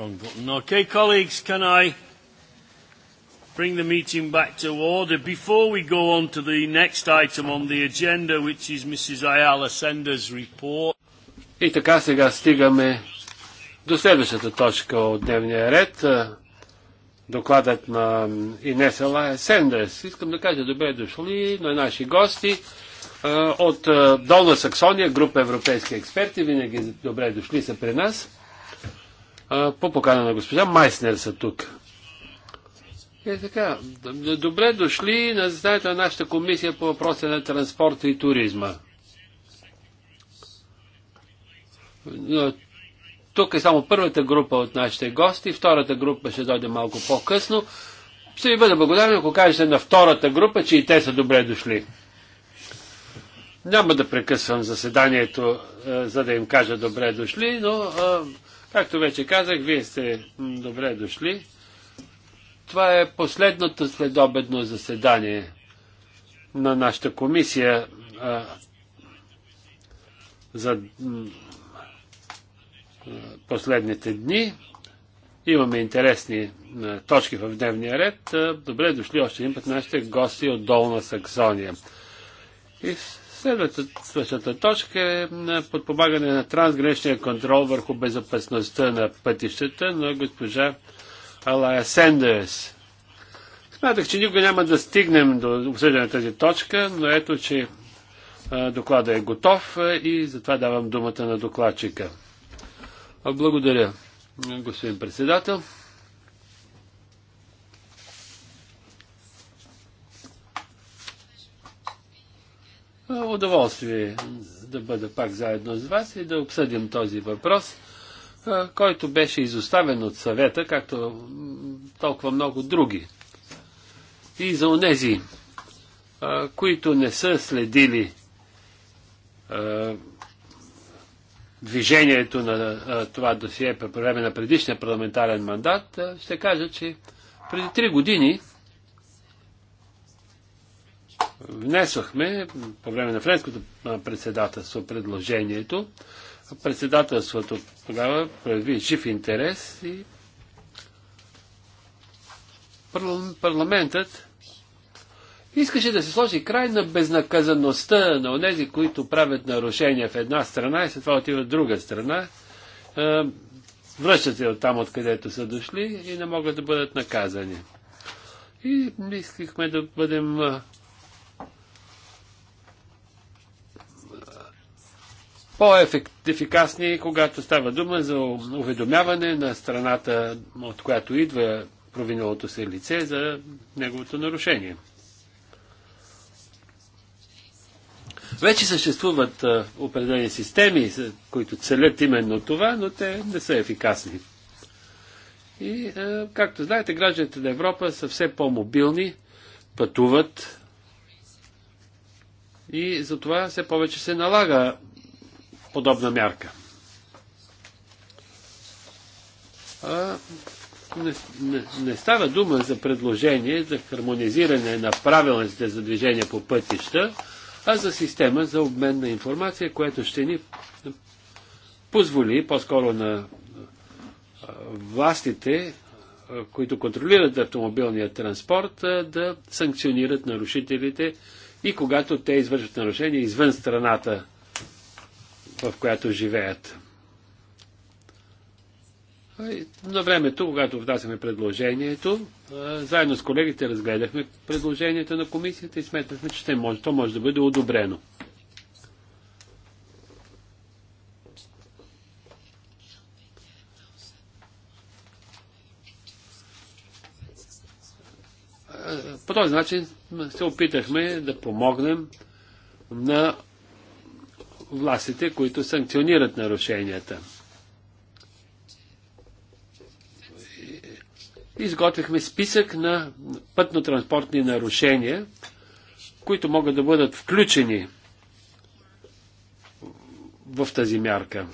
wrong button. Okay, colleagues, can I bring the meeting back to order? Before we go on to the next item on the agenda, which is Mrs. Ayala Sender's report. И така сега стигаме до следващата точка от дневния ред. Докладът на Инес Алая Сендерс. Искам да кажа добре дошли на наши гости от Долна Саксония, група европейски експерти. Винаги добре дошли са при нас по покана на госпожа Майснер са тук. Е така, добре дошли на заседанието на нашата комисия по въпроса на транспорта и туризма. Тук е само първата група от нашите гости, втората група ще дойде малко по-късно. Ще ви бъда благодарен, ако кажете на втората група, че и те са добре дошли. Няма да прекъсвам заседанието, е, за да им кажа добре дошли, но е, Както вече казах, вие сте добре дошли. Това е последното следобедно заседание на нашата комисия а, за а, последните дни. Имаме интересни а, точки в дневния ред. А, добре дошли още един път нашите гости от Долна Саксония. И Следващата точка е на е, подпомагане на трансграничния контрол върху безопасността на пътищата на госпожа Алая Сендерс. Смятах, че никога няма да стигнем до обсъждане на тази точка, но ето, че е, доклада е готов е, и затова давам думата на докладчика. Благодаря, господин председател. Удоволствие да бъда пак заедно с вас и да обсъдим този въпрос, който беше изоставен от съвета, както толкова много други. И за онези, които не са следили движението на това досие по време на предишния парламентарен мандат, ще кажа, че преди три години внесохме по време на френското председателство предложението. Председателството тогава прояви жив интерес и парламентът искаше да се сложи край на безнаказаността на онези, които правят нарушения в една страна и след това отиват в друга страна. Връщат се от там, откъдето са дошли и не могат да бъдат наказани. И искахме да бъдем по-ефикасни, когато става дума за уведомяване на страната, от която идва провинилото се лице за неговото нарушение. Вече съществуват определени системи, които целят именно това, но те не са ефикасни. И, както знаете, гражданите на Европа са все по-мобилни, пътуват и затова все повече се налага подобна мярка. А, не, не, не става дума за предложение за хармонизиране на правилностите за движение по пътища, а за система за обмен на информация, което ще ни позволи по-скоро на властите, които контролират автомобилния транспорт, да санкционират нарушителите и когато те извършват нарушения извън страната в която живеят. На времето, когато внасяме предложението, заедно с колегите разгледахме предложението на комисията и сметнахме, че то може, то може да бъде одобрено. По този начин се опитахме да помогнем на властите, които санкционират нарушенията. Изготвихме списък на пътно-транспортни нарушения, които могат да бъдат включени в тази мярка.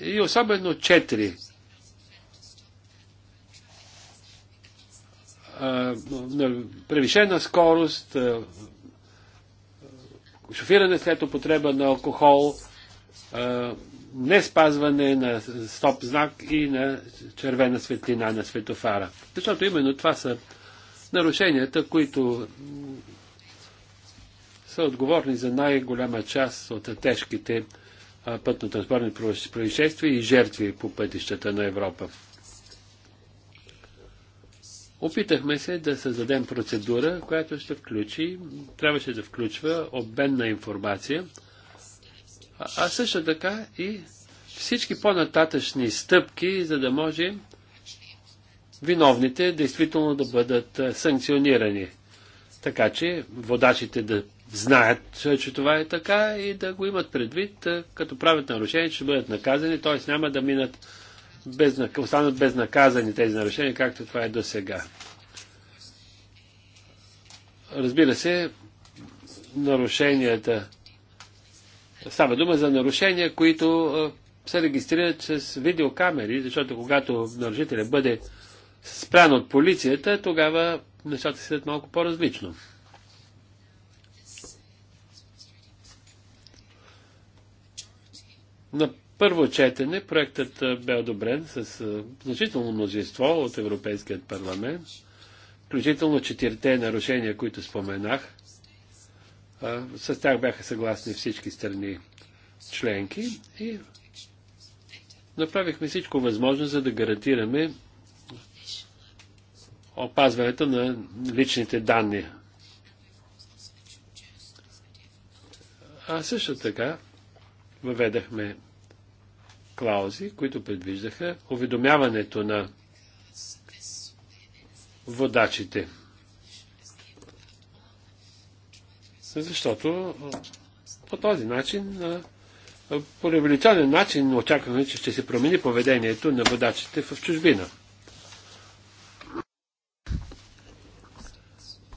И особено четири превишена скорост, шофиране след употреба на алкохол, не спазване на стоп знак и на червена светлина на светофара. Защото именно това са нарушенията, които са отговорни за най-голяма част от тежките пътно-транспортни происшествия и жертви по пътищата на Европа. Опитахме се да създадем процедура, която ще включи, трябваше да включва обмен на информация, а, а също така и всички по-нататъчни стъпки, за да може виновните действително да бъдат санкционирани. Така че водачите да знаят, че това е така и да го имат предвид, като правят нарушение, че ще бъдат наказани, т.е. няма да минат без, останат безнаказани тези нарушения, както това е до сега. Разбира се, нарушенията. Става дума за нарушения, които се регистрират с видеокамери, защото когато нарушителя бъде спрян от полицията, тогава нещата се малко по-различно. На първо четене проектът бе одобрен с значително мнозинство от Европейският парламент, включително четирите нарушения, които споменах. С тях бяха съгласни всички страни членки и направихме всичко възможно, за да гарантираме опазването на личните данни. А също така въведахме клаузи, които предвиждаха уведомяването на водачите. Защото по този начин, по революционен начин, очакваме, че ще се промени поведението на водачите в чужбина.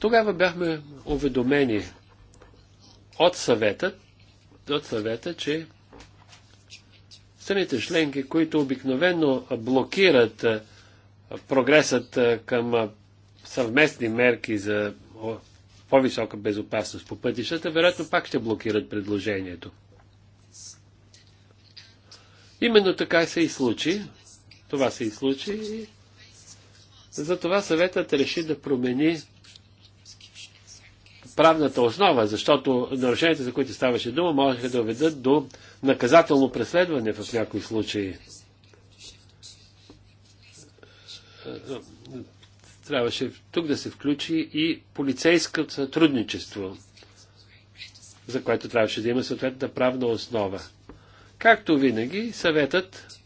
Тогава бяхме уведомени от съвета, от съвета, че страните членки, които обикновено блокират прогресът към съвместни мерки за по-висока безопасност по пътищата, вероятно пак ще блокират предложението. Именно така се и случи. Това се и случи. И затова съветът реши да промени правната основа, защото нарушенията, за които ставаше дума, можеха да доведат до наказателно преследване в някои случаи. Трябваше тук да се включи и полицейско сътрудничество, за което трябваше да има съответната правна основа. Както винаги, съветът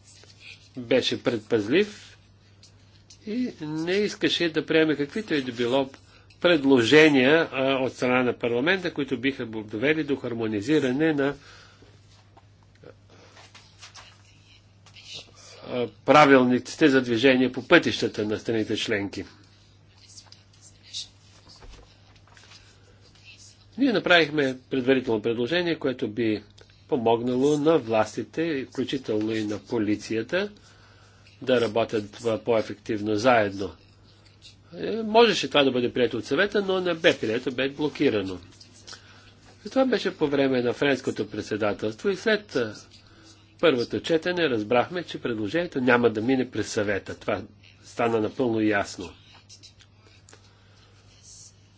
беше предпазлив и не искаше да приеме каквито и е да било предложения а, от страна на парламента, които биха довели до хармонизиране на а, правилниците за движение по пътищата на страните членки. Ние направихме предварително предложение, което би помогнало на властите, включително и на полицията, да работят по-ефективно заедно. Е, можеше това да бъде прието от съвета, но не бе прието, бе блокирано. И това беше по време на френското председателство и след е, първото четене разбрахме, че предложението няма да мине през съвета. Това стана напълно ясно.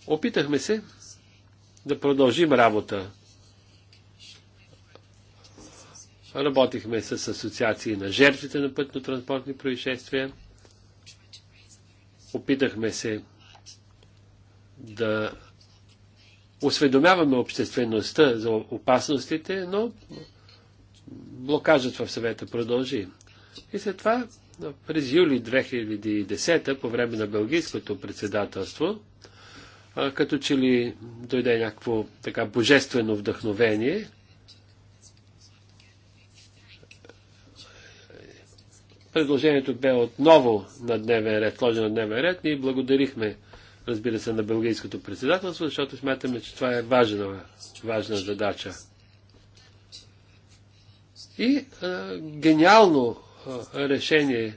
Опитахме се да продължим работа. Работихме с асоциации на жертвите на пътно-транспортни происшествия – Опитахме се да осведомяваме обществеността за опасностите, но блокажът в съвета продължи. И след това, през юли 2010, по време на Белгийското председателство, като че ли дойде някакво така божествено вдъхновение Предложението бе отново на дневен ред, сложено на дневен ред. Ние благодарихме, разбира се, на Белгийското председателство, защото смятаме, че това е важна, важна задача. И а, гениално а, решение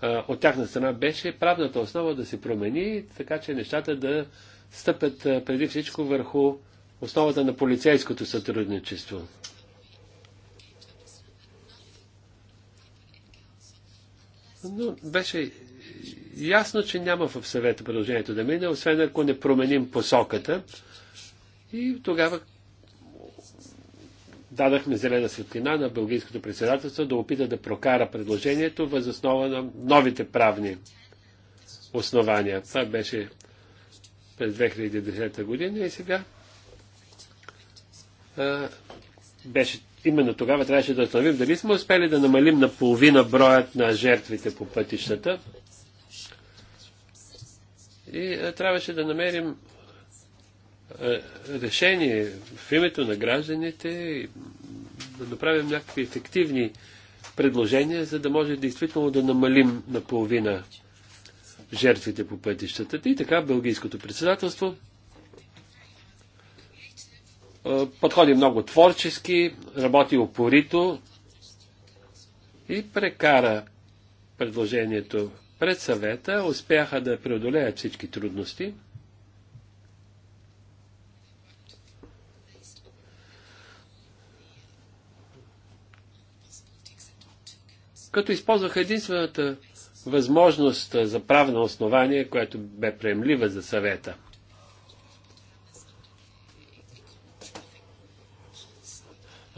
а, от тяхна страна беше правната основа да се промени, така че нещата да стъпят а, преди всичко върху основата на полицейското сътрудничество. но беше ясно, че няма в съвета продължението да мине, освен ако не променим посоката. И тогава дадахме зелена светлина на Белгийското председателство да опита да прокара предложението въз основа на новите правни основания. Това беше през 2010 година и сега а, беше именно тогава трябваше да установим дали сме успели да намалим наполовина броят на жертвите по пътищата. И е, трябваше да намерим е, решение в името на гражданите и да направим някакви ефективни предложения, за да може действително да намалим наполовина жертвите по пътищата. И така, Белгийското председателство е, подходи много творчески, работи опорито и прекара предложението пред съвета, успяха да преодолеят всички трудности. Като използваха единствената възможност за правна основание, което бе приемлива за съвета –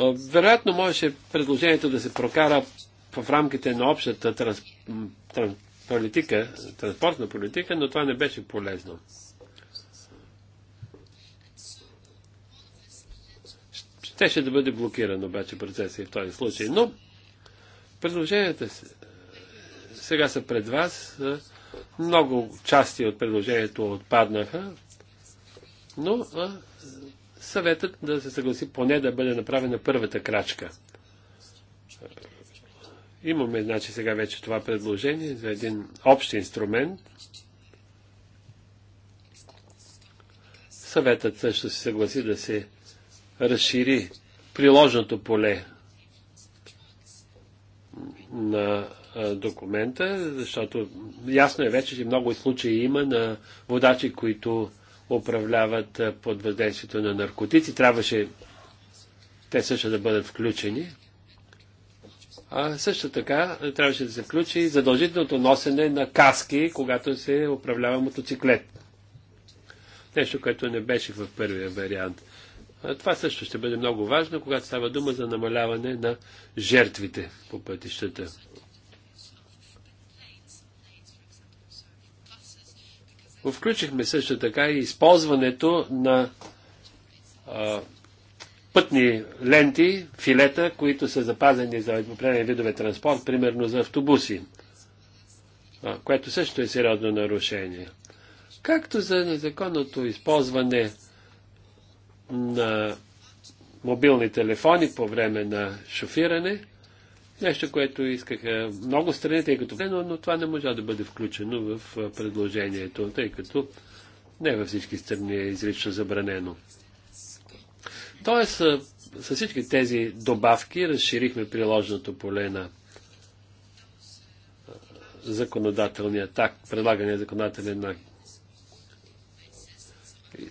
Е, вероятно можеше предложението да се прокара в рамките на общата транс, транс, политика, транспортна политика, но това не беше полезно. Щеше да бъде блокиран обаче процеса и в този случай. Но предложенията сега са пред вас. Е, много части от предложението отпаднаха, но е, съветът да се съгласи поне да бъде направена първата крачка. Имаме, значи, сега вече това предложение за един общ инструмент. Съветът също се съгласи да се разшири приложното поле на документа, защото ясно е вече, че много случаи има на водачи, които управляват под въздействието на наркотици. Трябваше те също да бъдат включени. А също така трябваше да се включи задължителното носене на каски, когато се управлява мотоциклет. Нещо, което не беше в първия вариант. А това също ще бъде много важно, когато става дума за намаляване на жертвите по пътищата. Включихме също така и използването на а, пътни ленти, филета, които са запазени за определени видове транспорт, примерно за автобуси, а, което също е сериозно нарушение. Както за незаконното използване на мобилни телефони по време на шофиране, Нещо, което искаха много страни, тъй като но, но това не можа да бъде включено в предложението, тъй като не във всички страни е изрично забранено. Тоест, с всички тези добавки разширихме приложеното поле на законодателния так, предлагания законодателен на.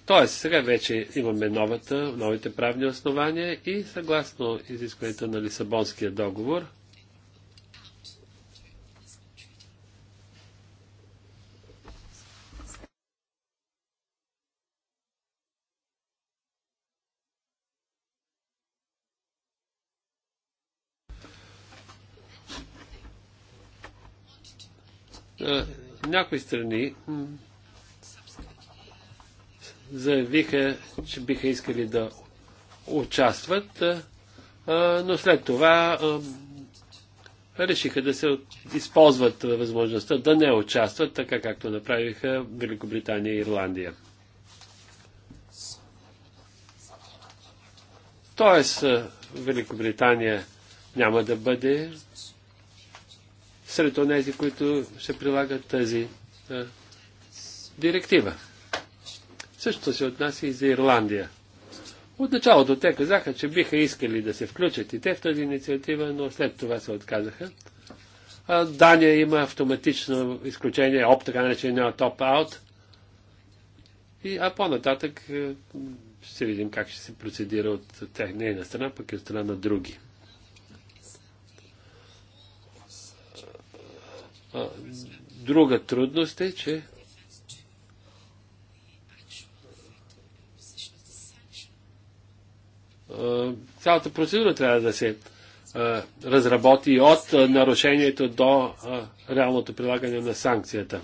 Тоест, сега вече имаме новата, новите правни основания и съгласно изискването на Лисабонския договор, Е, някои страни заявиха, че биха искали да участват, е, е, но след това решиха да се използват възможността да не участват, така както направиха Великобритания и Ирландия. Тоест, Великобритания няма да бъде сред онези, които ще прилагат тази а, директива. Същото се отнася и за Ирландия. От началото те казаха, че биха искали да се включат и те в тази инициатива, но след това се отказаха. А Дания има автоматично изключение, оп, така наречения топ-аут. А по-нататък е, ще видим как ще се процедира от тях нейна страна, пък и от страна на други. Друга трудност е, че цялата процедура трябва да се разработи от нарушението до реалното прилагане на санкцията.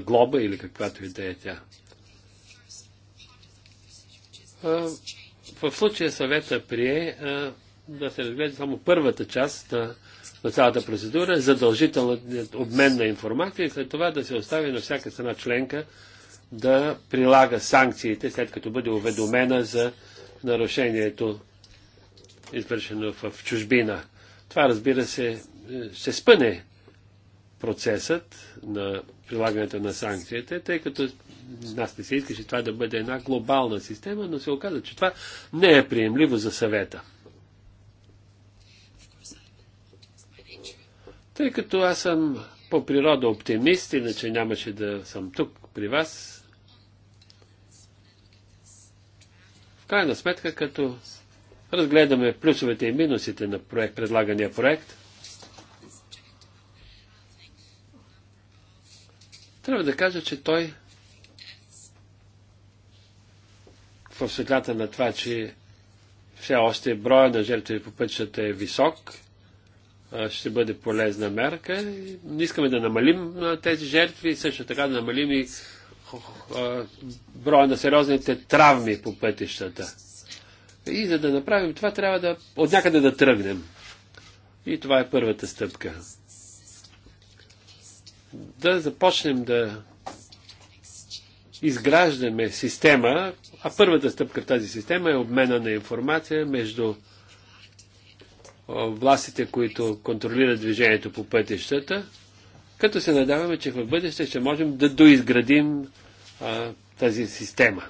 Глоба или каквато и да е тя. В случая съвета прие да се разгледа само първата част на на цялата процедура, задължително обмен на информация и след това да се остави на всяка страна членка да прилага санкциите, след като бъде уведомена за нарушението, извършено в чужбина. Това, разбира се, е, ще спъне процесът на прилагането на санкциите, тъй като нас не се искаше това да бъде една глобална система, но се оказа, че това не е приемливо за съвета. Тъй като аз съм по природа оптимист, иначе нямаше да съм тук при вас, в крайна сметка, като разгледаме плюсовете и минусите на проект, предлагания проект, трябва да кажа, че той в светлята на това, че все още броя на жертви по пътищата е висок, ще бъде полезна мерка. Не искаме да намалим тези жертви, също така да намалим и броя на сериозните травми по пътищата. И за да направим това, трябва да от някъде да тръгнем. И това е първата стъпка. Да започнем да изграждаме система, а първата стъпка в тази система е обмена на информация между властите, които контролират движението по пътищата, като се надяваме, че в бъдеще ще можем да доизградим а, тази система.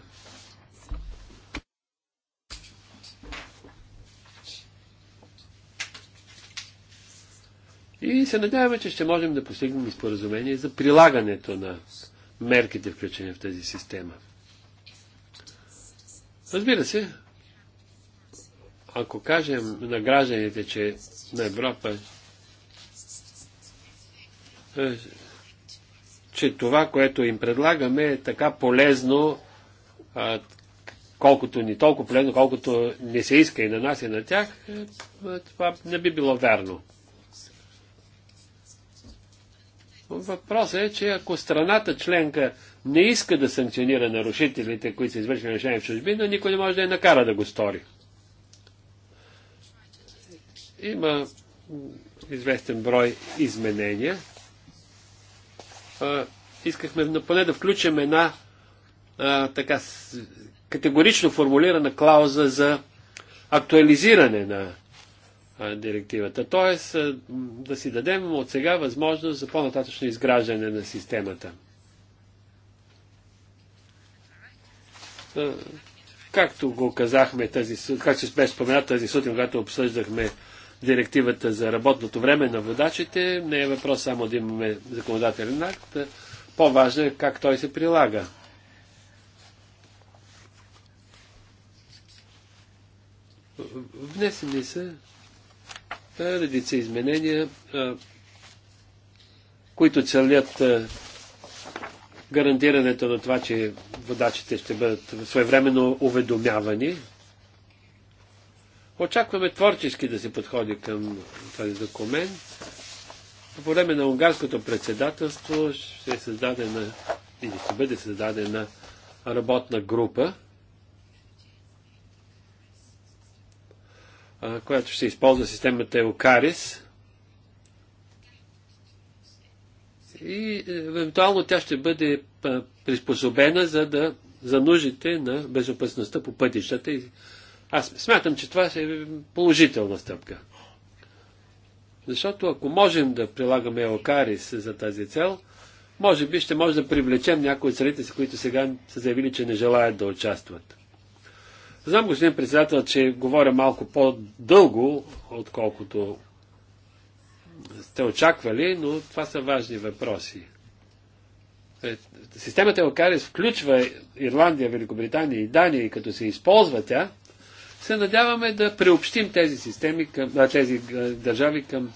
И се надяваме, че ще можем да постигнем споразумение за прилагането на мерките, включени в тази система. Разбира се, ако кажем на гражданите, че на Европа, е, че това, което им предлагаме, е така полезно, колкото ни толкова полезно, колкото не се иска и на нас и на тях, е, е, това не би било вярно. Въпросът е, че ако страната членка не иска да санкционира нарушителите, които са извършили решение в чужбина, никой не може да я накара да го стори. Има известен брой изменения. Искахме поне да включим една а, така категорично формулирана клауза за актуализиране на а, директивата. Тоест а, да си дадем от сега възможност за по-нататъчно изграждане на системата. А, както го казахме тази, както се спомена тази сутрин, когато обсъждахме директивата за работното време на водачите, не е въпрос само да имаме законодателен акт, по-важно е как той се прилага. Внесени са редица изменения, които целят гарантирането на това, че водачите ще бъдат своевременно уведомявани Очакваме творчески да се подходи към този документ. По време на унгарското председателство ще е създадена или ще бъде създадена работна група, която ще използва системата Еукарис. И е, евентуално тя ще бъде приспособена за, да, за нуждите на безопасността по пътищата и аз смятам, че това е положителна стъпка. Защото ако можем да прилагаме Елкарис за тази цел, може би ще може да привлечем някои от страните, които сега са заявили, че не желаят да участват. Знам, господин председател, че говоря малко по-дълго, отколкото сте очаквали, но това са важни въпроси. Е, системата Елкарис включва Ирландия, Великобритания и Дания и като се използва тя, се надяваме да приобщим тези системи към, а, тези държави към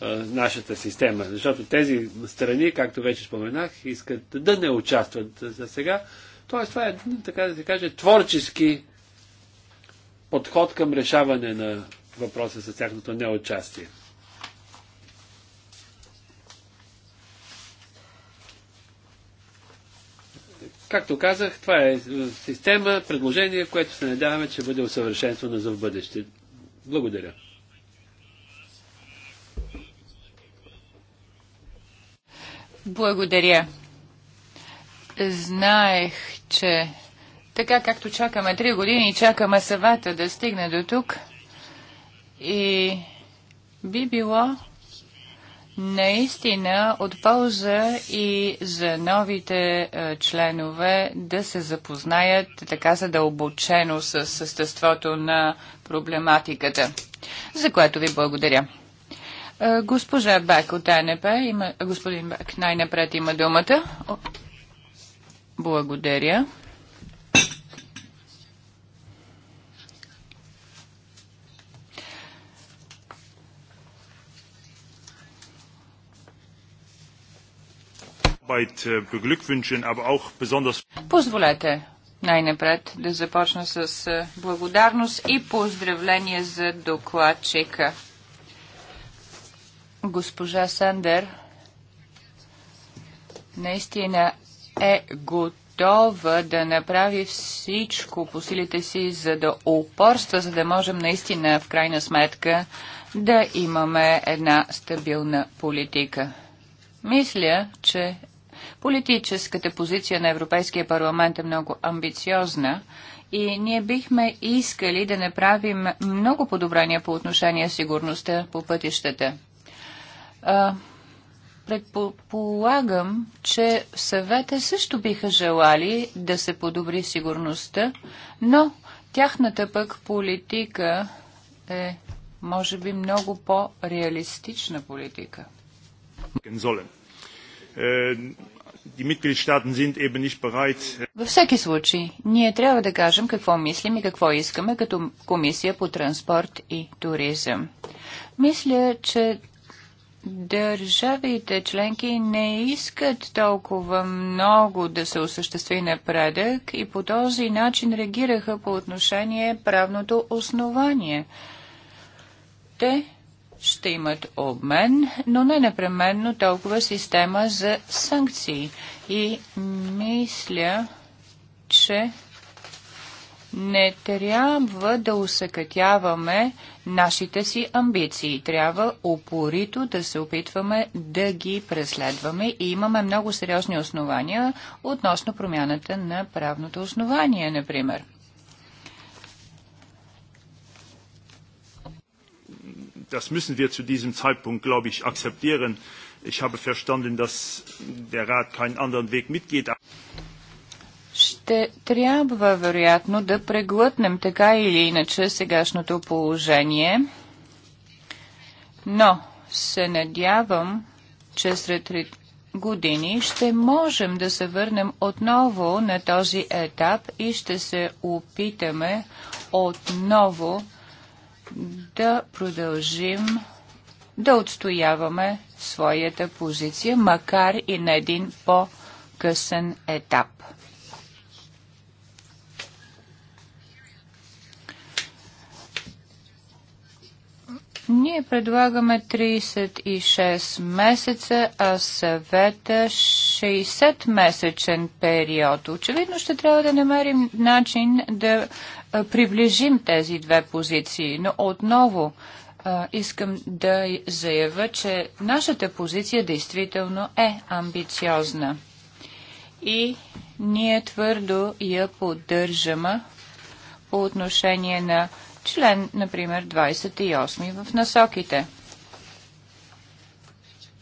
а, нашата система. Защото тези страни, както вече споменах, искат да не участват за сега. Тоест, това е, така да се каже, творчески подход към решаване на въпроса с тяхното неучастие. Както казах, това е система, предложение, което се надяваме, че бъде усъвършенствано за в бъдеще. Благодаря. Благодаря. Знаех, че така както чакаме три години, чакаме съвета да стигне до тук и би било наистина от полза и за новите е, членове да се запознаят така задълбочено с съществото на проблематиката, за което ви благодаря. Е, госпожа Бак от АНП, има, господин Бак най-напред има думата. благодаря. Äh, Позволете най-напред да започна с е, благодарност и поздравление за докладчика. Госпожа Сандер наистина е готова да направи всичко по силите си, за да упорства, за да можем наистина в крайна сметка да имаме една стабилна политика. Мисля, че Политическата позиция на Европейския парламент е много амбициозна и ние бихме искали да направим много подобрения по отношение сигурността по пътищата. Предполагам, че съвета също биха желали да се подобри сигурността, но тяхната пък политика е, може би, много по-реалистична политика. Във всеки случай, ние трябва да кажем какво мислим и какво искаме като комисия по транспорт и туризъм. Мисля, че държавите членки не искат толкова много да се осъществи напредък и по този начин реагираха по отношение правното основание. Те ще имат обмен, но не непременно толкова система за санкции. И мисля, че не трябва да усъкътяваме нашите си амбиции. Трябва упорито да се опитваме да ги преследваме и имаме много сериозни основания относно промяната на правното основание, например. das müssen wir zu diesem Zeitpunkt, glaube ich, akzeptieren. Ich habe verstanden, dass der Rat keinen anderen Weg mitgeht. Ще трябва, вероятно, да преглътнем така или иначе сегашното положение, но се надявам, че сред три години ще можем да се върнем отново на този етап и ще се опитаме отново да продължим да отстояваме своята позиция, макар и на един по-късен етап. Ние предлагаме 36 месеца, а съвета 60 месечен период. Очевидно ще трябва да намерим начин да приближим тези две позиции. Но отново искам да заявя, че нашата позиция действително е амбициозна. И ние твърдо я поддържаме по отношение на член, например, 28 в насоките.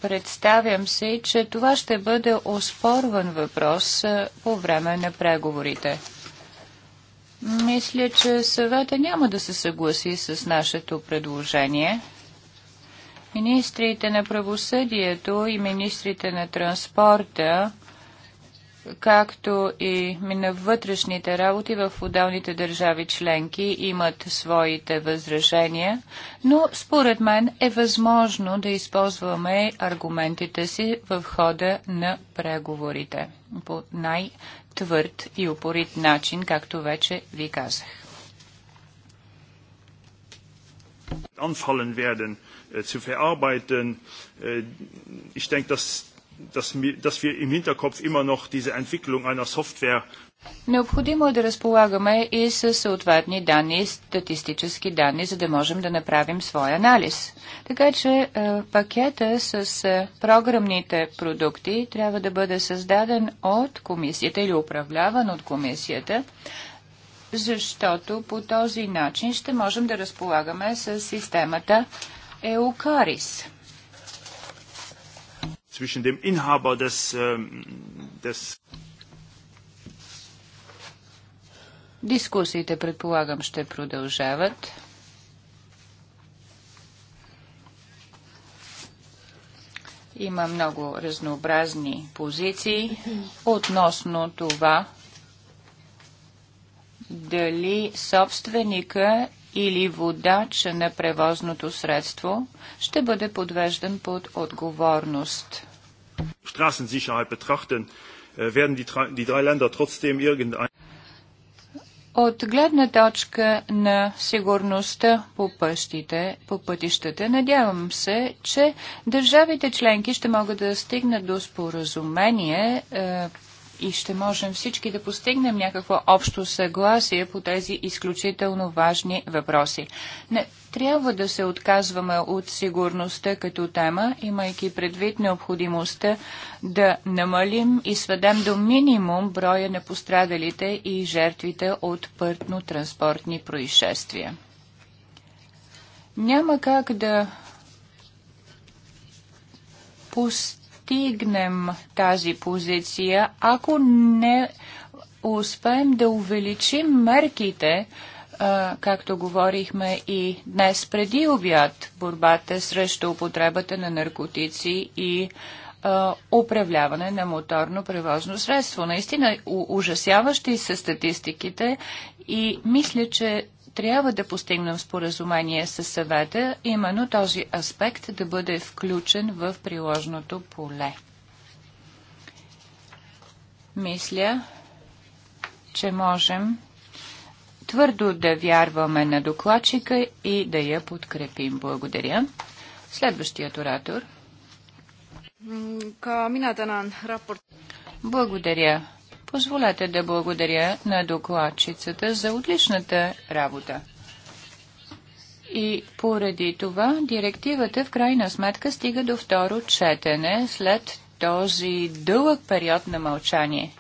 Представям се, че това ще бъде оспорван въпрос по време на преговорите. Мисля, че съвета няма да се съгласи с нашето предложение. Министрите на правосъдието и министрите на транспорта, както и на вътрешните работи в отделните държави членки имат своите възражения, но според мен е възможно да използваме аргументите си в хода на преговорите по най- твърд и упорит начин, както вече ви казах. Anfallen werden zu verarbeiten. ich denke, dass, dass wir im Hinterkopf immer noch diese Entwicklung einer Software Необходимо е да разполагаме и с съответни данни, статистически данни, за да можем да направим свой анализ. Така че е, пакета с е, програмните продукти трябва да бъде създаден от комисията или управляван от комисията, защото по този начин ще можем да разполагаме с системата Еукарис. Zwischen dem Inhaber des, е, des Дискусиите, предполагам, ще продължават. Има много разнообразни позиции относно това дали собственика или водача на превозното средство ще бъде подвеждан под отговорност. Straßensicherheit betrachten, äh, werden die drei Länder trotzdem irgendein от гледна точка на сигурността по, пъщите, по пътищата, надявам се, че държавите членки ще могат да стигнат до споразумение е, и ще можем всички да постигнем някакво общо съгласие по тези изключително важни въпроси. Не трябва да се отказваме от сигурността като тема, имайки предвид необходимостта да намалим и сведем до минимум броя на пострадалите и жертвите от пътно-транспортни происшествия. Няма как да постигнем постигнем тази позиция, ако не успеем да увеличим мерките, както говорихме и днес преди обяд, борбата срещу употребата на наркотици и управляване на моторно превозно средство. Наистина ужасяващи са статистиките и мисля, че трябва да постигнем споразумение с съвета, именно този аспект да бъде включен в приложното поле. Мисля, че можем твърдо да вярваме на докладчика и да я подкрепим. Благодаря. Следващият оратор. Благодаря. Позволете да благодаря на докладчицата за отличната работа. И поради това директивата в крайна сметка стига до второ четене след този дълъг период на мълчание.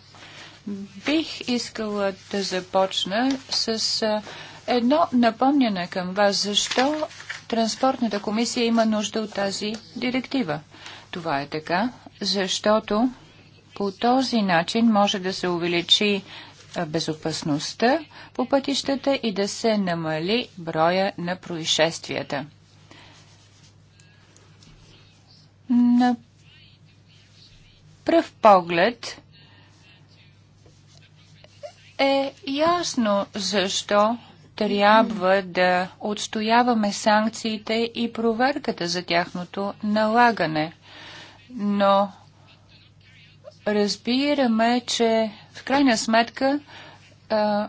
Бих искала да започна с едно напомняне към вас, защо Транспортната комисия има нужда от тази директива. Това е така, защото по този начин може да се увеличи безопасността по пътищата и да се намали броя на происшествията. На пръв поглед е ясно защо трябва да отстояваме санкциите и проверката за тяхното налагане. Но разбираме, че в крайна сметка а,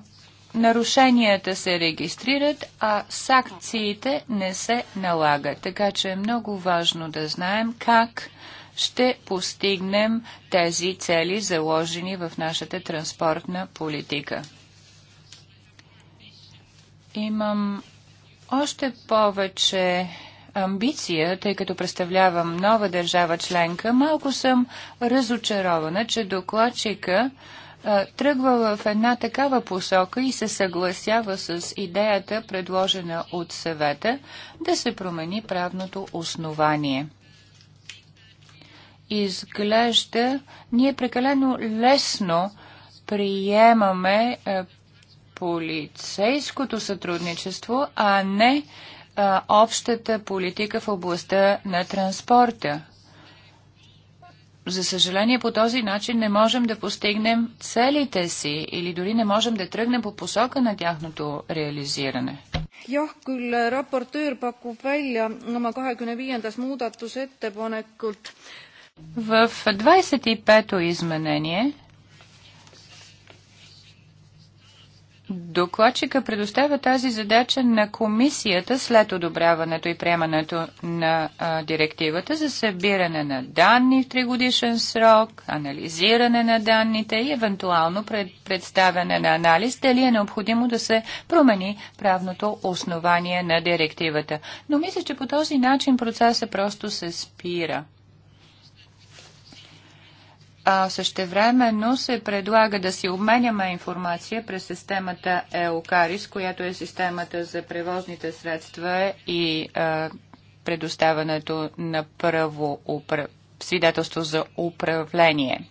нарушенията се регистрират, а санкциите не се налагат. Така че е много важно да знаем как ще постигнем тези цели, заложени в нашата транспортна политика. Имам още повече амбиция, тъй като представлявам нова държава членка, малко съм разочарована, че докладчика тръгва в една такава посока и се съгласява с идеята, предложена от съвета, да се промени правното основание. Изглежда, ние прекалено лесно приемаме полицейското сътрудничество, а не а, общата политика в областта на транспорта. За съжаление, по този начин не можем да постигнем целите си или дори не можем да тръгнем по посока на тяхното реализиране. jah, küll raportöör pakub välja oma kahekümne viiendas muudatusettepanekult. В 25-то изменение докладчика предоставя тази задача на комисията след одобряването и приемането на а, директивата за събиране на данни в тригодишен срок, анализиране на данните и евентуално пред, представяне на анализ дали е необходимо да се промени правното основание на директивата. Но мисля, че по този начин процесът просто се спира а същевременно се предлага да си обменяме информация през системата ЕОКАРИС, която е системата за превозните средства и а, предоставянето на първо свидетелство за управление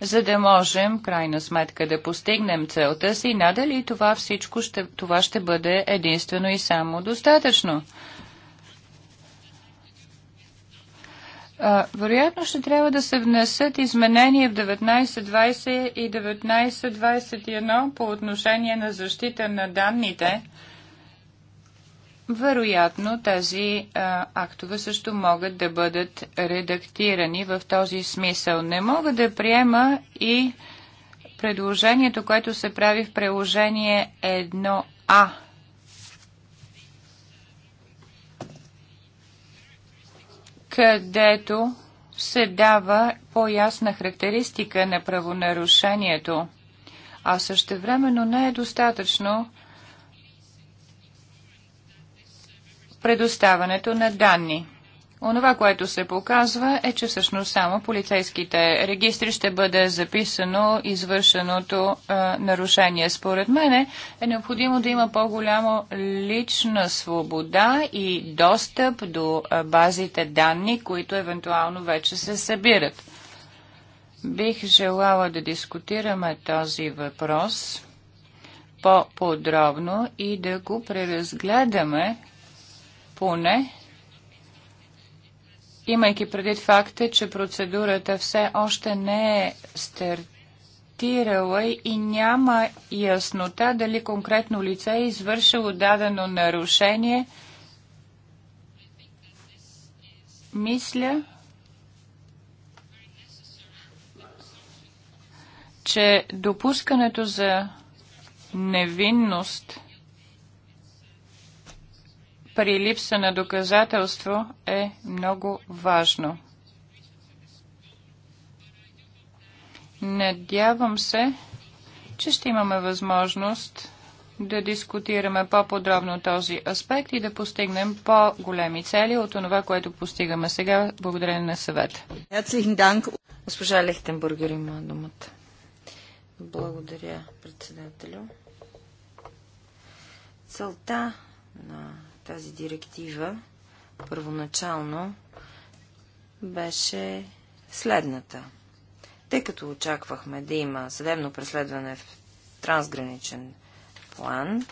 за да можем, крайна сметка, да постигнем целта си, надали това всичко ще, това ще бъде единствено и само достатъчно. А, вероятно ще трябва да се внесат изменения в 19.20 и 19.21 по отношение на защита на данните. Вероятно тези а, актове също могат да бъдат редактирани в този смисъл. Не мога да приема и предложението, което се прави в приложение 1А където се дава по-ясна характеристика на правонарушението, а също времено не е достатъчно предоставането на данни. Онова, което се показва е, че всъщност само полицейските регистри ще бъде записано извършеното е, нарушение. Според мен е необходимо да има по-голямо лична свобода и достъп до базите данни, които евентуално вече се събират. Бих желала да дискутираме този въпрос по-подробно и да го преразгледаме поне имайки предвид факта, че процедурата все още не е стартирала и няма яснота дали конкретно лице е извършило дадено нарушение, мисля, че допускането за невинност – при липса на доказателство е много важно. Надявам се, че ще имаме възможност да дискутираме по-подробно този аспект и да постигнем по-големи цели от това, което постигаме сега, благодарение на съвета. Госпожа Лехтенбургер има думата. Благодаря, председателю. Целта на тази директива първоначално беше следната. Тъй като очаквахме да има съдебно преследване в трансграничен план,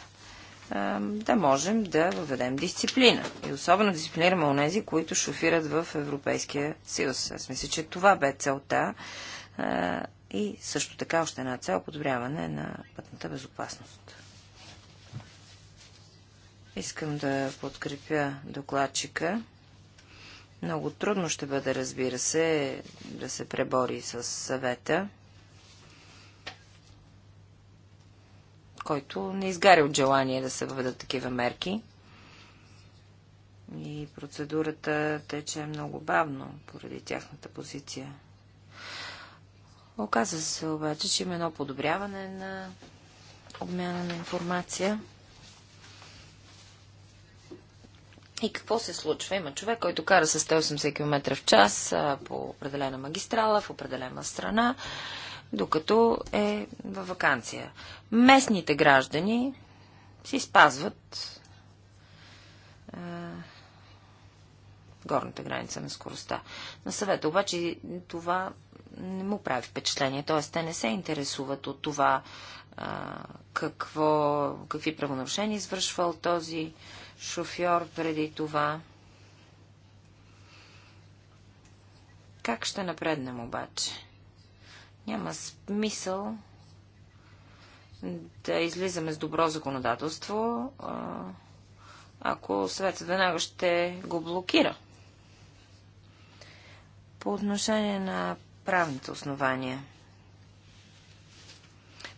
да можем да въведем дисциплина. И особено дисциплинираме нези, които шофират в Европейския съюз. Аз мисля, че това бе целта и също така още една цел подобряване на пътната безопасност. Искам да подкрепя докладчика. Много трудно ще бъде, разбира се, да се пребори с съвета, който не изгаря от желание да се въведат такива мерки. И процедурата тече много бавно поради тяхната позиция. Оказва се обаче, че има едно подобряване на обмяна на информация. И какво се случва? Има човек, който кара с 180 км в час по определена магистрала, в определена страна, докато е във вакансия. Местните граждани си спазват а, горната граница на скоростта. На съвета обаче това не му прави впечатление, т.е. те не се интересуват от това а, какво, какви правонарушения извършвал този шофьор преди това. Как ще напреднем обаче? Няма смисъл да излизаме с добро законодателство, ако съветът веднага ще го блокира. По отношение на правните основания.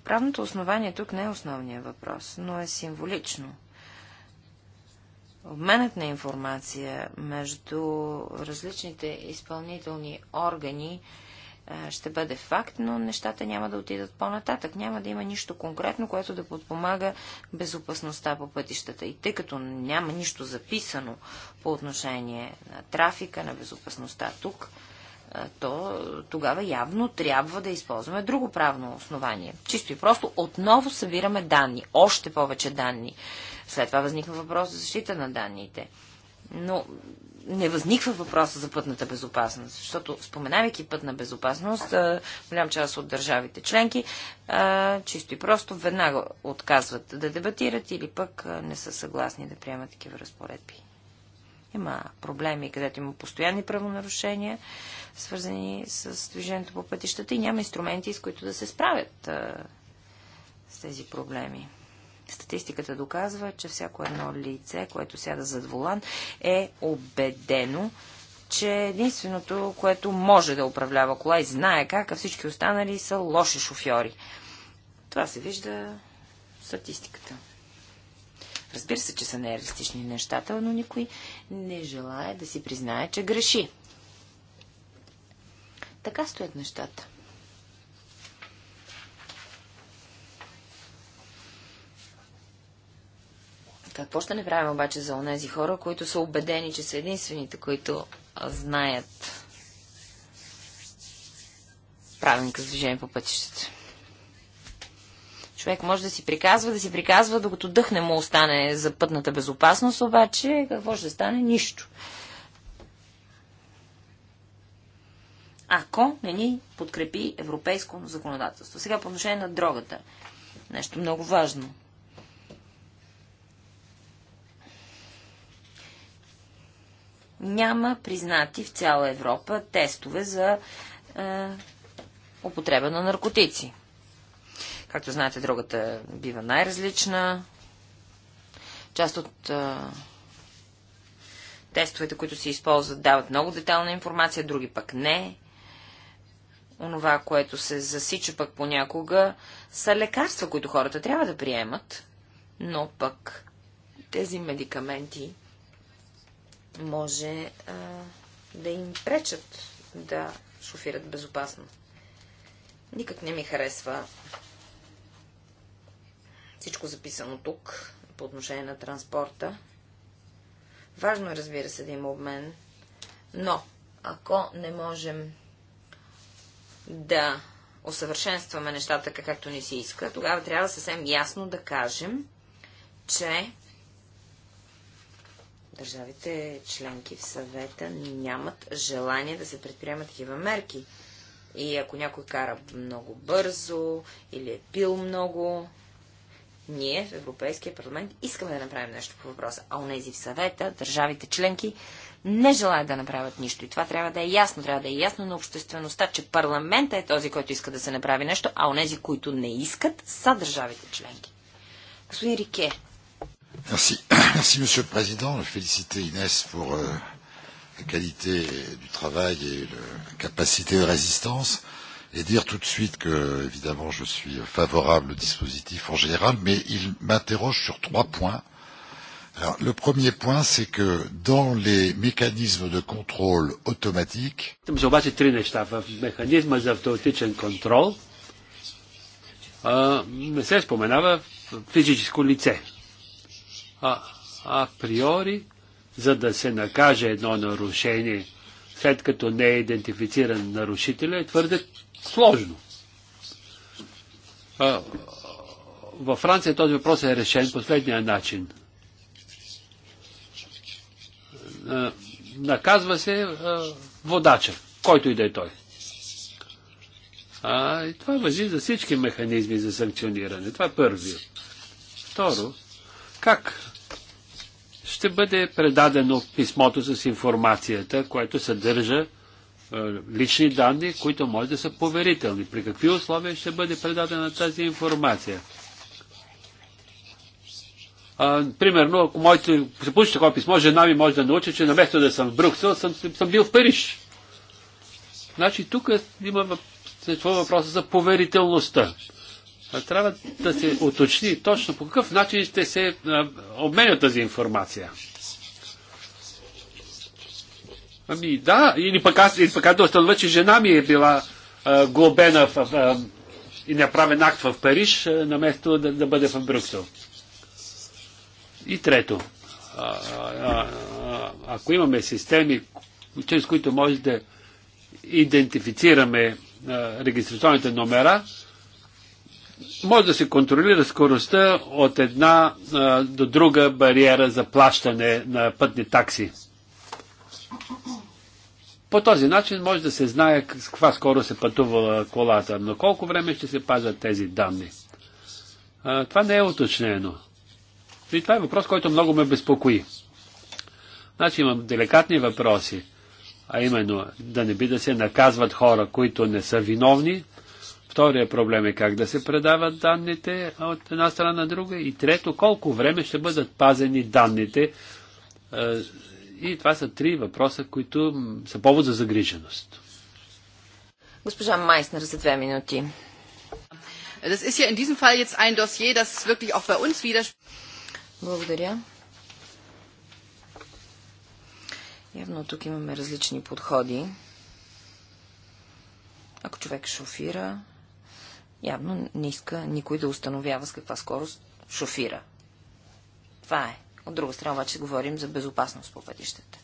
Правното основание тук не е основният въпрос, но е символично – Обменът на информация между различните изпълнителни органи ще бъде факт, но нещата няма да отидат по-нататък. Няма да има нищо конкретно, което да подпомага безопасността по пътищата. И тъй като няма нищо записано по отношение на трафика, на безопасността тук, то тогава явно трябва да използваме друго правно основание. Чисто и просто отново събираме данни, още повече данни. След това възниква въпрос за защита на данните. Но не възниква въпроса за пътната безопасност, защото споменавайки пътна безопасност, голям част от държавите членки чисто и просто веднага отказват да дебатират или пък не са съгласни да приемат такива разпоредби. Има проблеми, където има постоянни правонарушения, свързани с движението по пътищата и няма инструменти, с които да се справят с тези проблеми. Статистиката доказва, че всяко едно лице, което сяда зад волан, е убедено, че единственото, което може да управлява кола и знае как, а всички останали са лоши шофьори. Това се вижда в статистиката. Разбира се, че са нереалистични нещата, но никой не желая да си признае, че греши. Така стоят нещата. Какво ще направим обаче за онези хора, които са убедени, че са единствените, които знаят правилника за движение по пътищата? Човек може да си приказва, да си приказва, докато дъхне му остане за пътната безопасност, обаче какво ще стане? Нищо. Ако не ни подкрепи европейско законодателство. Сега по отношение на дрогата. Нещо много важно. няма признати в цяла Европа тестове за е, употреба на наркотици. Както знаете, другата бива най-различна. Част от е, тестовете, които се използват, дават много детална информация, други пък не. Онова, което се засича пък понякога, са лекарства, които хората трябва да приемат, но пък тези медикаменти може а, да им пречат да шофират безопасно. Никак не ми харесва всичко записано тук по отношение на транспорта. Важно е, разбира се, да има обмен, но ако не можем да усъвършенстваме нещата както ни се иска, тогава трябва съвсем ясно да кажем, че държавите членки в съвета нямат желание да се предприемат такива мерки. И ако някой кара много бързо или е пил много, ние в Европейския парламент искаме да направим нещо по въпроса. А онези в съвета, държавите членки, не желаят да направят нищо. И това трябва да е ясно. Трябва да е ясно на обществеността, че парламента е този, който иска да се направи нещо, а онези, които не искат, са държавите членки. Господин Рике, Merci. Merci, Monsieur le Président. Je félicite Inès pour euh, la qualité du travail et la capacité de résistance. Et dire tout de suite que, évidemment, je suis favorable au dispositif en général, mais il m'interroge sur trois points. Alors, le premier point, c'est que dans les mécanismes de contrôle automatique. Там а, априори, за да се накаже едно нарушение, след като не е идентифициран нарушителя, е твърде сложно. А, във Франция този въпрос е решен последния начин. А, наказва се а, водача, който и да е той. А, и това въжи за всички механизми за санкциониране. Това е първи. Второ, как ще бъде предадено писмото с информацията, което съдържа е, лични данни, които може да са поверителни. При какви условия ще бъде предадена тази информация? А, примерно, ако можете, се получи такова писмо, жена ми може да научи, че наместо да съм в Брюксел, съм, съм бил в Париж. Значи тук има въпроса за поверителността трябва да се уточни точно по какъв начин ще се обменя тази информация. Ами да, или пък аз, или пък аз да установя, че жена ми е била а, глобена в, а, и направен акт в Париж, а, наместо да, да бъде в Брюксел. И трето, а, а, а, ако имаме системи, чрез които може да идентифицираме а, регистрационните номера, може да се контролира скоростта от една а, до друга бариера за плащане на пътни такси. По този начин може да се знае с каква скоро се пътувала колата, но колко време ще се пазят тези данни. А, това не е уточнено. И това е въпрос, който много ме безпокои. Значи имам деликатни въпроси, а именно да не би да се наказват хора, които не са виновни, Втория проблем е как да се предават данните от една страна на друга. И трето, колко време ще бъдат пазени данните. Е, и това са три въпроса, които са повод за загриженост. Госпожа Майснер за две минути. Das ist in diesem Fall jetzt ein Dossier, das wirklich auch bei uns Благодаря. Явно тук имаме различни подходи. Ако човек шофира, Явно не иска никой да установява с каква скорост шофира. Това е. От друга страна обаче говорим за безопасност по пътищата.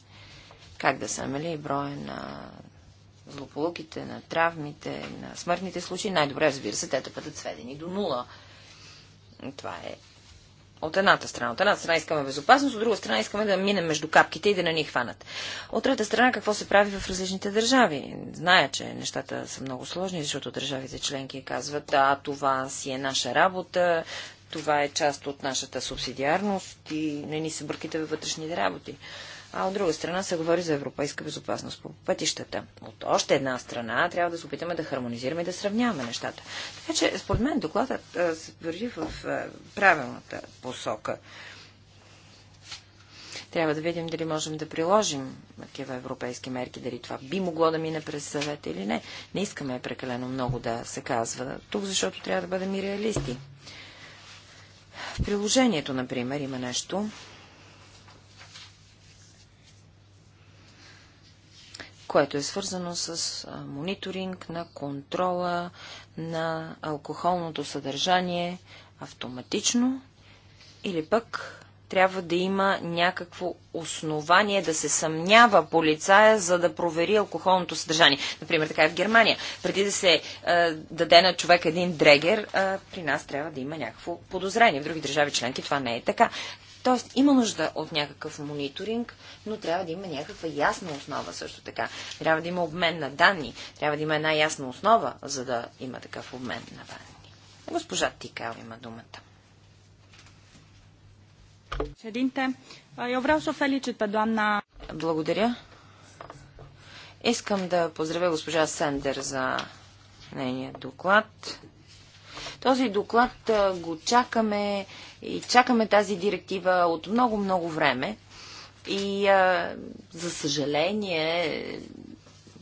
Как да са, мали, броя на злополуките, на травмите, на смъртните случаи, най-добре, разбира се, те да бъдат сведени до нула. Това е от едната страна. От едната страна искаме безопасност, от друга страна искаме да минем между капките и да не ни хванат. От трета страна какво се прави в различните държави? Зная, че нещата са много сложни, защото държавите членки казват, да, това си е наша работа, това е част от нашата субсидиарност и не ни се бърките във вътрешните работи а от друга страна се говори за европейска безопасност по пътищата. От още една страна трябва да се опитаме да хармонизираме и да сравняваме нещата. Така че, според мен, докладът се върви в а, правилната посока. Трябва да видим дали можем да приложим такива европейски мерки, дали това би могло да мине през съвета или не. Не искаме прекалено много да се казва тук, защото трябва да бъдем и реалисти. В приложението, например, има нещо, което е свързано с мониторинг на контрола на алкохолното съдържание автоматично или пък трябва да има някакво основание да се съмнява полицая, за да провери алкохолното съдържание. Например, така е в Германия. Преди да се е, даде на човек един дрегер, е, при нас трябва да има някакво подозрение. В други държави членки това не е така. Тоест има нужда от някакъв мониторинг, но трябва да има някаква ясна основа също така. Трябва да има обмен на данни, трябва да има една ясна основа, за да има такъв обмен на данни. Госпожа Тикал има думата. Благодаря. Искам да поздравя госпожа Сендер за нейния доклад. Този доклад го чакаме и чакаме тази директива от много-много време. И а, за съжаление,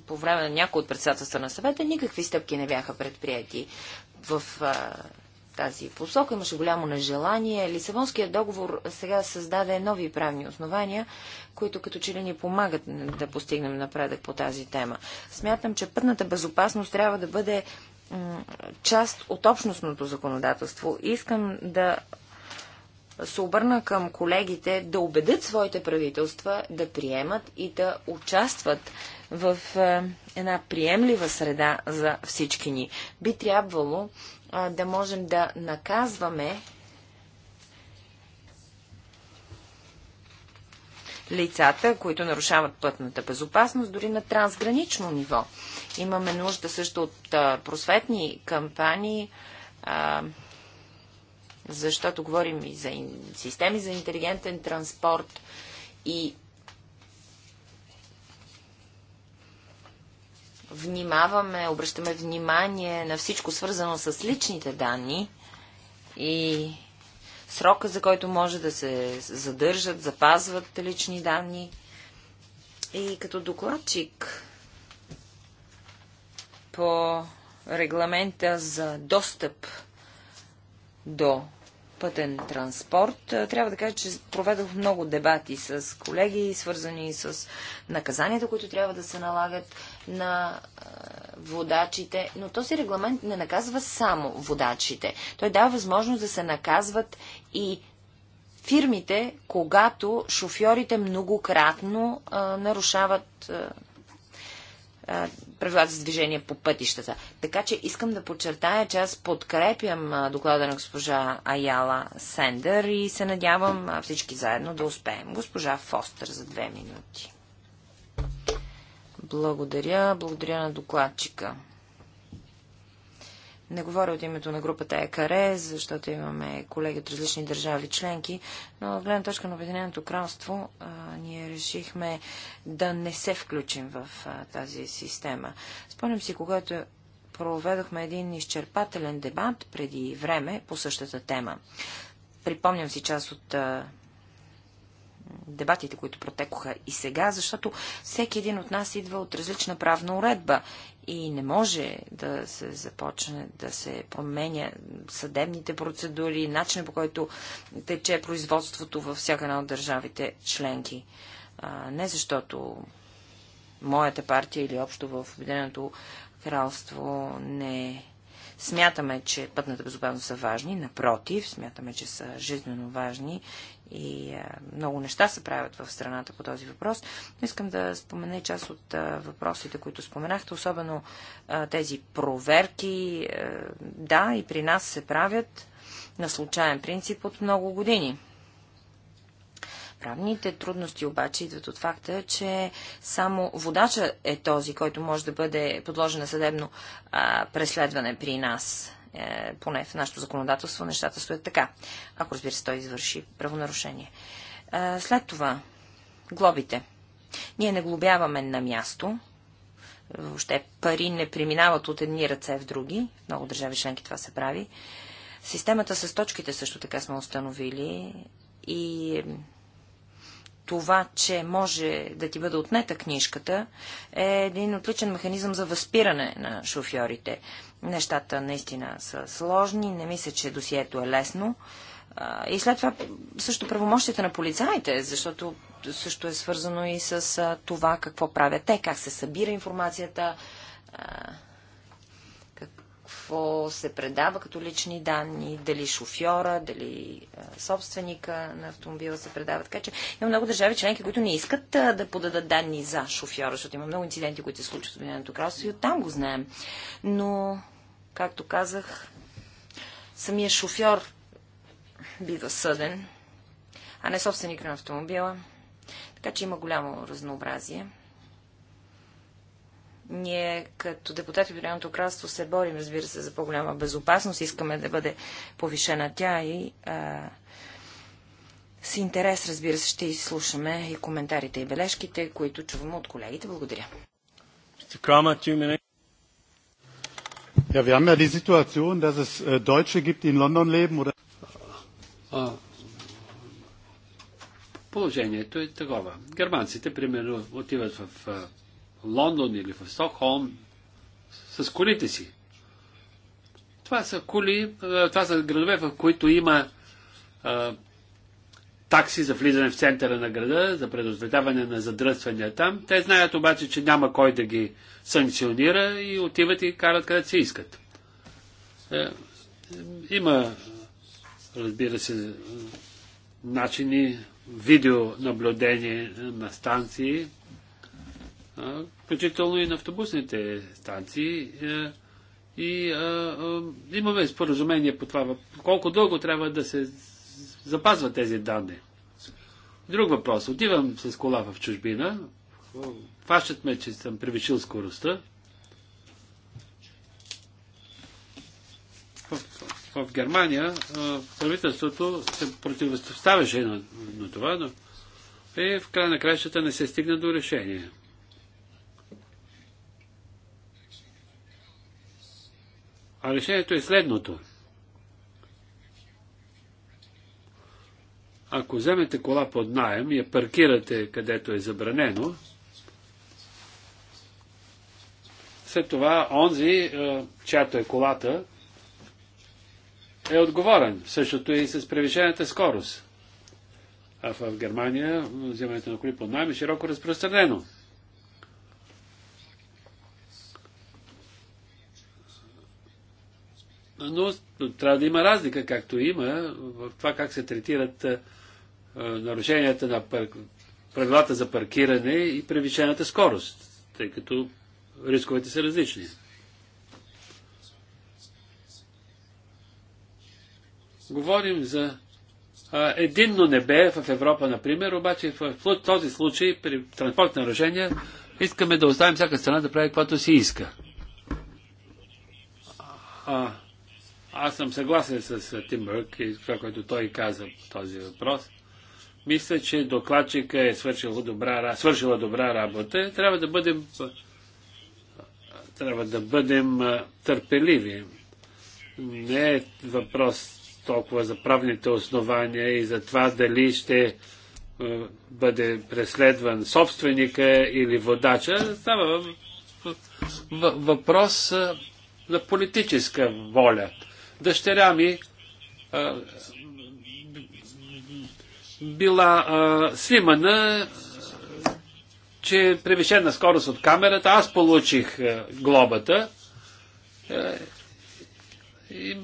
по време на някои от председателства на съвета никакви стъпки не бяха предприяти в а, тази посока. Имаше голямо нежелание. Лисабонският договор сега създаде нови правни основания, които като че ли ни помагат да постигнем напредък по тази тема. Смятам, че пътната безопасност трябва да бъде част от общностното законодателство. Искам да се обърна към колегите да убедят своите правителства да приемат и да участват в е, една приемлива среда за всички ни. Би трябвало е, да можем да наказваме лицата, които нарушават пътната безопасност, дори на трансгранично ниво. Имаме нужда също от е, просветни кампании, защото говорим и за системи за интелигентен транспорт и внимаваме, обръщаме внимание на всичко свързано с личните данни и срока, за който може да се задържат, запазват лични данни. И като докладчик по регламента за достъп до пътен транспорт. Е, трябва да кажа, че проведох много дебати с колеги, свързани с наказанията, които трябва да се налагат на е, водачите, но този регламент не наказва само водачите. Той дава възможност да се наказват и фирмите, когато шофьорите многократно а, е, нарушават а, правила за движение по пътищата. Така че искам да подчертая, че аз подкрепям доклада на госпожа Аяла Сендер и се надявам всички заедно да успеем. Госпожа Фостер за две минути. Благодаря. Благодаря на докладчика. Не говоря от името на групата ЕКАРЕ, защото имаме колеги от различни държави членки, но от гледна точка на Обединеното кралство а, ние решихме да не се включим в а, тази система. Спомням си, когато проведохме един изчерпателен дебат преди време по същата тема. Припомням си част от а, дебатите, които протекоха и сега, защото всеки един от нас идва от различна правна уредба и не може да се започне да се променя съдебните процедури, начинът по който тече производството във всяка една от държавите членки. А, не защото моята партия или общо в Обединеното кралство не смятаме, че пътната безопасност са важни, напротив, смятаме, че са жизненно важни и много неща се правят в страната по този въпрос. Но искам да спомена и част от въпросите, които споменахте, особено тези проверки. Да, и при нас се правят на случайен принцип от много години. Правните трудности обаче идват от факта, че само водача е този, който може да бъде подложен на съдебно а, преследване при нас. Е, поне в нашето законодателство нещата стоят така, ако разбира се той извърши правонарушение. Е, след това, глобите. Ние не глобяваме на място. Въобще пари не преминават от едни ръце в други. много държави членки това се прави. Системата с точките също така сме установили и това, че може да ти бъде отнета книжката, е един отличен механизъм за възпиране на шофьорите. Нещата наистина са сложни, не мисля, че досието е лесно. И след това също правомощите на полицаите, защото също е свързано и с това какво правят те, как се събира информацията, какво се предава като лични данни, дали шофьора, дали собственика на автомобила се предава. Така че има много държави членки, които не искат да подадат данни за шофьора, защото има много инциденти, които се случват в Обединеното кралство и оттам го знаем. Но Както казах, самия шофьор бива съден, а не собственик на автомобила. Така че има голямо разнообразие. Ние като депутати в Обединеното кралство се борим, разбира се, за по-голяма безопасност. Искаме да бъде повишена тя и а, с интерес, разбира се, ще изслушаме и коментарите и бележките, които чуваме от колегите. Благодаря. Ja, wir haben ja die Situation, dass es äh, Deutsche gibt, die in London leben oder. Положението е такова. Германците, примерно, отиват в Лондон или в Стокхолм с колите си. Това са коли, това са градове, в които има такси за влизане в центъра на града, за предотвратяване на задръствания там. Те знаят обаче, че няма кой да ги санкционира и отиват и карат където си искат. Е, има, разбира се, начини видеонаблюдение на станции, включително и на автобусните станции. Е, и а, а, имаме споразумение по това. Колко дълго трябва да се запазва тези данни. Друг въпрос. Отивам с кола в чужбина, фащат ме, че съм превишил скоростта. В, в, в Германия правителството се противоставяше на, на това, но и е, в край на краищата не се стигна до решение. А решението е следното – Ако вземете кола под найем и я паркирате където е забранено, след това онзи, е, чиято е колата, е отговорен. Същото е и с превишената скорост. А в Германия вземането на коли под найем е широко разпространено. но трябва да има разлика, както има в това как се третират е, нарушенията на парк... правилата за паркиране и превишената скорост, тъй като рисковете са различни. Говорим за а, единно небе в Европа, например, обаче в, в този случай при транспортни нарушения искаме да оставим всяка страна да прави каквото си иска. А, аз съм съгласен с Тим Бърк и това, което той каза по този въпрос – мисля, че докладчика е свършила добра, свършила добра работа. Трябва да бъдем, трябва да бъдем търпеливи. Не е въпрос толкова за правните основания и за това дали ще бъде преследван собственика или водача. Става въпрос на политическа воля. Дъщеря ми била а, снимана, че е превишена скорост от камерата. Аз получих а, глобата. А, е, и,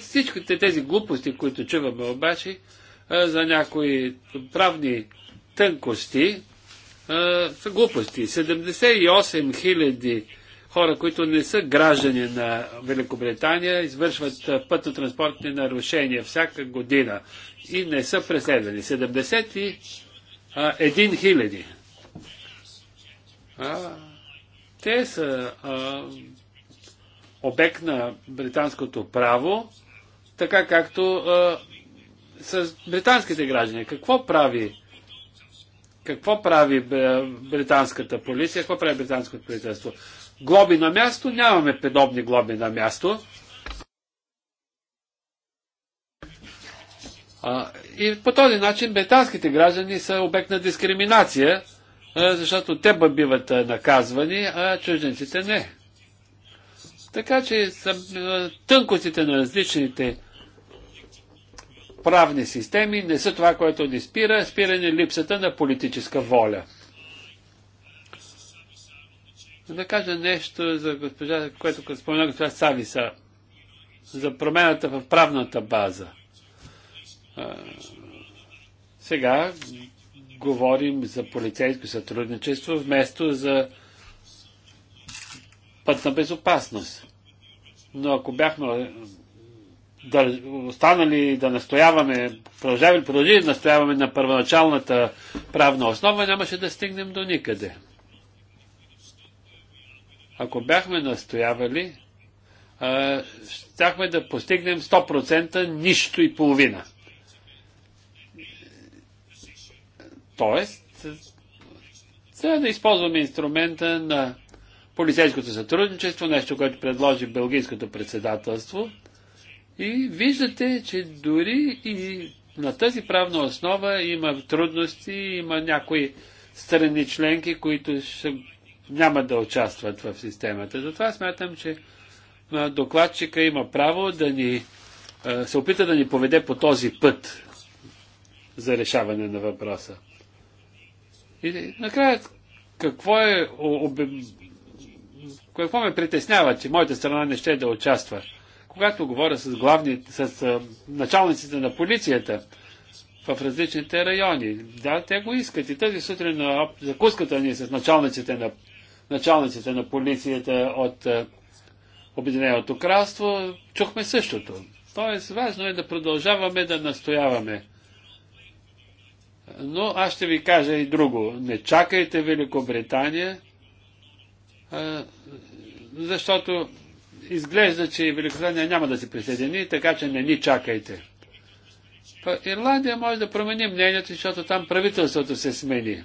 всичките тези глупости, които чуваме обаче, а, е, за някои правни тънкости, а, е, са глупости. 78 000 хора, които не са граждани на Великобритания, извършват пътно-транспортни нарушения всяка година и не са преследвани. 71 хиляди. Те са а, обект на британското право, така както а, с британските граждани. Какво прави какво прави британската полиция, какво прави британското правителство? глоби на място, нямаме подобни глоби на място. А, и по този начин британските граждани са обект на дискриминация, а, защото те биват наказвани, а чужденците не. Така че тънкостите на различните правни системи не са това, което ни спира, спира ни липсата на политическа воля да кажа нещо за госпожа, което спомена госпожа Сависа, за промената в правната база. А, сега говорим за полицейско сътрудничество вместо за пътна безопасност. Но ако бяхме да останали да настояваме, продължавали, продължили да настояваме на първоначалната правна основа, нямаше да стигнем до никъде. Ако бяхме настоявали, щяхме да постигнем 100% нищо и половина. Тоест, трябва да използваме инструмента на полицейското сътрудничество, нещо, което предложи Белгийското председателство. И виждате, че дори и на тази правна основа има трудности, има някои страни членки, които ще няма да участват в системата. Затова смятам, че докладчика има право да ни се опита да ни поведе по този път за решаване на въпроса. И накрая, какво е какво ме притеснява, че моята страна не ще да участва. Когато говоря с, главни, с началниците на полицията в различните райони, да, те го искат. И тази сутрин на закуската ни с началниците на началниците на полицията от е, Обединеното кралство, чухме същото. Тоест, важно е да продължаваме да настояваме. Но аз ще ви кажа и друго. Не чакайте Великобритания, е, защото изглежда, че Великобритания няма да се присъедини, така че не ни чакайте. Па Ирландия може да промени мнението, защото там правителството се смени.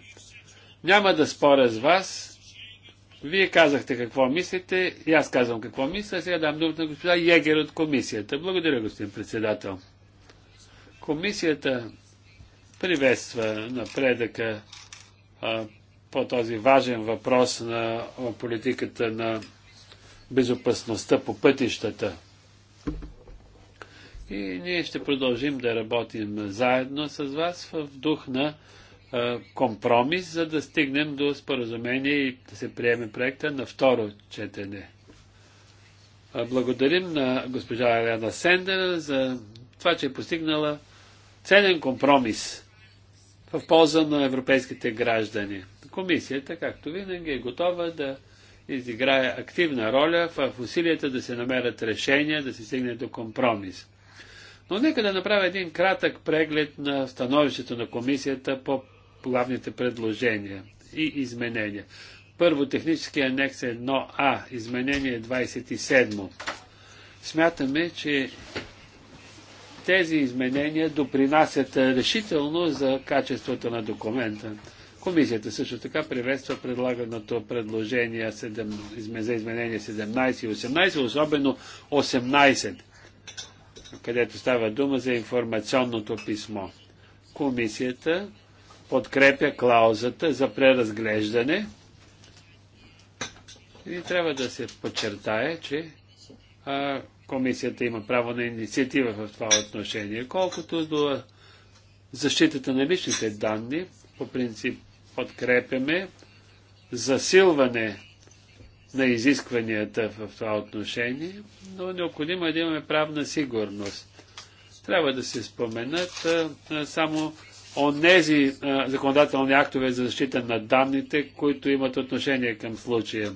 Няма да споря с вас, вие казахте какво мислите, и аз казвам какво мисля, сега дам думата на госпожа Егер от комисията. Благодаря, господин председател. Комисията приветства напредъка а, по този важен въпрос на политиката на безопасността по пътищата. И ние ще продължим да работим заедно с вас в дух на компромис, за да стигнем до споразумение и да се приеме проекта на второ четене. Благодарим на госпожа Елена Сендер за това, че е постигнала ценен компромис в полза на европейските граждани. Комисията, както винаги, е готова да изиграе активна роля в усилията да се намерят решения, да се стигне до компромис. Но нека да направя един кратък преглед на становището на комисията по главните предложения и изменения. Първо, технически анекс 1А, изменение 27. Смятаме, че тези изменения допринасят решително за качеството на документа. Комисията също така приветства предлаганото предложение 7, за изменение 17 и 18, особено 18, където става дума за информационното писмо. Комисията подкрепя клаузата за преразглеждане. И трябва да се подчертае, че а, комисията има право на инициатива в това отношение. Колкото до защитата на личните данни, по принцип подкрепяме засилване на изискванията в това отношение, но необходимо е да имаме правна сигурност. Трябва да се споменат а, само онези а, законодателни актове за защита на данните, които имат отношение към случая.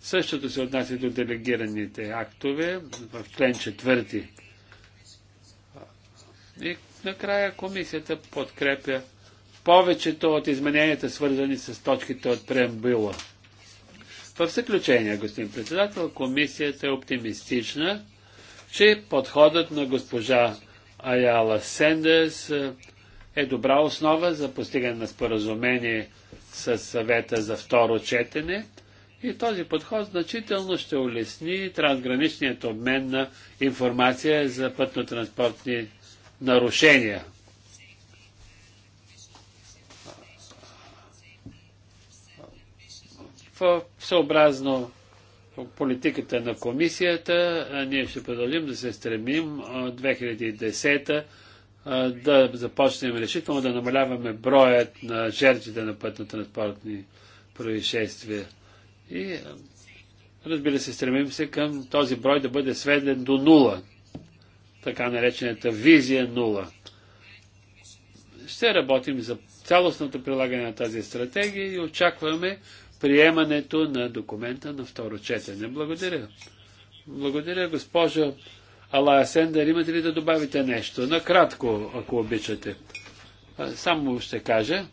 Същото се отнася до делегираните актове в член четвърти. И накрая комисията подкрепя повечето от измененията, свързани с точките от преамбила. В заключение, господин председател, комисията е оптимистична, че подходът на госпожа Аяла Сендес е добра основа за постигане на споразумение с съвета за второ четене и този подход значително ще улесни трансграничният обмен на информация за пътно-транспортни нарушения. В съобразно политиката на комисията, ние ще продължим да се стремим от 2010 да започнем решително да намаляваме броят на жертвите на пътно-транспортни происшествия. И разбира се, стремим се към този брой да бъде сведен до нула, така наречената визия нула. Ще работим за цялостното прилагане на тази стратегия и очакваме приемането на документа на второ четене. Благодаря. Благодаря, госпожо Алая Сендер, имате ли да добавите нещо? Накратко, ако обичате. Само ще кажа,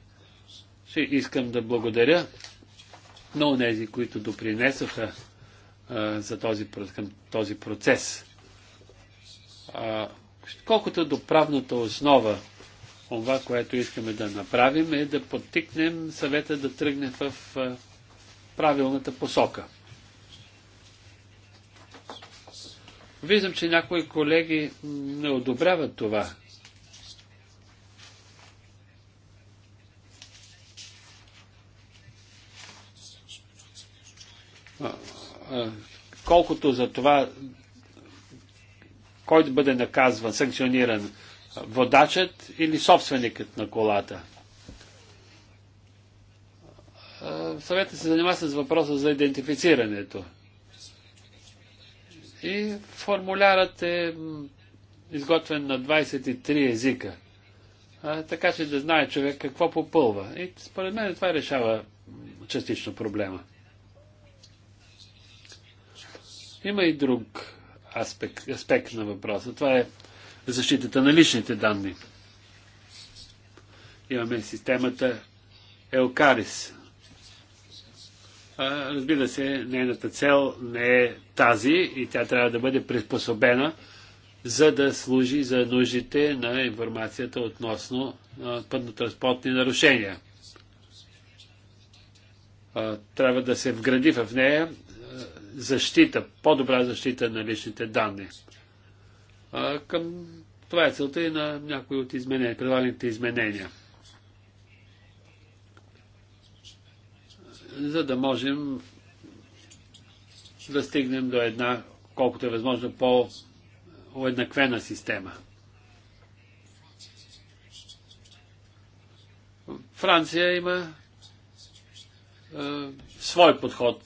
ще искам да благодаря на тези, които допринесоха а, за този, към този процес. А, колкото до правната основа, това, което искаме да направим, е да подтикнем съвета да тръгне в а, правилната посока. Виждам, че някои колеги не одобряват това. Колкото за това, кой да бъде наказван, санкциониран, водачът или собственикът на колата. Съветът се занимава с въпроса за идентифицирането. И формулярът е изготвен на 23 езика. А, така че да знае човек какво попълва. И според мен това решава частично проблема. Има и друг аспект, аспект на въпроса. Това е защитата на личните данни. Имаме системата Елкарис. Разбира се, нейната цел не е тази и тя трябва да бъде приспособена, за да служи за нуждите на информацията относно пътно-транспортни нарушения. Трябва да се вгради в нея защита, по-добра защита на личните данни. Към това е целта и на някои от изменения, предлаганите изменения. за да можем да стигнем до една, колкото е възможно, по-уеднаквена система. Франция има е, свой подход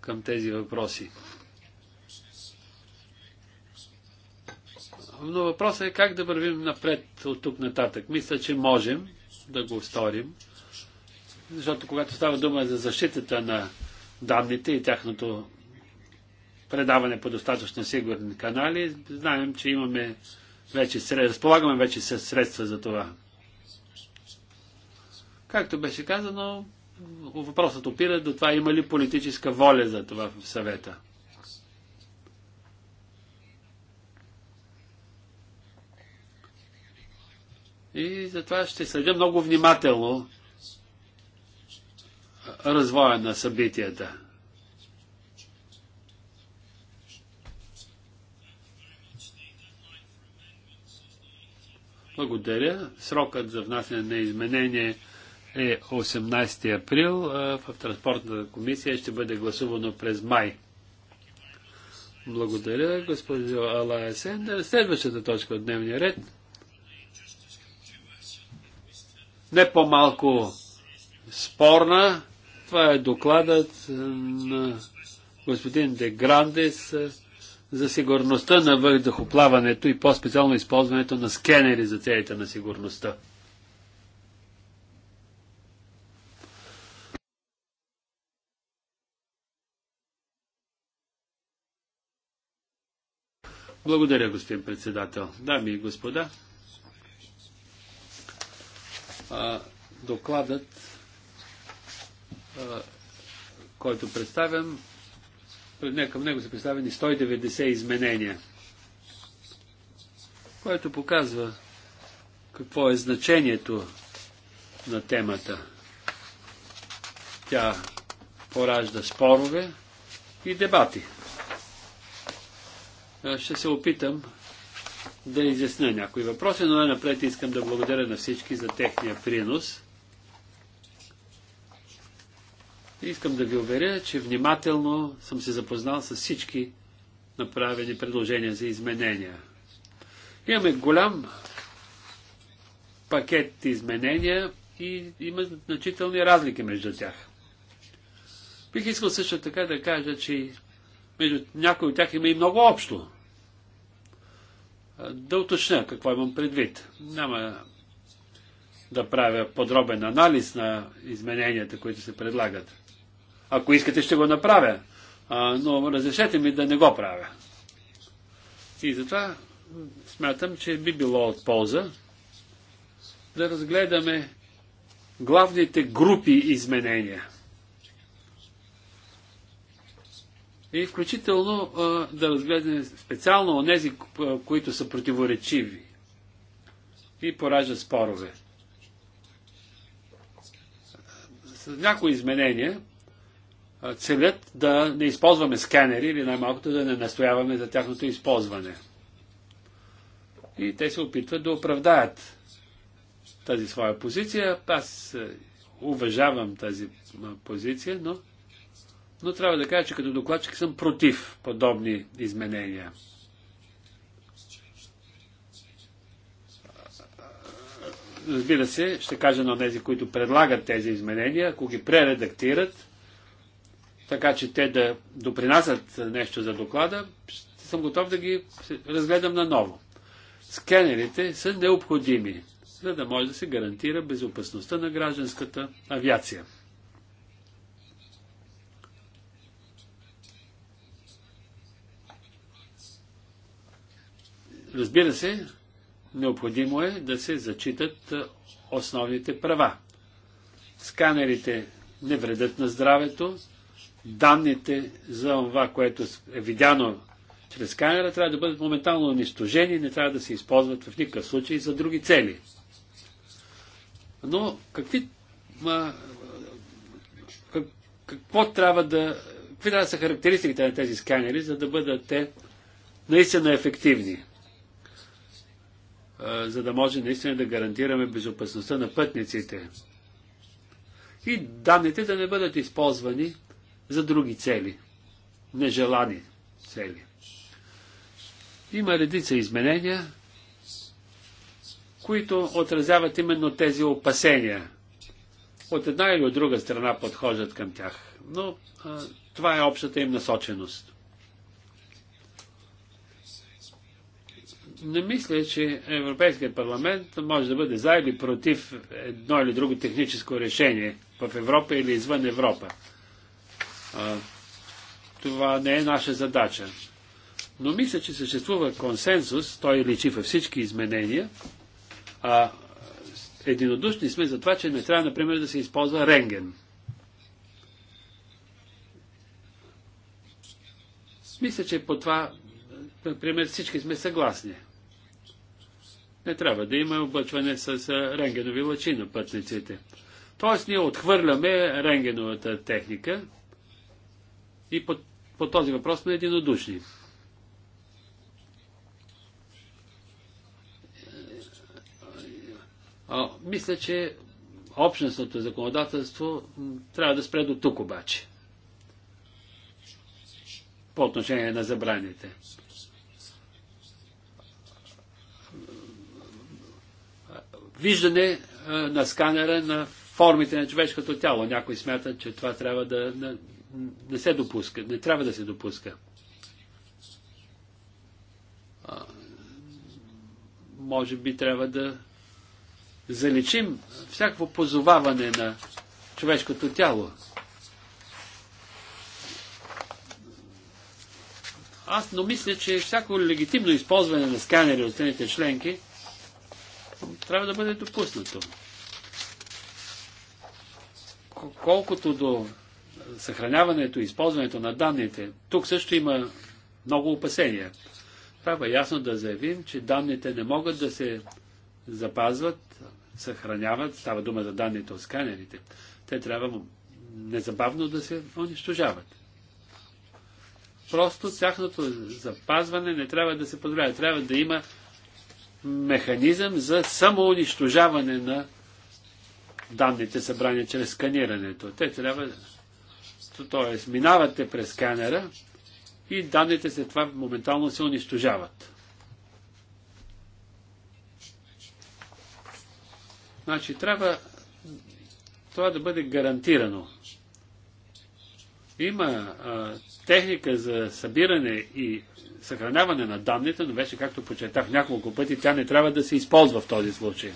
към тези въпроси. Но въпросът е как да вървим напред от тук нататък. Мисля, че можем да го сторим защото когато става дума за защитата на данните и тяхното предаване по достатъчно сигурни канали, знаем, че имаме вече, разполагаме вече със средства за това. Както беше казано, въпросът опира до това има ли политическа воля за това в съвета. И затова ще следя много внимателно развоя на събитията. Благодаря. Срокът за внасяне на изменение е 18 април. В транспортната комисия ще бъде гласувано през май. Благодаря, господин Алая Сендер. Следващата точка от дневния ред. Не по-малко спорна това е докладът е, на господин Де Грандес е, за сигурността на въздухоплаването и по-специално използването на скенери за целите на сигурността. Благодаря, господин председател. Дами и господа, докладът който представям, към него са представени 190 изменения, което показва какво е значението на темата. Тя поражда спорове и дебати. Ще се опитам да изясня някои въпроси, но най-напред искам да благодаря на всички за техния принос. И искам да ви уверя, че внимателно съм се запознал с всички направени предложения за изменения. Имаме голям пакет изменения и има значителни разлики между тях. Бих искал също така да кажа, че между някои от тях има и много общо. Да уточня какво имам предвид. Няма да правя подробен анализ на измененията, които се предлагат. Ако искате, ще го направя. А, но разрешете ми да не го правя. И затова смятам, че би било от полза да разгледаме главните групи изменения. И включително а, да разгледаме специално онези, които са противоречиви и поражат спорове. С някои изменения целят да не използваме сканери или най-малкото да не настояваме за тяхното използване. И те се опитват да оправдаят тази своя позиция. Аз уважавам тази позиция, но, но трябва да кажа, че като докладчик съм против подобни изменения. Разбира се, ще кажа на тези, които предлагат тези изменения, ако ги прередактират, така че те да допринасят нещо за доклада, съм готов да ги разгледам наново. Скенерите са необходими, за да може да се гарантира безопасността на гражданската авиация. Разбира се, необходимо е да се зачитат основните права. Сканерите не вредят на здравето, данните за това, което е видяно чрез камера, трябва да бъдат моментално унищожени, не трябва да се използват в никакъв случай за други цели. Но какви, ма, как, какво трябва да, какви трябва да са характеристиките на тези сканери, за да бъдат те наистина ефективни? за да може наистина да гарантираме безопасността на пътниците. И данните да не бъдат използвани за други цели, нежелани цели. Има редица изменения, които отразяват именно тези опасения. От една или от друга страна подхождат към тях. Но а, това е общата им насоченост. Не мисля, че Европейският парламент може да бъде за или против едно или друго техническо решение в Европа или извън Европа това не е наша задача. Но мисля, че съществува консенсус, той личи във всички изменения, а единодушни сме за това, че не трябва, например, да се използва ренген. Мисля, че по това, например, всички сме съгласни. Не трябва да има облъчване с ренгенови лъчи на пътниците. Тоест, ние отхвърляме ренгеновата техника, и по, по този въпрос сме единодушни. А, мисля, че общностното законодателство трябва да спре до тук обаче. По отношение на забраните. Виждане на сканера на формите на човешкото тяло. Някой смята, че това трябва да, не се допуска, не трябва да се допуска. А, може би трябва да заличим всякакво позоваване на човешкото тяло. Аз но мисля, че всяко легитимно използване на сканери от страните членки трябва да бъде допуснато. Колкото до съхраняването и използването на данните, тук също има много опасения. Трябва ясно да заявим, че данните не могат да се запазват, съхраняват, става дума за данните от сканерите. Те трябва незабавно да се унищожават. Просто тяхното запазване не трябва да се позволява. Трябва да има механизъм за самоунищожаване на данните, събрани чрез сканирането. Те трябва т.е. минавате през сканера и данните след това моментално се унищожават. Значи трябва това да бъде гарантирано. Има а, техника за събиране и съхраняване на данните, но вече, както почетах няколко пъти, тя не трябва да се използва в този случай.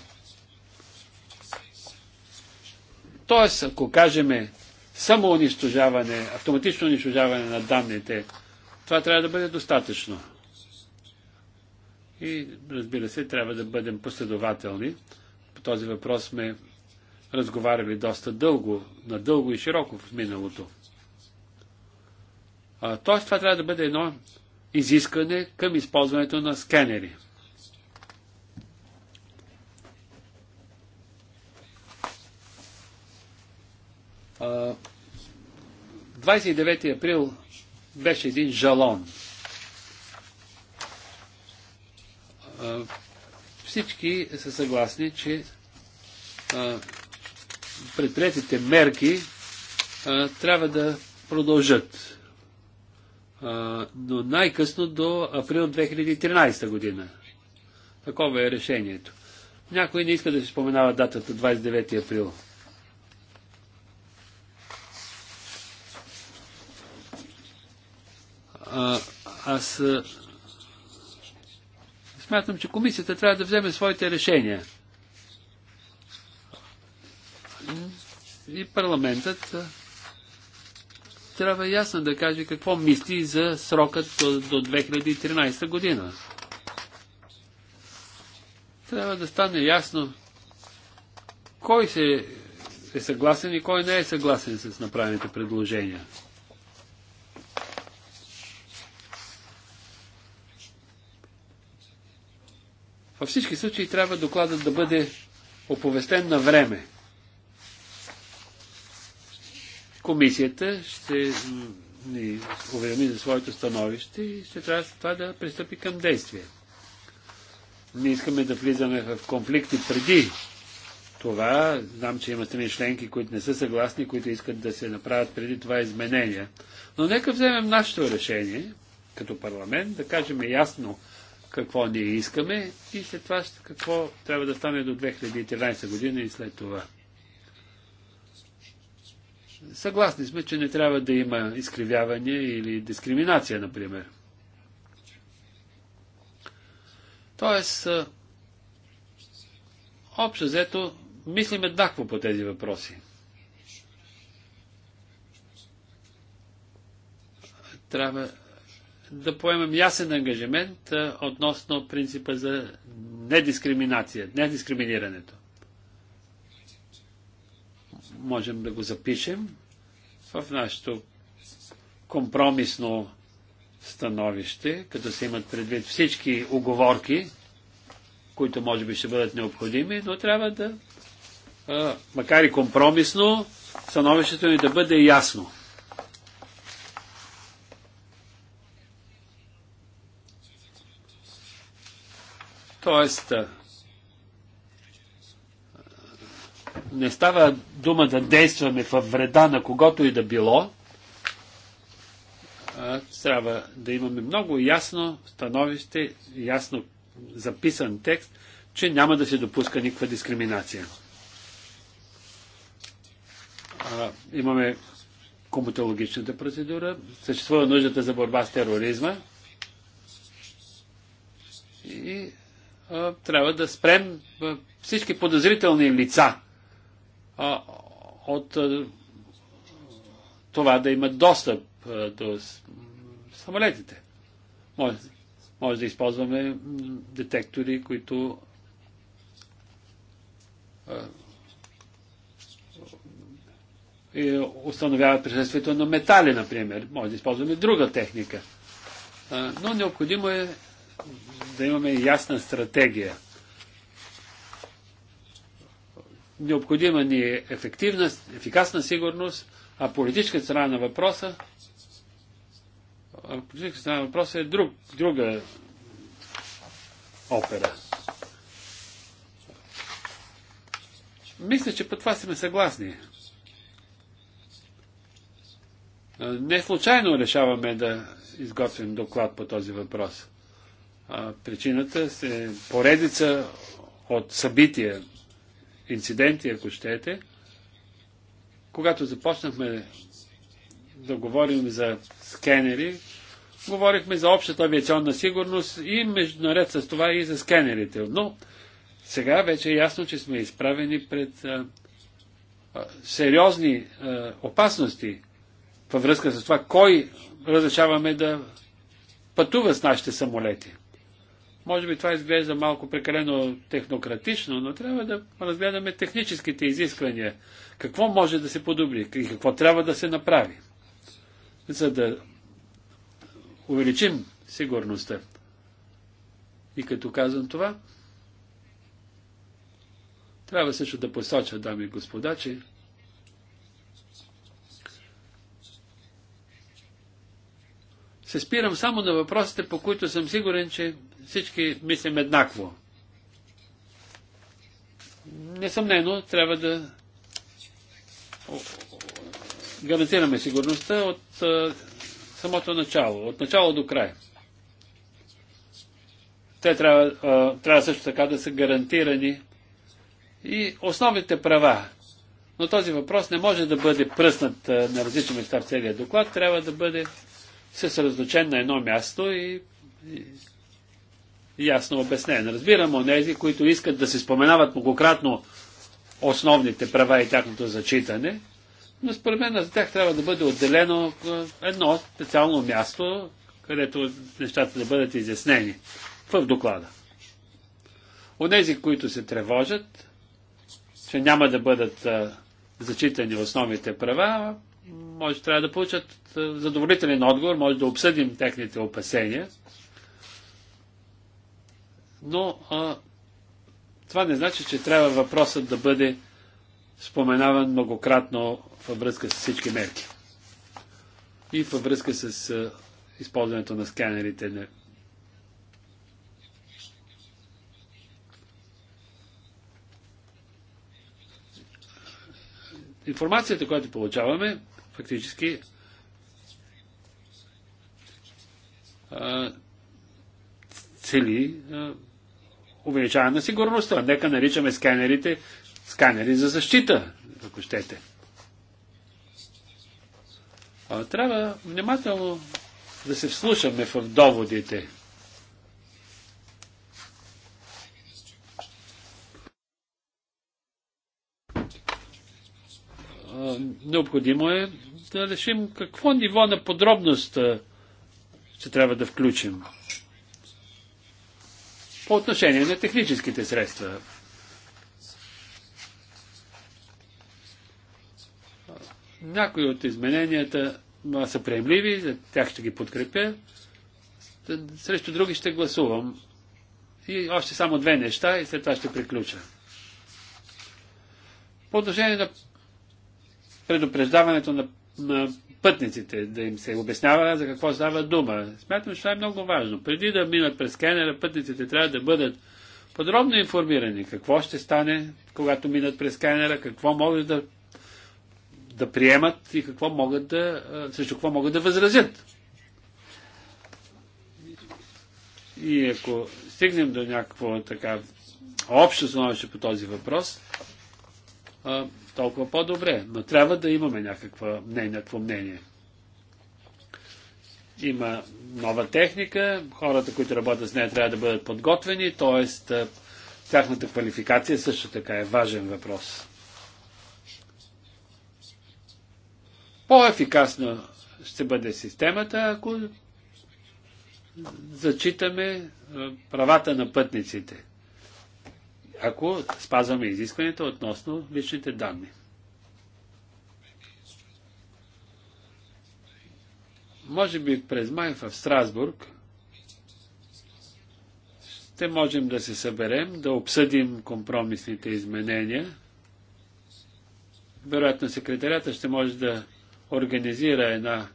Тоест, ако кажеме, само унищожаване, автоматично унищожаване на данните, това трябва да бъде достатъчно. И разбира се, трябва да бъдем последователни. По този въпрос сме разговаряли доста дълго, надълго и широко в миналото. Тоест, това трябва да бъде едно изискване към използването на скенери. 29 април беше един жалон. Всички са съгласни, че предприятите мерки трябва да продължат. Но най-късно до април 2013 година. Такова е решението. Някой не иска да се споменава датата 29 април. А, аз смятам, че комисията трябва да вземе своите решения. И парламентът трябва ясно да каже какво мисли за срокът до, до 2013 година. Трябва да стане ясно кой се е съгласен и кой не е съгласен с направените предложения. Във всички случаи трябва докладът да бъде оповестен на време. Комисията ще ни уведоми за своето становище и ще трябва с това да пристъпи към действие. Не искаме да влизаме в конфликти преди това. Знам, че има страни членки, които не са съгласни, които искат да се направят преди това изменения. Но нека вземем нашето решение като парламент, да кажем ясно какво ние искаме и след това какво трябва да стане до 2013 година и след това. Съгласни сме, че не трябва да има изкривяване или дискриминация, например. Тоест, общо взето, мислим еднакво по тези въпроси. Трябва да поемем ясен ангажимент относно принципа за недискриминация, недискриминирането. Можем да го запишем в нашето компромисно становище, като се имат предвид всички оговорки, които може би ще бъдат необходими, но трябва да, макар и компромисно, становището ни да бъде ясно. Тоест, не става дума да действаме във вреда на когото и да било, трябва да имаме много ясно становище, ясно записан текст, че няма да се допуска никаква дискриминация. А, имаме комутологичната процедура, съществува нуждата за борба с тероризма и трябва да спрем всички подозрителни лица от това да имат достъп до самолетите. Може, може да използваме детектори, които установяват присъствието на метали, например. Може да използваме друга техника. Но необходимо е да имаме ясна стратегия. Необходима ни е ефективна, ефикасна сигурност, а политическата страна на въпроса а политическата страна на въпроса е друг, друга опера. Мисля, че по това сме съгласни. Не случайно решаваме да изготвим доклад по този въпрос причината е поредица от събития, инциденти, ако щете. Когато започнахме да говорим за скенери, говорихме за общата авиационна сигурност и между, наред с това и за скенерите. Но сега вече е ясно, че сме изправени пред а, а, сериозни а, опасности във връзка с това кой разрешаваме да пътува с нашите самолети. Може би това изглежда малко прекалено технократично, но трябва да разгледаме техническите изисквания. Какво може да се подобри и какво трябва да се направи, за да увеличим сигурността. И като казвам това, трябва също да посоча, дами и господа, че се спирам само на въпросите, по които съм сигурен, че всички мислим еднакво. Несъмнено, трябва да гарантираме сигурността от а, самото начало, от начало до края. Те трябва, а, трябва също така да са гарантирани и основните права. Но този въпрос не може да бъде пръснат а, на различни места в целия доклад, трябва да бъде съсредоточен на едно място и, и ясно обяснен. Разбирам онези, които искат да се споменават многократно основните права и тяхното зачитане, но според мен за тях трябва да бъде отделено едно специално място, където нещата да бъдат изяснени в доклада. Онези, които се тревожат, че няма да бъдат а, зачитани основните права, може трябва да получат е, задоволителен отговор, може да обсъдим техните опасения. Но а, това не значи, че трябва въпросът да бъде споменаван многократно във връзка с всички мерки. И във връзка с а, е, използването на сканерите. Не. Информацията, която получаваме, фактически цели увеличаване на сигурността. Нека наричаме сканерите сканери за защита, ако щете. Трябва внимателно да се вслушаме в доводите. Необходимо е да решим какво ниво на подробност ще трябва да включим. По отношение на техническите средства. Някои от измененията са приемливи, за тях ще ги подкрепя. Срещу други ще гласувам. И още само две неща и след това ще приключа. По отношение на предупреждаването на на пътниците, да им се обяснява за какво става дума. Смятам, че това е много важно. Преди да минат през скенера, пътниците трябва да бъдат подробно информирани какво ще стане, когато минат през сканера, какво могат да, да приемат и какво могат да, срещу какво могат да възразят. И ако стигнем до някакво така общо становище по този въпрос, а, толкова по-добре. Но трябва да имаме някаква мнение, някакво мнение. Има нова техника, хората, които работят с нея, трябва да бъдат подготвени, т.е. тяхната квалификация също така е важен въпрос. По-ефикасно ще бъде системата, ако зачитаме правата на пътниците ако спазваме изискването относно личните данни. Може би през май в Страсбург ще можем да се съберем, да обсъдим компромисните изменения. Вероятно секретарята ще може да организира една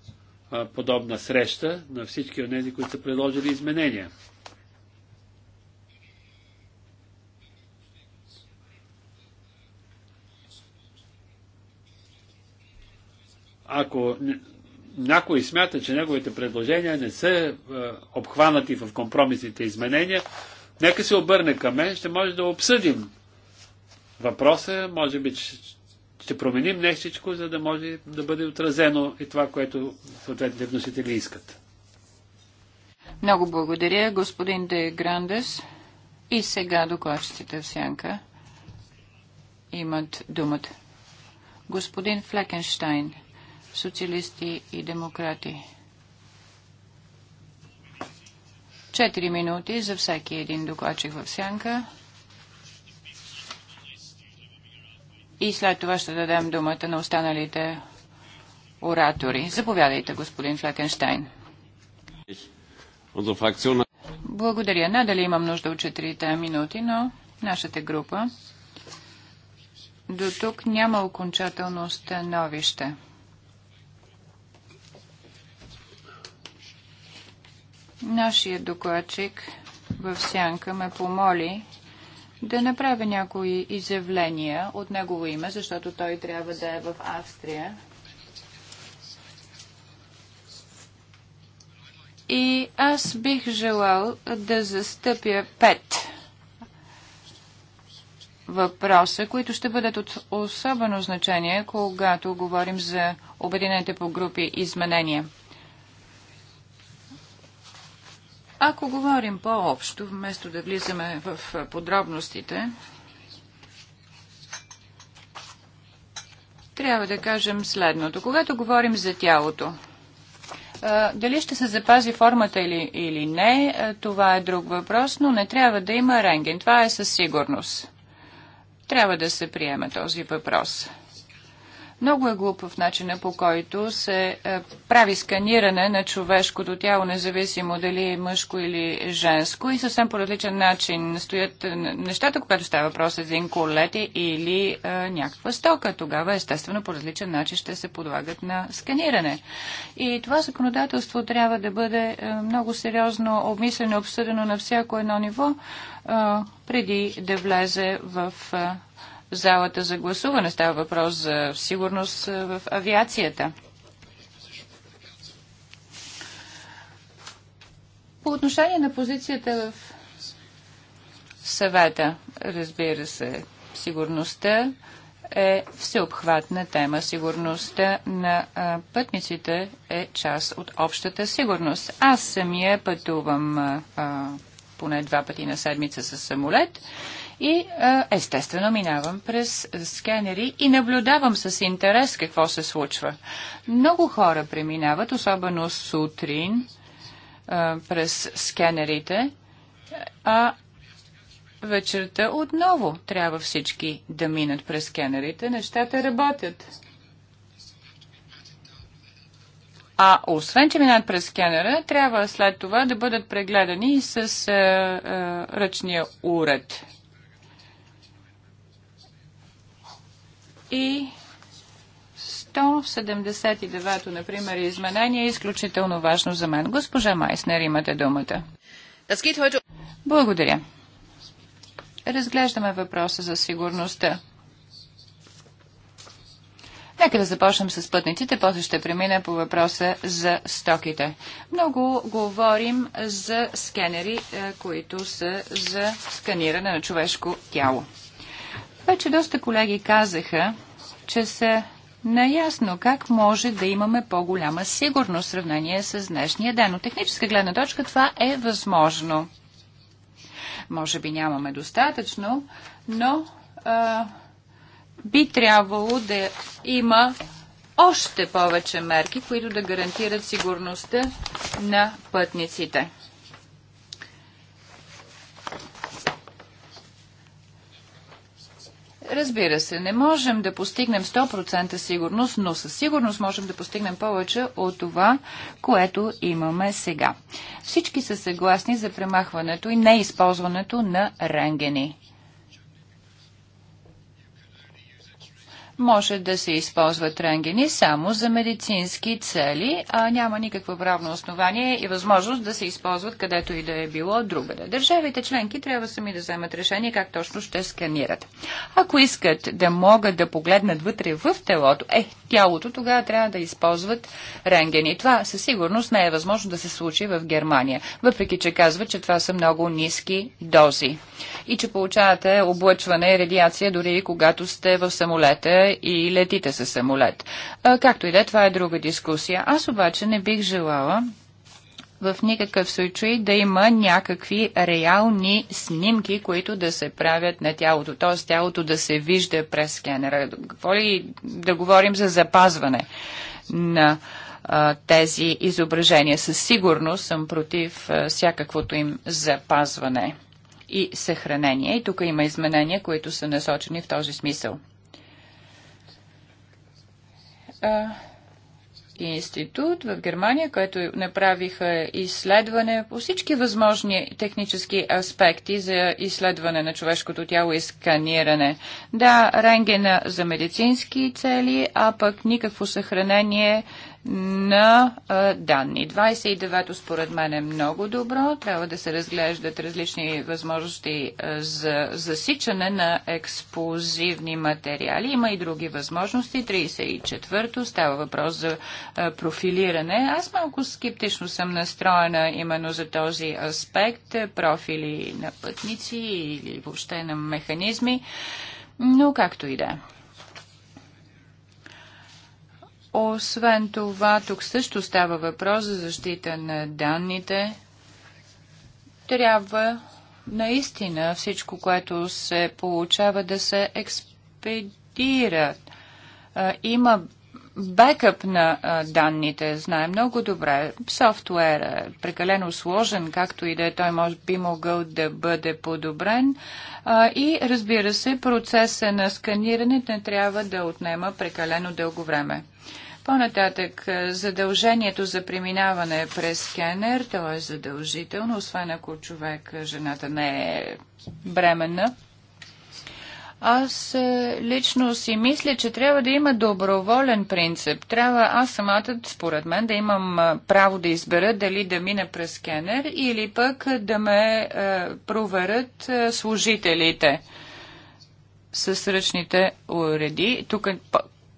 подобна среща на всички от тези, които са предложили изменения. ако някой смята, че неговите предложения не са е, обхванати в компромисните изменения, нека се обърне към мен, ще може да обсъдим въпроса, може би ще променим нещичко, за да може да бъде отразено и това, което съответните вносители искат. Много благодаря, господин Де Грандес. И сега докладчиците в сянка имат думата. Господин Флекенштайн социалисти и демократи. Четири минути за всеки един докладчик в сянка. И след това ще дадем думата на останалите оратори. Заповядайте, господин Флекенштайн. Благодаря. Не дали имам нужда от четирите минути, но нашата група до тук няма окончателно становище. Нашия докладчик в Сянка ме помоли да направя някои изявления от негово име, защото той трябва да е в Австрия. И аз бих желал да застъпя пет въпроса, които ще бъдат от особено значение, когато говорим за обединените по групи изменения. Ако говорим по-общо, вместо да влизаме в подробностите, трябва да кажем следното. Когато говорим за тялото, дали ще се запази формата или, или не, това е друг въпрос, но не трябва да има ренген. Това е със сигурност. Трябва да се приеме този въпрос. Много е глупо в начина по който се е, прави сканиране на човешкото тяло, независимо дали е мъжко или женско и съвсем по различен начин стоят е, нещата, когато става въпрос за инколети или а, е, някаква стока. Тогава, естествено, по различен начин ще се подлагат на сканиране. И това законодателство трябва да бъде много сериозно обмислено, обсъдено на всяко едно ниво, а, преди да влезе в а, залата за гласуване. Става въпрос за сигурност в авиацията. По отношение на позицията в съвета, разбира се, сигурността е всеобхватна тема. Сигурността на пътниците е част от общата сигурност. Аз самия пътувам а, поне два пъти на седмица с самолет и е, естествено минавам през скенери и наблюдавам с интерес какво се случва. Много хора преминават, особено сутрин, е, през скенерите, а вечерта отново трябва всички да минат през скенерите. Нещата работят. А освен, че минат през скенера, трябва след това да бъдат прегледани с е, е, ръчния уред. и 179-то, например, изменение е изключително важно за мен. Госпожа Майснер, имате думата. Um- Благодаря. Разглеждаме въпроса за сигурността. Нека да започнем с пътниците, после ще премина по въпроса за стоките. Много говорим за скенери, е, които са за сканиране на човешко тяло. Вече доста колеги казаха, че са наясно как може да имаме по-голяма сигурност в сравнение с днешния ден. От техническа гледна точка това е възможно. Може би нямаме достатъчно, но а, би трябвало да има още повече мерки, които да гарантират сигурността на пътниците. Разбира се, не можем да постигнем 100% сигурност, но със сигурност можем да постигнем повече от това, което имаме сега. Всички са съгласни за премахването и неизползването на ренгени. може да се използват рентгени само за медицински цели, а няма никакво правно основание и възможност да се използват където и да е било другаде. Държавите членки трябва сами да вземат решение как точно ще сканират. Ако искат да могат да погледнат вътре в телото, е, тялото тогава трябва да използват рентгени. Това със сигурност не е възможно да се случи в Германия, въпреки че казват, че това са много ниски дози и че получавате облъчване и радиация дори и когато сте в самолета и летите с самолет. А, както и да, това е друга дискусия. Аз обаче не бих желала в никакъв случай да има някакви реални снимки, които да се правят на тялото, т.е. тялото да се вижда през скенера. Какво ли да говорим за запазване на а, тези изображения? Със сигурност съм против а, всякаквото им запазване и съхранение. И тук има изменения, които са насочени в този смисъл институт в Германия, който направиха изследване по всички възможни технически аспекти за изследване на човешкото тяло и сканиране. Да, рентгена за медицински цели, а пък никакво съхранение на данни. 29-то според мен е много добро. Трябва да се разглеждат различни възможности за засичане на експлозивни материали. Има и други възможности. 34-то става въпрос за профилиране. Аз малко скептично съм настроена именно за този аспект. Профили на пътници или въобще на механизми. Но както и да е. Освен това, тук също става въпрос за защита на данните. Трябва наистина всичко, което се получава да се експедира. Има бекъп на а, данните. Знае много добре. Софтуер е прекалено сложен, както и да е, той може, би могъл да бъде подобрен. А, и разбира се, процеса на сканиране не трябва да отнема прекалено дълго време. По-нататък, задължението за преминаване през скенер, то е задължително, освен ако човек, жената не е бременна аз е, лично си мисля, че трябва да има доброволен принцип. Трябва аз самата, според мен, да имам е, право да избера дали да мина през скенер или пък да ме е, проверят служителите с ръчните уреди. Тук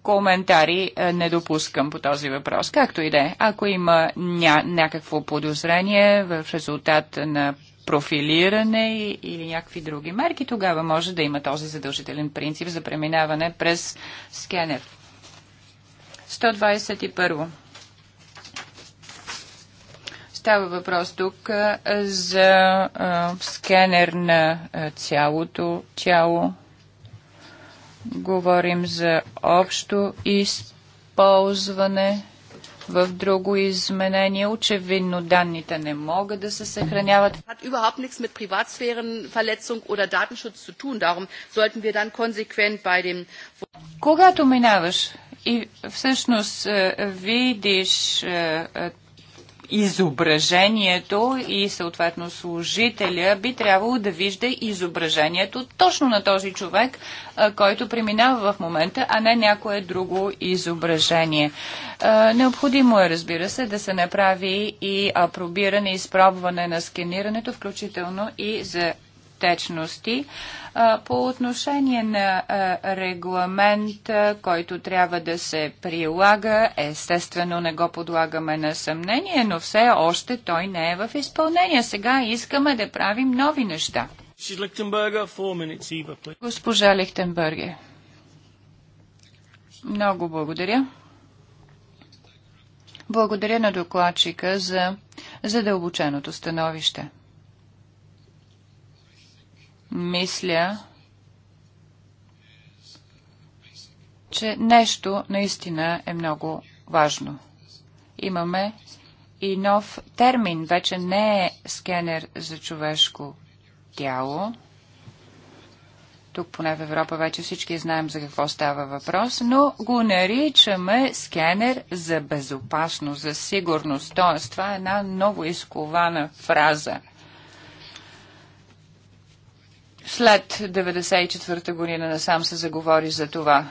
коментари не допускам по този въпрос. Както и да е, ако има ня- някакво подозрение в резултат на профилиране или някакви други мерки, тогава може да има този задължителен принцип за преминаване през скенер. 121. Става въпрос тук за скенер на цялото тяло. Говорим за общо използване в друго изменение. Очевидно данните не могат да се съхраняват. Hat überhaupt nichts mit Privatsphärenverletzung oder Datenschutz zu tun. Darum sollten wir dann konsequent bei dem... Когато минаваш и всъщност видиш изображението и съответно служителя би трябвало да вижда изображението точно на този човек, който преминава в момента, а не някое друго изображение. Необходимо е, разбира се, да се направи и апробиране, изпробване на сканирането, включително и за течности. По отношение на регламент, който трябва да се прилага, естествено не го подлагаме на съмнение, но все още той не е в изпълнение. Сега искаме да правим нови неща. Госпожа Лихтенбърге. Много благодаря. Благодаря на докладчика за задълбоченото становище мисля, че нещо наистина е много важно. Имаме и нов термин. Вече не е скенер за човешко тяло. Тук поне в Европа вече всички знаем за какво става въпрос, но го наричаме скенер за безопасност, за сигурност. Тоест, това е една много изкована фраза – след 1994 година насам се заговори за това.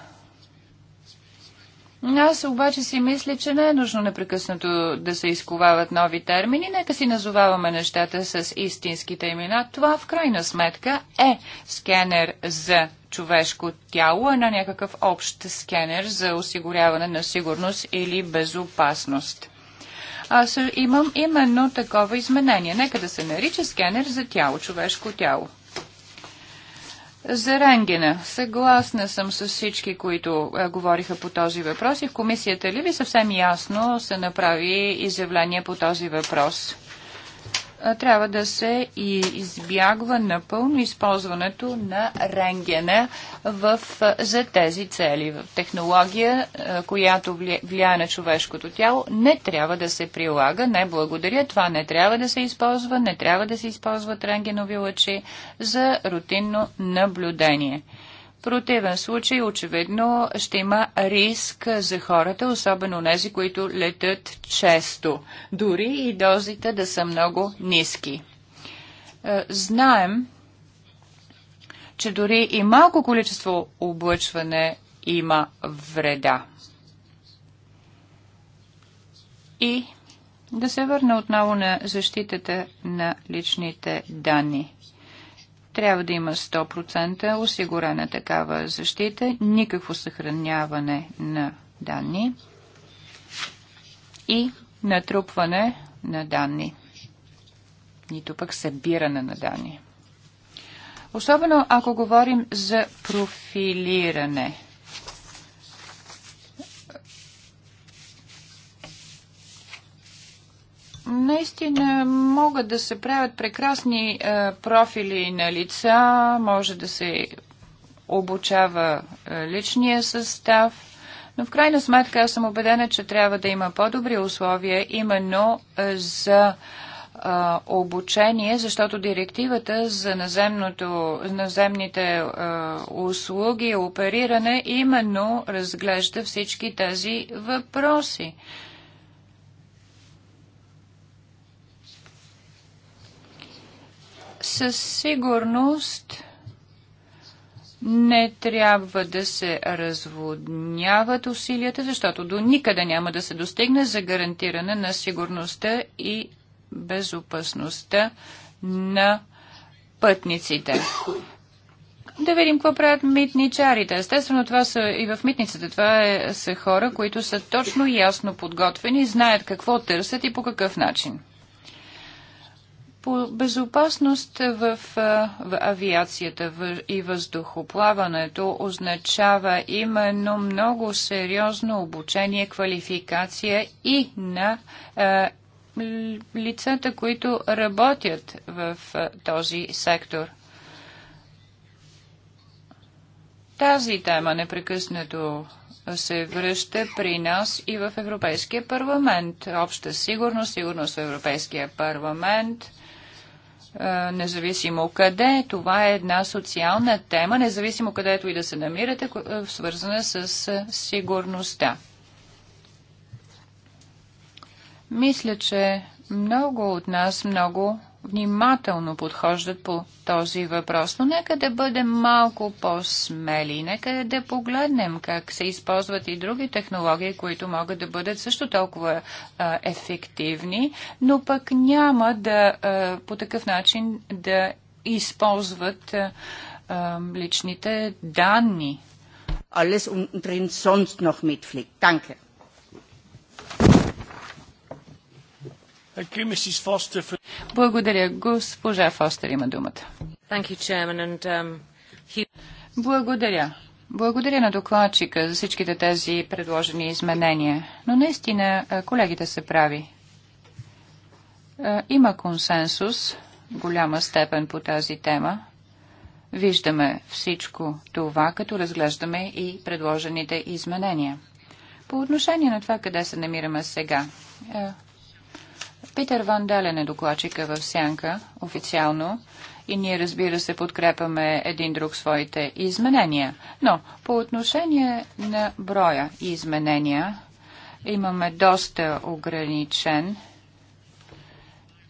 Аз обаче си мисля, че не е нужно непрекъснато да се изковават нови термини. Нека си назоваваме нещата с истинските имена. Това в крайна сметка е скенер за човешко тяло, а на някакъв общ скенер за осигуряване на сигурност или безопасност. Аз имам именно такова изменение. Нека да се нарича скенер за тяло, човешко тяло. За рентгена. Съгласна съм с всички, които а, е, говориха по този въпрос и в комисията ли ви съвсем ясно се направи изявление по този въпрос? трябва да се избягва напълно използването на ренгена в, за тези цели. Технология, която влияе на човешкото тяло, не трябва да се прилага. Не благодаря, това не трябва да се използва, не трябва да се използват ренгенови лъчи за рутинно наблюдение противен случай, очевидно, ще има риск за хората, особено нези, които летят често, дори и дозите да са много ниски. Е, знаем, че дори и малко количество облъчване има вреда. И да се върна отново на защитата на личните данни. Трябва да има 100% осигурена такава защита, никакво съхраняване на данни и натрупване на данни, нито пък събиране на данни. Особено ако говорим за профилиране. Наистина могат да се правят прекрасни е, профили на лица, може да се обучава е, личния състав, но в крайна сметка аз съм убедена, че трябва да има по-добри условия именно е, за е, обучение, защото директивата за наземното, наземните е, услуги, опериране именно разглежда всички тези въпроси. със сигурност не трябва да се разводняват усилията, защото до никъде няма да се достигне за гарантиране на сигурността и безопасността на пътниците. Да видим какво правят митничарите. Естествено, това са и в митницата. Това е, са хора, които са точно ясно подготвени, знаят какво търсят и по какъв начин. По безопасност в, в авиацията и въздухоплаването означава именно много сериозно обучение, квалификация и на е, лицата, които работят в този сектор. Тази тема непрекъснато се връща при нас и в Европейския парламент. Обща сигурност, сигурност в Европейския парламент – е, независимо къде. Това е една социална тема, независимо където и да се намирате, е, свързана с е, сигурността. Мисля, че много от нас много внимателно подхождат по този въпрос. Но нека да бъдем малко по-смели, нека да погледнем как се използват и други технологии, които могат да бъдат също толкова а, ефективни, но пък няма да а, по такъв начин да използват а, личните данни. Alles unten drin sonst noch mitfliegt. Danke. Благодаря. Госпожа Фостер има думата. Um, Благодаря. Благодаря на докладчика за всичките тези предложени изменения. Но наистина колегите се прави. Има консенсус голяма степен по тази тема. Виждаме всичко това, като разглеждаме и предложените изменения. По отношение на това, къде се намираме сега. Питер Дален е докладчика в Сянка официално и ние разбира се подкрепяме един друг своите изменения. Но по отношение на броя и изменения имаме доста ограничен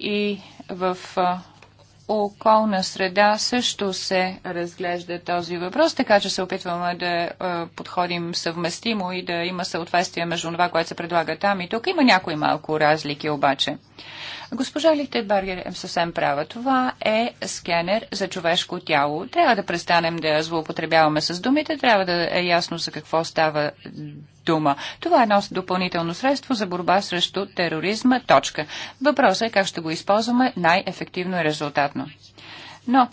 и в околна среда също се разглежда този въпрос, така че се опитваме да подходим съвместимо и да има съответствие между това, което се предлага там и тук. Има някои малко разлики обаче. Госпожа Баргер, е съвсем права. Това е скенер за човешко тяло. Трябва да престанем да злоупотребяваме с думите, трябва да е ясно за какво става дума. Това е едно допълнително средство за борба срещу тероризма. Точка. Въпросът е как ще го използваме най-ефективно и резултатно. Но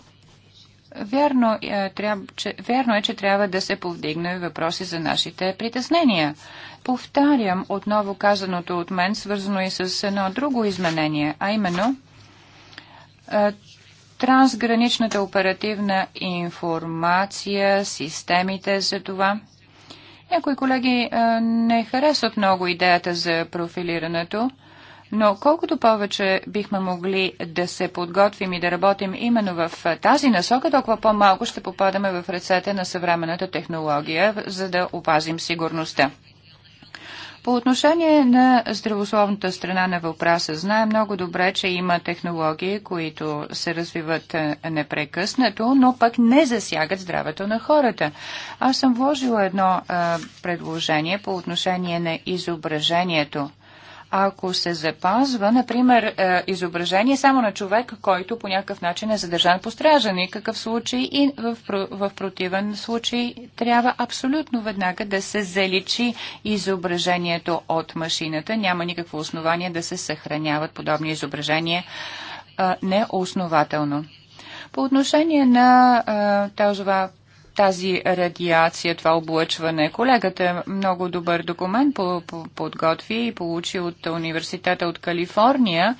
Вярно е, трябва, че, вярно е, че трябва да се повдигне въпроси за нашите притеснения. Повтарям отново казаното от мен, свързано и с едно друго изменение, а именно е, трансграничната оперативна информация, системите за това. Някои колеги е, не харесват много идеята за профилирането но колкото повече бихме могли да се подготвим и да работим именно в тази насока, толкова по-малко ще попадаме в ръцете на съвременната технология, за да опазим сигурността. По отношение на здравословната страна на въпроса, знае много добре, че има технологии, които се развиват е, непрекъснато, но пък не засягат здравето на хората. Аз съм вложила едно а, е, предложение по отношение на изображението ако се запазва, например, е, изображение само на човек, който по някакъв начин е задържан по стража, никакъв случай и в, в противен случай трябва абсолютно веднага да се заличи изображението от машината. Няма никакво основание да се съхраняват подобни изображения е, неоснователно. По отношение на а, е, това тази радиация, това облъчване. Колегата е много добър документ подготви и получи от университета от Калифорния,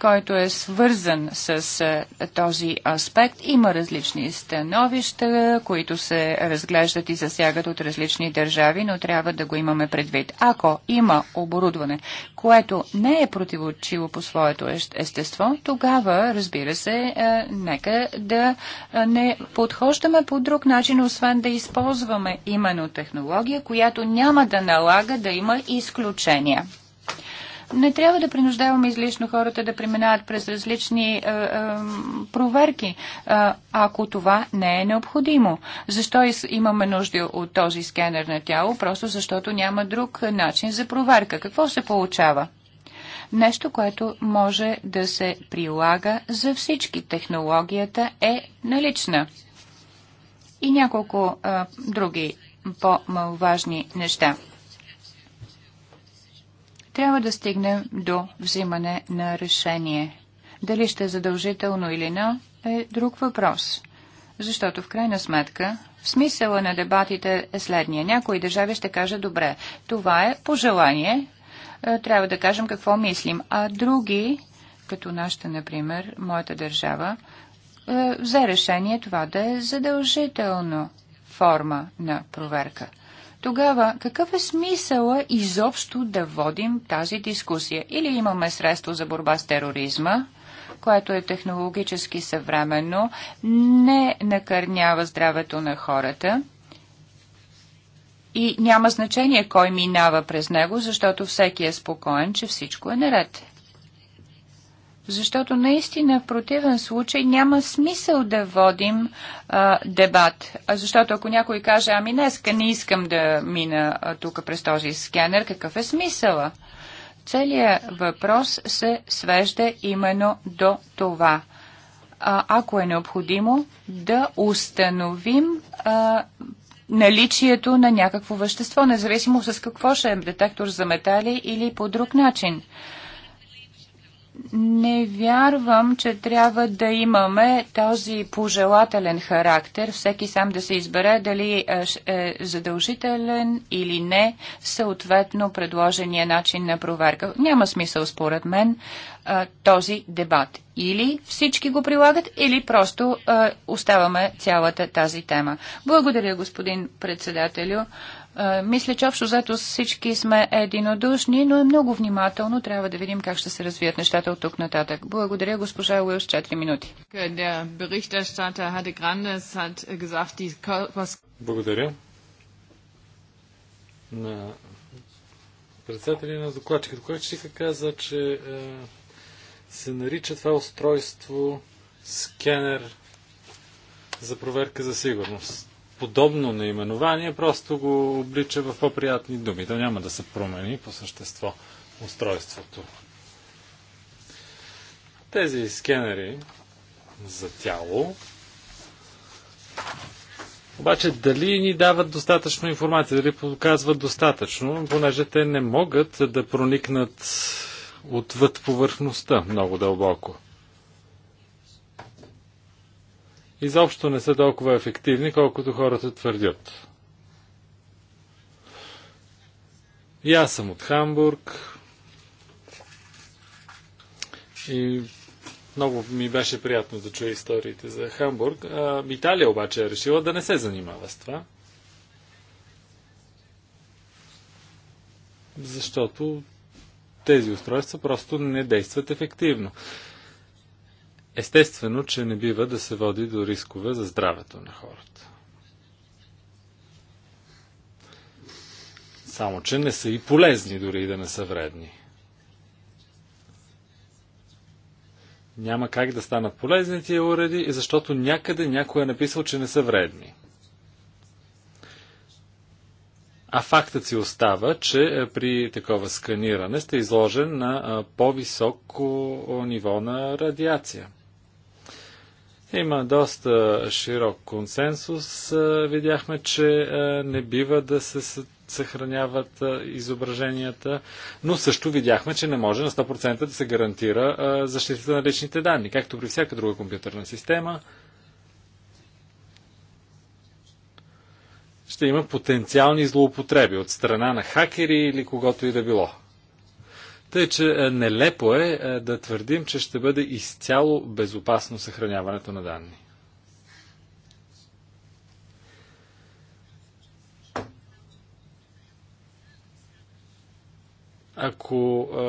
който е свързан с този аспект. Има различни становища, които се разглеждат и засягат от различни държави, но трябва да го имаме предвид. Ако има оборудване, което не е противочиво по своето естество, тогава, разбира се, нека да не подхождаме по друг начин начин, освен да използваме именно технология, която няма да налага да има изключения. Не трябва да принуждаваме излишно хората да преминават през различни е, е, проверки, е, ако това не е необходимо. Защо имаме нужда от този скенер на тяло? Просто защото няма друг начин за проверка. Какво се получава? Нещо, което може да се прилага за всички. Технологията е налична и няколко а, други по-маловажни неща. Трябва да стигнем до взимане на решение. Дали ще е задължително или не, е друг въпрос. Защото в крайна сметка смисъла на дебатите е следния. Някои държави ще кажат, добре, това е пожелание, трябва да кажем какво мислим. А други, като нашата, например, моята държава, е, взе решение това да е задължително форма на проверка. Тогава какъв е смисъла изобщо да водим тази дискусия? Или имаме средство за борба с тероризма, което е технологически съвременно, не накърнява здравето на хората и няма значение кой минава през него, защото всеки е спокоен, че всичко е наред защото наистина в противен случай няма смисъл да водим а, дебат. А защото ако някой каже, ами днеска не искам да мина тук през този скенер, какъв е смисъла? Целият въпрос се свежда именно до това. А, ако е необходимо, да установим а, наличието на някакво вещество, независимо с какво ще е детектор за метали или по друг начин. Не вярвам, че трябва да имаме този пожелателен характер, всеки сам да се избере дали е, е задължителен или не, съответно предложения начин на проверка. Няма смисъл, според мен, е, този дебат. Или всички го прилагат, или просто е, оставаме цялата тази тема. Благодаря, господин председателю. Е, мисля, че общо взето всички сме единодушни, но е много внимателно. Трябва да видим как ще се развият нещата от тук нататък. Благодаря, госпожа Уилс, 4 минути. Благодаря. На председателя на докладчика. Докладчика каза, че е, се нарича това устройство скенер за проверка за сигурност подобно наименование просто го облича в по-приятни думи. То няма да се промени по същество устройството. Тези скенери за тяло обаче дали ни дават достатъчно информация, дали показват достатъчно, понеже те не могат да проникнат отвъд повърхността много дълбоко. изобщо не са толкова ефективни, колкото хората твърдят. И аз съм от Хамбург и много ми беше приятно да чуя историите за Хамбург. А, Италия обаче е решила да не се занимава с това. Защото тези устройства просто не действат ефективно. Естествено, че не бива да се води до рискове за здравето на хората. Само, че не са и полезни, дори и да не са вредни. Няма как да станат полезни тия уреди, защото някъде някой е написал, че не са вредни. А фактът си остава, че е, при такова сканиране сте изложен на е, по-високо ниво на радиация. Има доста широк консенсус. Видяхме, че не бива да се съхраняват изображенията, но също видяхме, че не може на 100% да се гарантира защитата на личните данни, както при всяка друга компютърна система. Ще има потенциални злоупотреби от страна на хакери или когото и да било. Тъй, че е, нелепо е, е да твърдим, че ще бъде изцяло безопасно съхраняването на данни. ако а,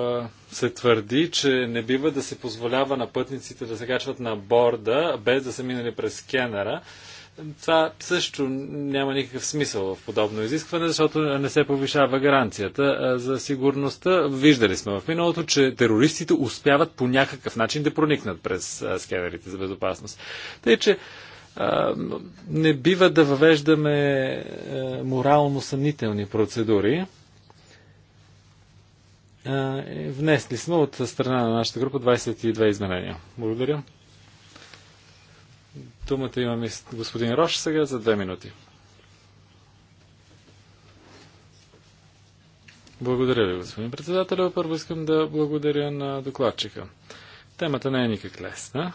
е, се твърди, че не бива да се позволява на пътниците да се качват на борда, без да са минали през скенера, това също няма никакъв смисъл в подобно изискване, защото не се повишава гаранцията за сигурността. Виждали сме в миналото, че терористите успяват по някакъв начин да проникнат през скенерите за безопасност. Тъй, че не бива да въвеждаме морално съмнителни процедури. Е, внесли сме от страна на нашата група 22 изменения. Благодаря. Думата имаме господин Рош сега за две минути. Благодаря ви, господин председател. Първо искам да благодаря на докладчика. Темата не е никак лесна.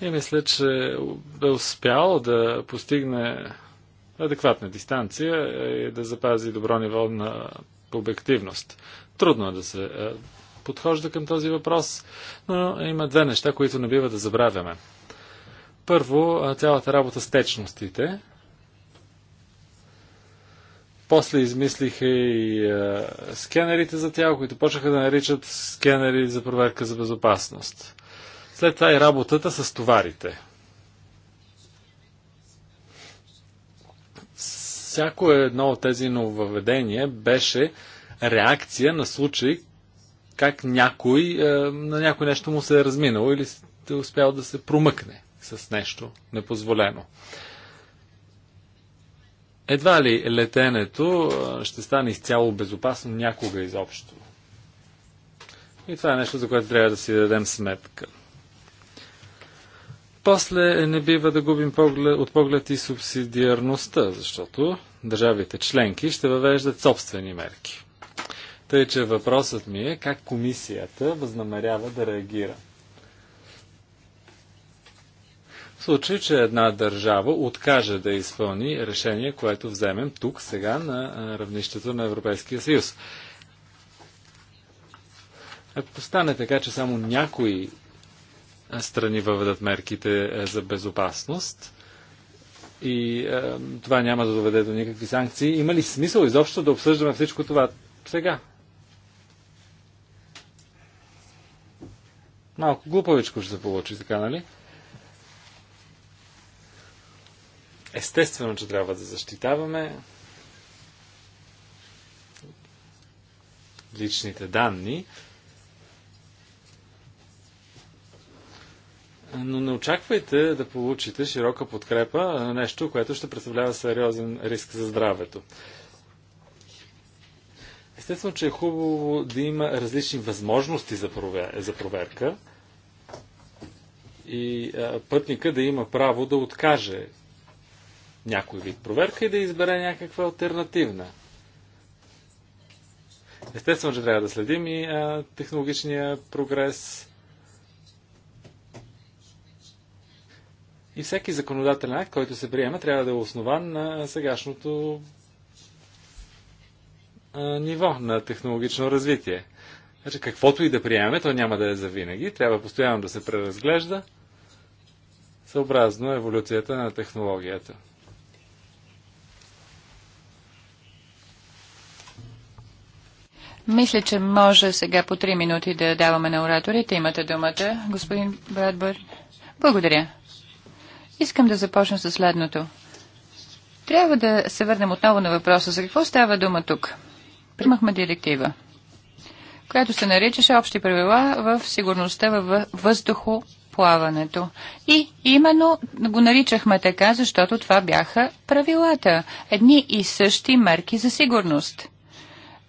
И мисля, че е успял да постигне адекватна дистанция и да запази добро ниво на обективност. Трудно е да се е, подхожда към този въпрос, но има две неща, които не бива да забравяме. Първо, цялата работа с течностите. После измислиха и а, скенерите за тяло, които почнаха да наричат скенери за проверка за безопасност. След това и работата с товарите. всяко едно от тези нововведения беше реакция на случай, как някой, е, на някой нещо му се е разминало или е успял да се промъкне с нещо непозволено. Едва ли летенето е, ще стане изцяло безопасно някога изобщо. И това е нещо, за което трябва да си дадем сметка. После не бива да губим поглед, от поглед и субсидиарността, защото държавите членки ще въвеждат собствени мерки. Тъй, че въпросът ми е как комисията възнамерява да реагира. В случай, че една държава откаже да изпълни решение, което вземем тук, сега, на равнището на Европейския съюз. Ако стане така, че само някои страни въведат мерките за безопасност и е, това няма да доведе до никакви санкции, има ли смисъл изобщо да обсъждаме всичко това сега? Малко глупавичко ще се получи, така нали? Естествено, че трябва да защитаваме личните данни, но не очаквайте да получите широка подкрепа на нещо, което ще представлява сериозен риск за здравето. Естествено, че е хубаво да има различни възможности за, провер... за проверка и а, пътника да има право да откаже някой вид проверка и да избере някаква альтернативна. Естествено, че трябва да следим и а, технологичния прогрес. И всеки законодателен акт, който се приема, трябва да е основан на сегашното ниво на технологично развитие. Значи каквото и да приемаме, то няма да е за винаги. Трябва постоянно да се преразглежда съобразно еволюцията на технологията. Мисля, че може сега по 3 минути да даваме на ораторите. Имате думата, господин Брадбър. Благодаря. Искам да започна с следното. Трябва да се върнем отново на въпроса за какво става дума тук. Примахме директива, която се наричаше Общи правила в сигурността във въздухоплаването. И именно го наричахме така, защото това бяха правилата. Едни и същи мерки за сигурност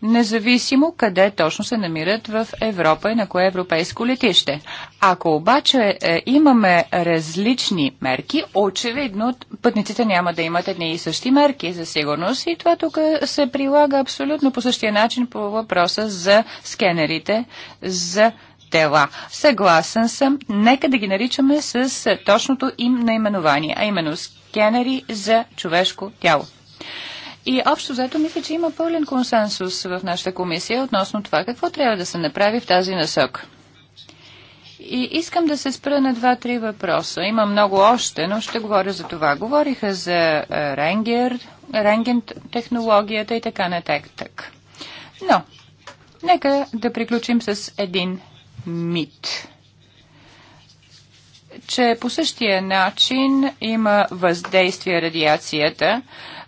независимо къде точно се намират в Европа и на кое европейско летище. Ако обаче е, имаме различни мерки, очевидно пътниците няма да имат едни и същи мерки за сигурност и това тук се прилага абсолютно по същия начин по въпроса за скенерите, за тела. Съгласен съм, нека да ги наричаме с точното им наименование, а именно скенери за човешко тяло. И общо взето мисля, че има пълен консенсус в нашата комисия относно това какво трябва да се направи в тази насок. И искам да се спра на два-три въпроса. Има много още, но ще говоря за това. Говориха за е, ренгер, ренген технологията и така нататък. Но, нека да приключим с един мит че по същия начин има въздействие радиацията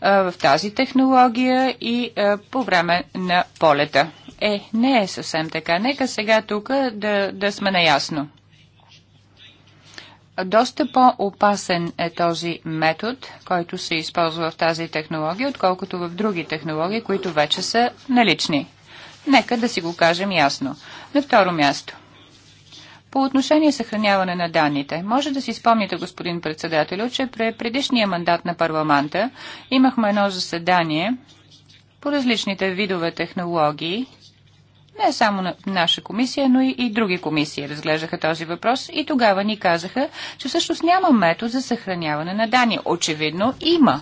в тази технология и по време на полета. Е, не е съвсем така. Нека сега тук да, да сме наясно. Доста по-опасен е този метод, който се използва в тази технология, отколкото в други технологии, които вече са налични. Нека да си го кажем ясно. На второ място. По отношение съхраняване на данните, може да си спомните, господин председател, че при предишния мандат на парламента имахме едно заседание по различните видове технологии, не само на наша комисия, но и, и други комисии разглеждаха този въпрос и тогава ни казаха, че всъщност няма метод за съхраняване на данни. Очевидно има.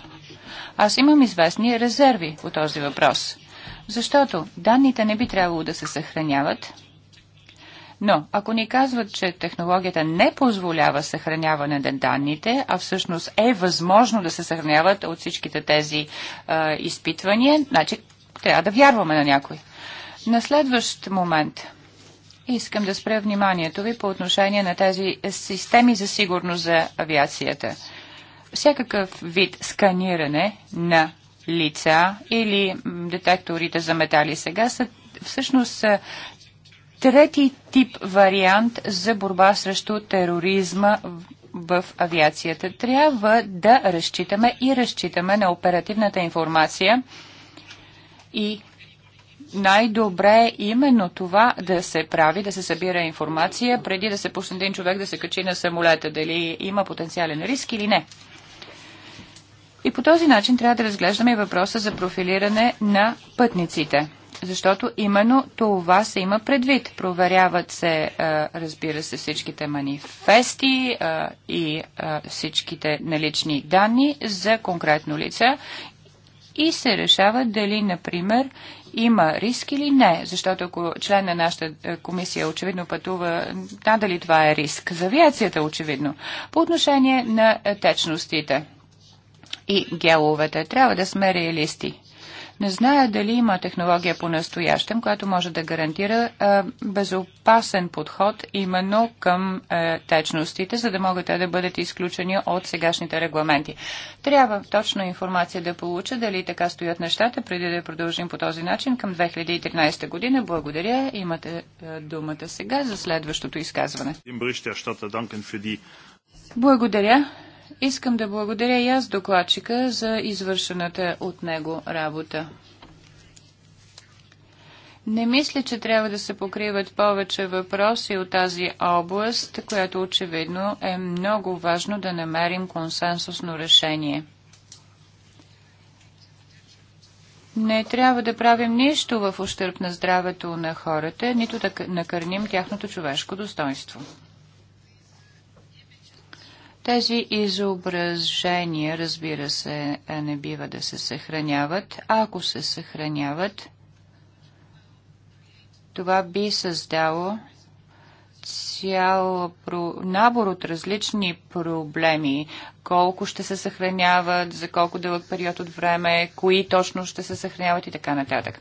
Аз имам известни резерви по този въпрос. Защото данните не би трябвало да се съхраняват но ако ни казват, че технологията не позволява съхраняване на данните, а всъщност е възможно да се съхраняват от всичките тези а, изпитвания, значи трябва да вярваме на някой. На следващ момент искам да спря вниманието ви по отношение на тези системи за сигурност за авиацията. Всякакъв вид сканиране на лица или детекторите за метали сега са всъщност трети тип вариант за борба срещу тероризма в авиацията. Трябва да разчитаме и разчитаме на оперативната информация и най-добре е именно това да се прави, да се събира информация, преди да се пусне един човек да се качи на самолета, дали има потенциален риск или не. И по този начин трябва да разглеждаме и въпроса за профилиране на пътниците защото именно това се има предвид. Проверяват се, е, разбира се, всичките манифести е, и е, всичките налични данни за конкретно лице и се решава дали, например, има риск или не. Защото ако член на нашата комисия очевидно пътува, да, дали това е риск. За авиацията очевидно. По отношение на течностите и геловете, трябва да сме реалисти. Не зная дали има технология по-настоящем, която може да гарантира а, безопасен подход именно към а, течностите, за да могат те да бъдат изключени от сегашните регламенти. Трябва точно информация да получа дали така стоят нещата, преди да продължим по този начин към 2013 година. Благодаря. Имате а, думата сега за следващото изказване. Благодаря. Искам да благодаря и аз докладчика за извършената от него работа. Не мисля, че трябва да се покриват повече въпроси от тази област, която очевидно е много важно да намерим консенсусно решение. Не трябва да правим нищо в ущърп на здравето на хората, нито да накърним тяхното човешко достоинство. Тези изображения, разбира се, е, не бива да се съхраняват. Ако се съхраняват, това би създало цял набор от различни проблеми. Колко ще се съхраняват, за колко дълъг период от време, кои точно ще се съхраняват и така нататък.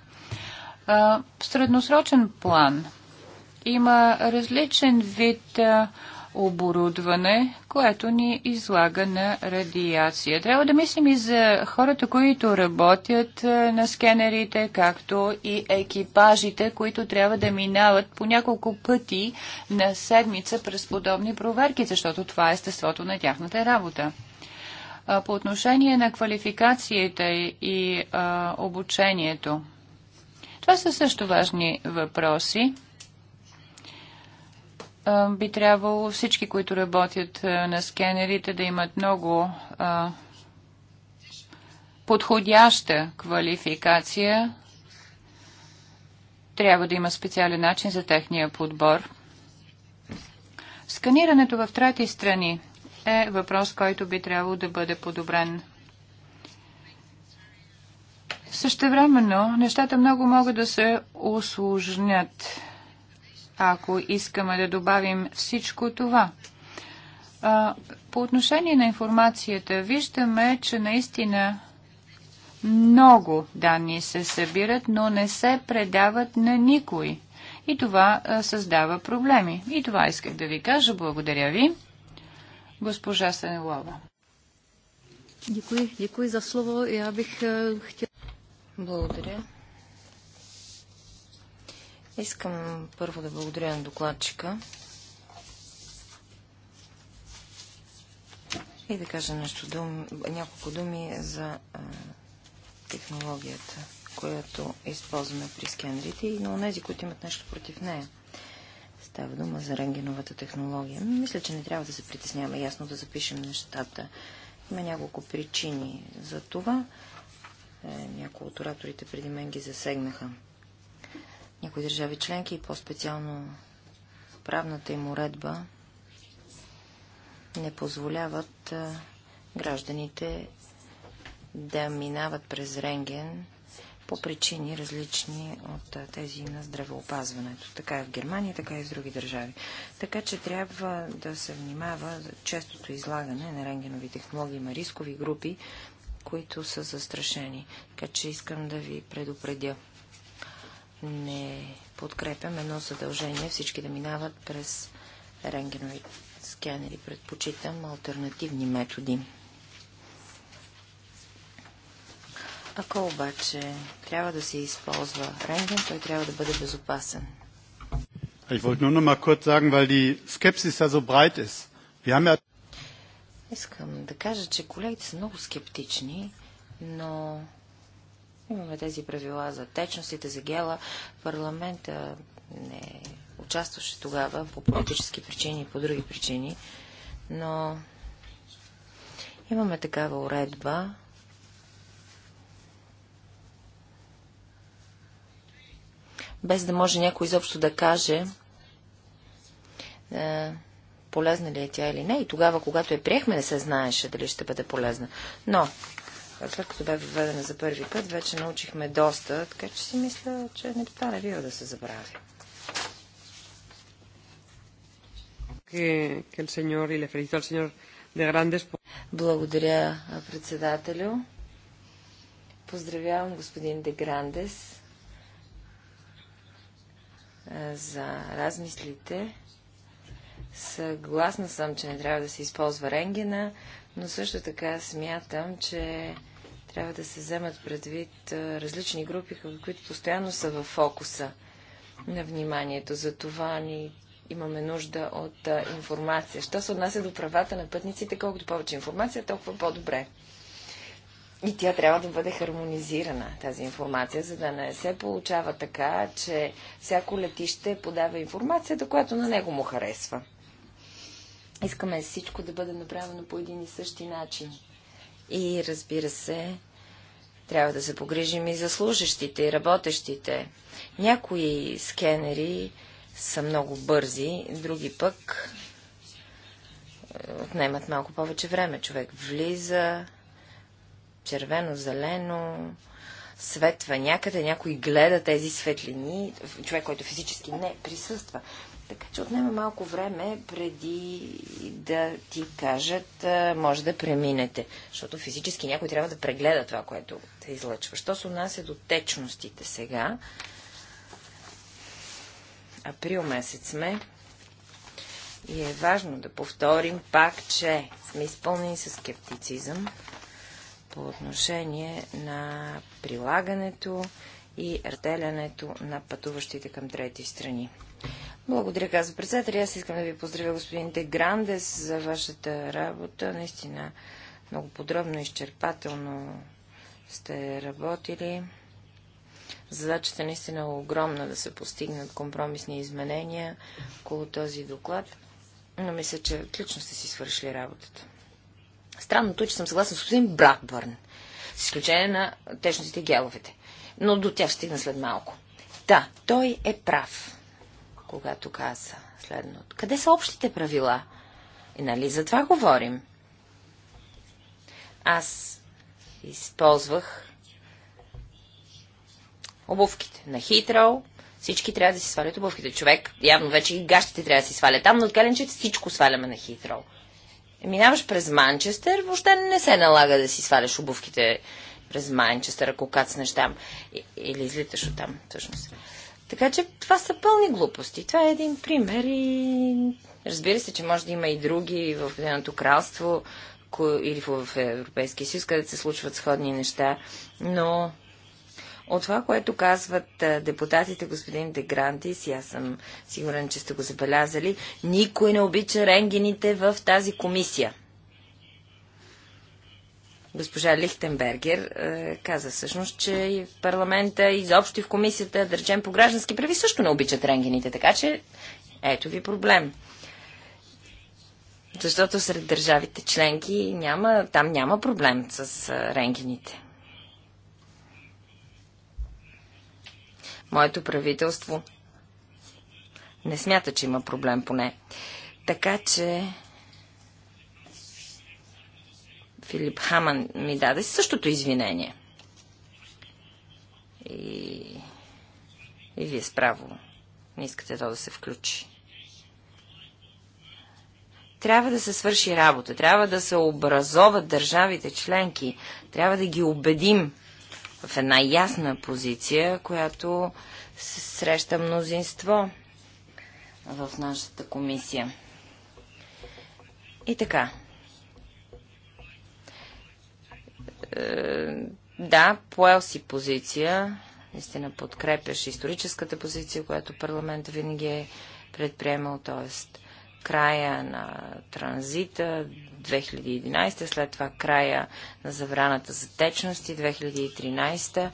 В средносрочен план има различен вид оборудване, което ни излага на радиация. Трябва да мислим и за хората, които работят е, на скенерите, както и екипажите, които трябва да минават по няколко пъти на седмица през подобни проверки, защото това е естеството на тяхната работа. По отношение на квалификацията и обучението. Това са също важни въпроси би трябвало всички, които работят на скенерите, да имат много подходяща квалификация. Трябва да има специален начин за техния подбор. Сканирането в трети страни е въпрос, който би трябвало да бъде подобрен. Същевременно, нещата много могат да се осложнят ако искаме да добавим всичко това. По отношение на информацията, виждаме, че наистина много данни се събират, но не се предават на никой. И това създава проблеми. И това исках да ви кажа. Благодаря ви. Госпожа Сенелова. Е, Благодаря. Искам първо да благодаря на докладчика и да кажа нещо дум, няколко думи за а, технологията, която използваме при скенерите и на тези, които имат нещо против нея. Става дума за рентгеновата технология. Мисля, че не трябва да се притесняваме ясно да запишем нещата. Има няколко причини за това. Е, няколко от ораторите преди мен ги засегнаха. Някои държави членки и по-специално правната им уредба не позволяват гражданите да минават през рентген по причини различни от тези на здравеопазването. Така е в Германия, така е и в други държави. Така че трябва да се внимава за честото излагане на рентгенови технологии. Има рискови групи, които са застрашени. Така че искам да ви предупредя не подкрепям едно задължение всички да минават през рентгенови скенери. Предпочитам альтернативни методи. Ако обаче трябва да се използва рентген, той трябва да бъде безопасен. Ich wollte nur noch mal kurz sagen, weil die Skepsis so breit ist. Wir haben ja Искам да кажа, че колегите са много скептични, но Имаме тези правила за течностите, за гела. Парламента не участваше тогава по политически причини и по други причини, но имаме такава уредба. Без да може някой изобщо да каже е, полезна ли е тя или не. И тогава, когато я приехме, не се знаеше дали ще бъде полезна. Но след като бе въведена за първи път, вече научихме доста, така че си мисля, че не това не бива да се забрави. Благодаря, председателю. Поздравявам господин Де Грандес за размислите. Съгласна съм, че не трябва да се използва ренгена, но също така смятам, че трябва да се вземат предвид различни групи, които постоянно са в фокуса на вниманието. За това ни имаме нужда от информация. Що се отнася до правата на пътниците, колкото повече информация, толкова по-добре. И тя трябва да бъде хармонизирана, тази информация, за да не се получава така, че всяко летище подава информацията, която на него му харесва. Искаме всичко да бъде направено по един и същи начин. И разбира се, трябва да се погрижим и за служащите и работещите. Някои скенери са много бързи, други пък е, отнемат малко повече време. Човек влиза, червено, зелено, светва някъде, някой гледа тези светлини, човек, който физически не присъства. Така че отнема малко време преди да ти кажат, може да преминете. Защото физически някой трябва да прегледа това, което те излъчва. Що се отнася до течностите сега? Април месец сме. И е важно да повторим пак, че сме изпълнени с скептицизъм по отношение на прилагането и разделянето на пътуващите към трети страни. Благодаря, казва председател. Аз искам да ви поздравя, господин Деграндес, за вашата работа. Наистина много подробно и изчерпателно сте работили. Задачата е наистина е огромна да се постигнат компромисни изменения около този доклад, но мисля, че отлично сте си свършили работата. Странното е, че съм съгласна с господин Бракбърн, с изключение на течностите геловете. Но до тях ще стигна след малко. Да, той е прав когато каза следното. Къде са общите правила? И нали за това говорим? Аз използвах обувките на Хитроу. Всички трябва да си свалят обувките. Човек, явно вече и гащите трябва да си свалят там, но откален, че всичко сваляме на Хитроу. Е, минаваш през Манчестър, въобще не се налага да си сваляш обувките през Манчестър, ако кацнеш там. Или излиташ от там, всъщност. Така че това са пълни глупости. Това е един пример и разбира се, че може да има и други в Обединеното кралство ко... или в Европейския съюз, където се случват сходни неща, но от това, което казват депутатите, господин Дегрантис, и аз съм сигурен, че сте го забелязали, никой не обича ренгените в тази комисия госпожа Лихтенбергер е, каза всъщност, че и в парламента, изобщо и в комисията, да речем по граждански прави, също не обичат ренгените. Така че ето ви проблем. Защото сред държавите членки няма, там няма проблем с е, ренгените. Моето правителство не смята, че има проблем поне. Така че Филип Хаман ми даде същото извинение. И, и вие справо не искате то да се включи. Трябва да се свърши работа, трябва да се образоват държавите членки, трябва да ги убедим в една ясна позиция, която се среща мнозинство в нашата комисия. И така, Е, да, поел си позиция, наистина подкрепяш историческата позиция, която парламента винаги е предприемал, т.е. края на транзита 2011, след това края на забраната за течности 2013.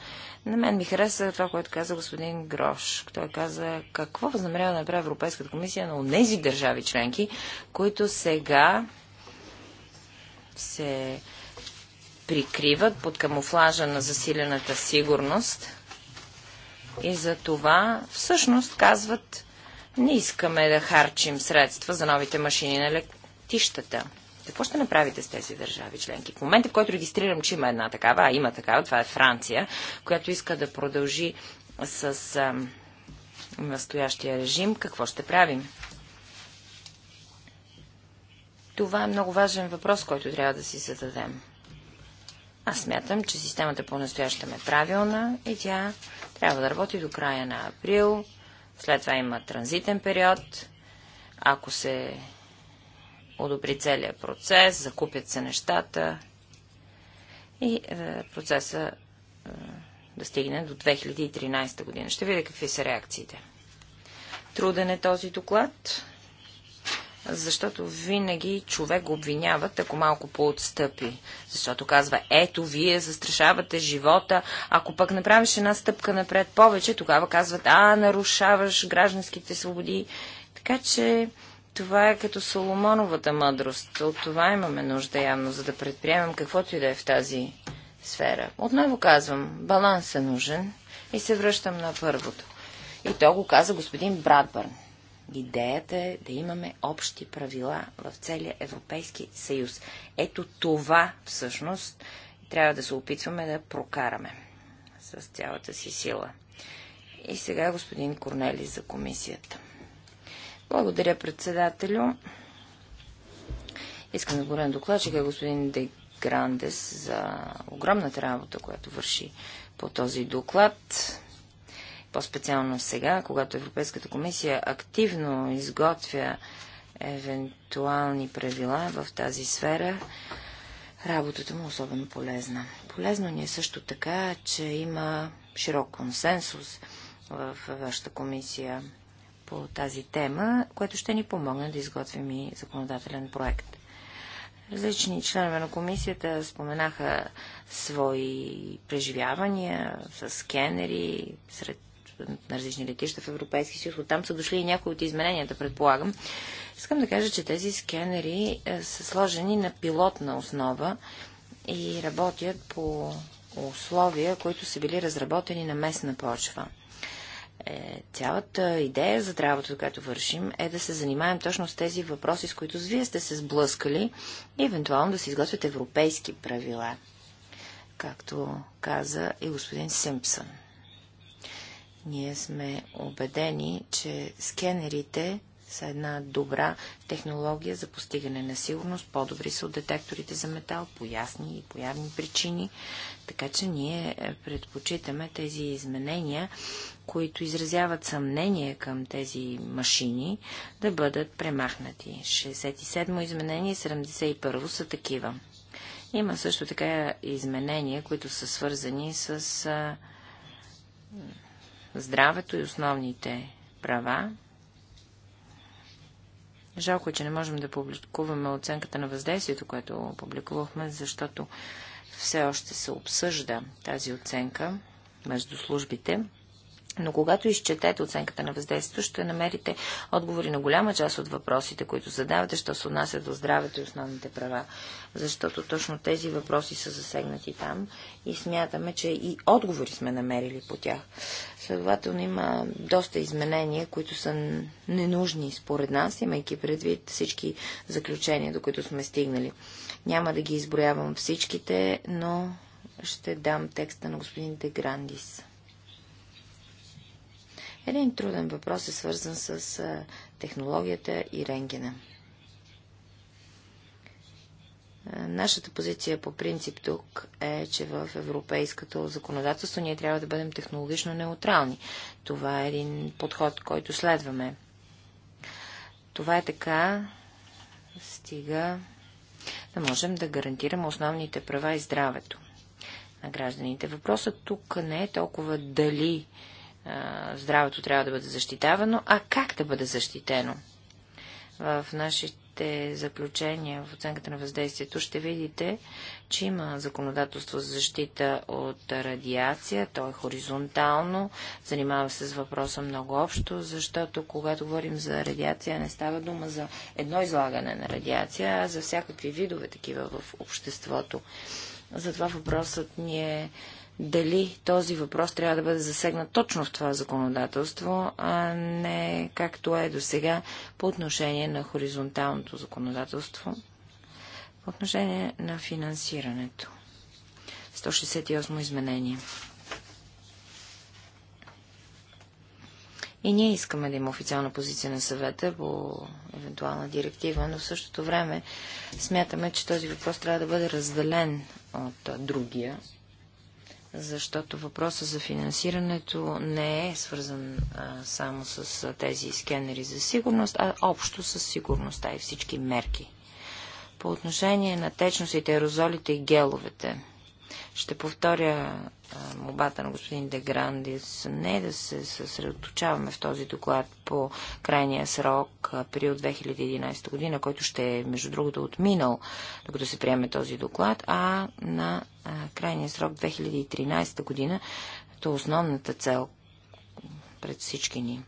На мен ми хареса това, което каза господин Грош. Той каза какво възнамерява да направи Европейската комисия на тези държави членки, които сега се прикриват под камуфлажа на засилената сигурност и за това всъщност казват не искаме да харчим средства за новите машини на летищата. Какво ще направите с тези държави членки? В момента, в който регистрирам, че има една такава, а има такава, това е Франция, която иска да продължи с а, настоящия режим, какво ще правим? Това е много важен въпрос, който трябва да си зададем. Аз смятам, че системата по-настоящем е правилна и тя трябва да работи до края на април. След това има транзитен период. Ако се одобри целият процес, закупят се нещата и е, процеса е, да стигне до 2013 година. Ще видя какви са реакциите. Труден е този доклад защото винаги човек го обвиняват, ако малко поотстъпи. Защото казва, ето, вие застрашавате живота, ако пък направиш една стъпка напред повече, тогава казват, а, нарушаваш гражданските свободи. Така че това е като Соломоновата мъдрост. От това имаме нужда явно, за да предприемем каквото и да е в тази сфера. Отново казвам, баланс е нужен и се връщам на първото. И то го каза господин Брадбърн. Идеята е да имаме общи правила в целия Европейски съюз. Ето това всъщност трябва да се опитваме да прокараме с цялата си сила. И сега господин Корнели за комисията. Благодаря председателю. Искам да говоря на докладчика господин Де Грандес за огромната работа, която върши по този доклад. По-специално сега, когато Европейската комисия активно изготвя евентуални правила в тази сфера, работата му е особено полезна. Полезно ни е също така, че има широк консенсус в вашата комисия по тази тема, което ще ни помогне да изготвим и законодателен проект. Различни членове на комисията споменаха свои преживявания с скенери сред на различни летища в Европейски съюз. Оттам са дошли и някои от измененията, предполагам. Искам да кажа, че тези скенери е, са сложени на пилотна основа и работят по условия, които са били разработени на местна почва. Е, цялата идея за работата, която вършим, е да се занимаем точно с тези въпроси, с които вие сте се сблъскали и евентуално да се изготвят европейски правила, както каза и господин Симпсън. Ние сме убедени, че скенерите са една добра технология за постигане на сигурност. По-добри са от детекторите за метал по ясни и по явни причини. Така че ние е, предпочитаме тези изменения, които изразяват съмнение към тези машини, да бъдат премахнати. 67 изменение и 71 са такива. Има също така изменения, които са свързани с здравето и основните права. Жалко е, че не можем да публикуваме оценката на въздействието, което публикувахме, защото все още се обсъжда тази оценка между службите. Но когато изчетете оценката на въздействието, ще намерите отговори на голяма част от въпросите, които задавате, що се отнася до здравето и основните права. Защото точно тези въпроси са засегнати там и смятаме, че и отговори сме намерили по тях. Следователно има доста изменения, които са ненужни според нас, имайки предвид всички заключения, до които сме стигнали. Няма да ги изброявам всичките, но ще дам текста на господин Деграндис. Един труден въпрос е свързан с технологията и рентгена. Нашата позиция по принцип тук е, че в европейското законодателство ние трябва да бъдем технологично неутрални. Това е един подход, който следваме. Това е така, стига да можем да гарантираме основните права и здравето на гражданите. Въпросът тук не е толкова дали здравето трябва да бъде защитавано, а как да бъде защитено. В нашите заключения в оценката на въздействието ще видите, че има законодателство за защита от радиация, то е хоризонтално, занимава се с въпроса много общо, защото когато говорим за радиация, не става дума за едно излагане на радиация, а за всякакви видове такива в обществото. Затова въпросът ни е дали този въпрос трябва да бъде засегнат точно в това законодателство, а не както е до сега по отношение на хоризонталното законодателство, по отношение на финансирането. 168 изменение. И ние искаме да има официална позиция на съвета по евентуална директива, но в същото време смятаме, че този въпрос трябва да бъде разделен от другия защото въпроса за финансирането не е свързан а, само с тези скенери за сигурност, а общо с сигурността и всички мерки. По отношение на течностите, аерозолите и геловете – ще повторя мобата на господин Деграндис не да се съсредоточаваме в този доклад по крайния срок период 2011 година, който ще е, между другото, отминал, докато се приеме този доклад, а на крайния срок 2013 година, то е основната цел пред всички ни.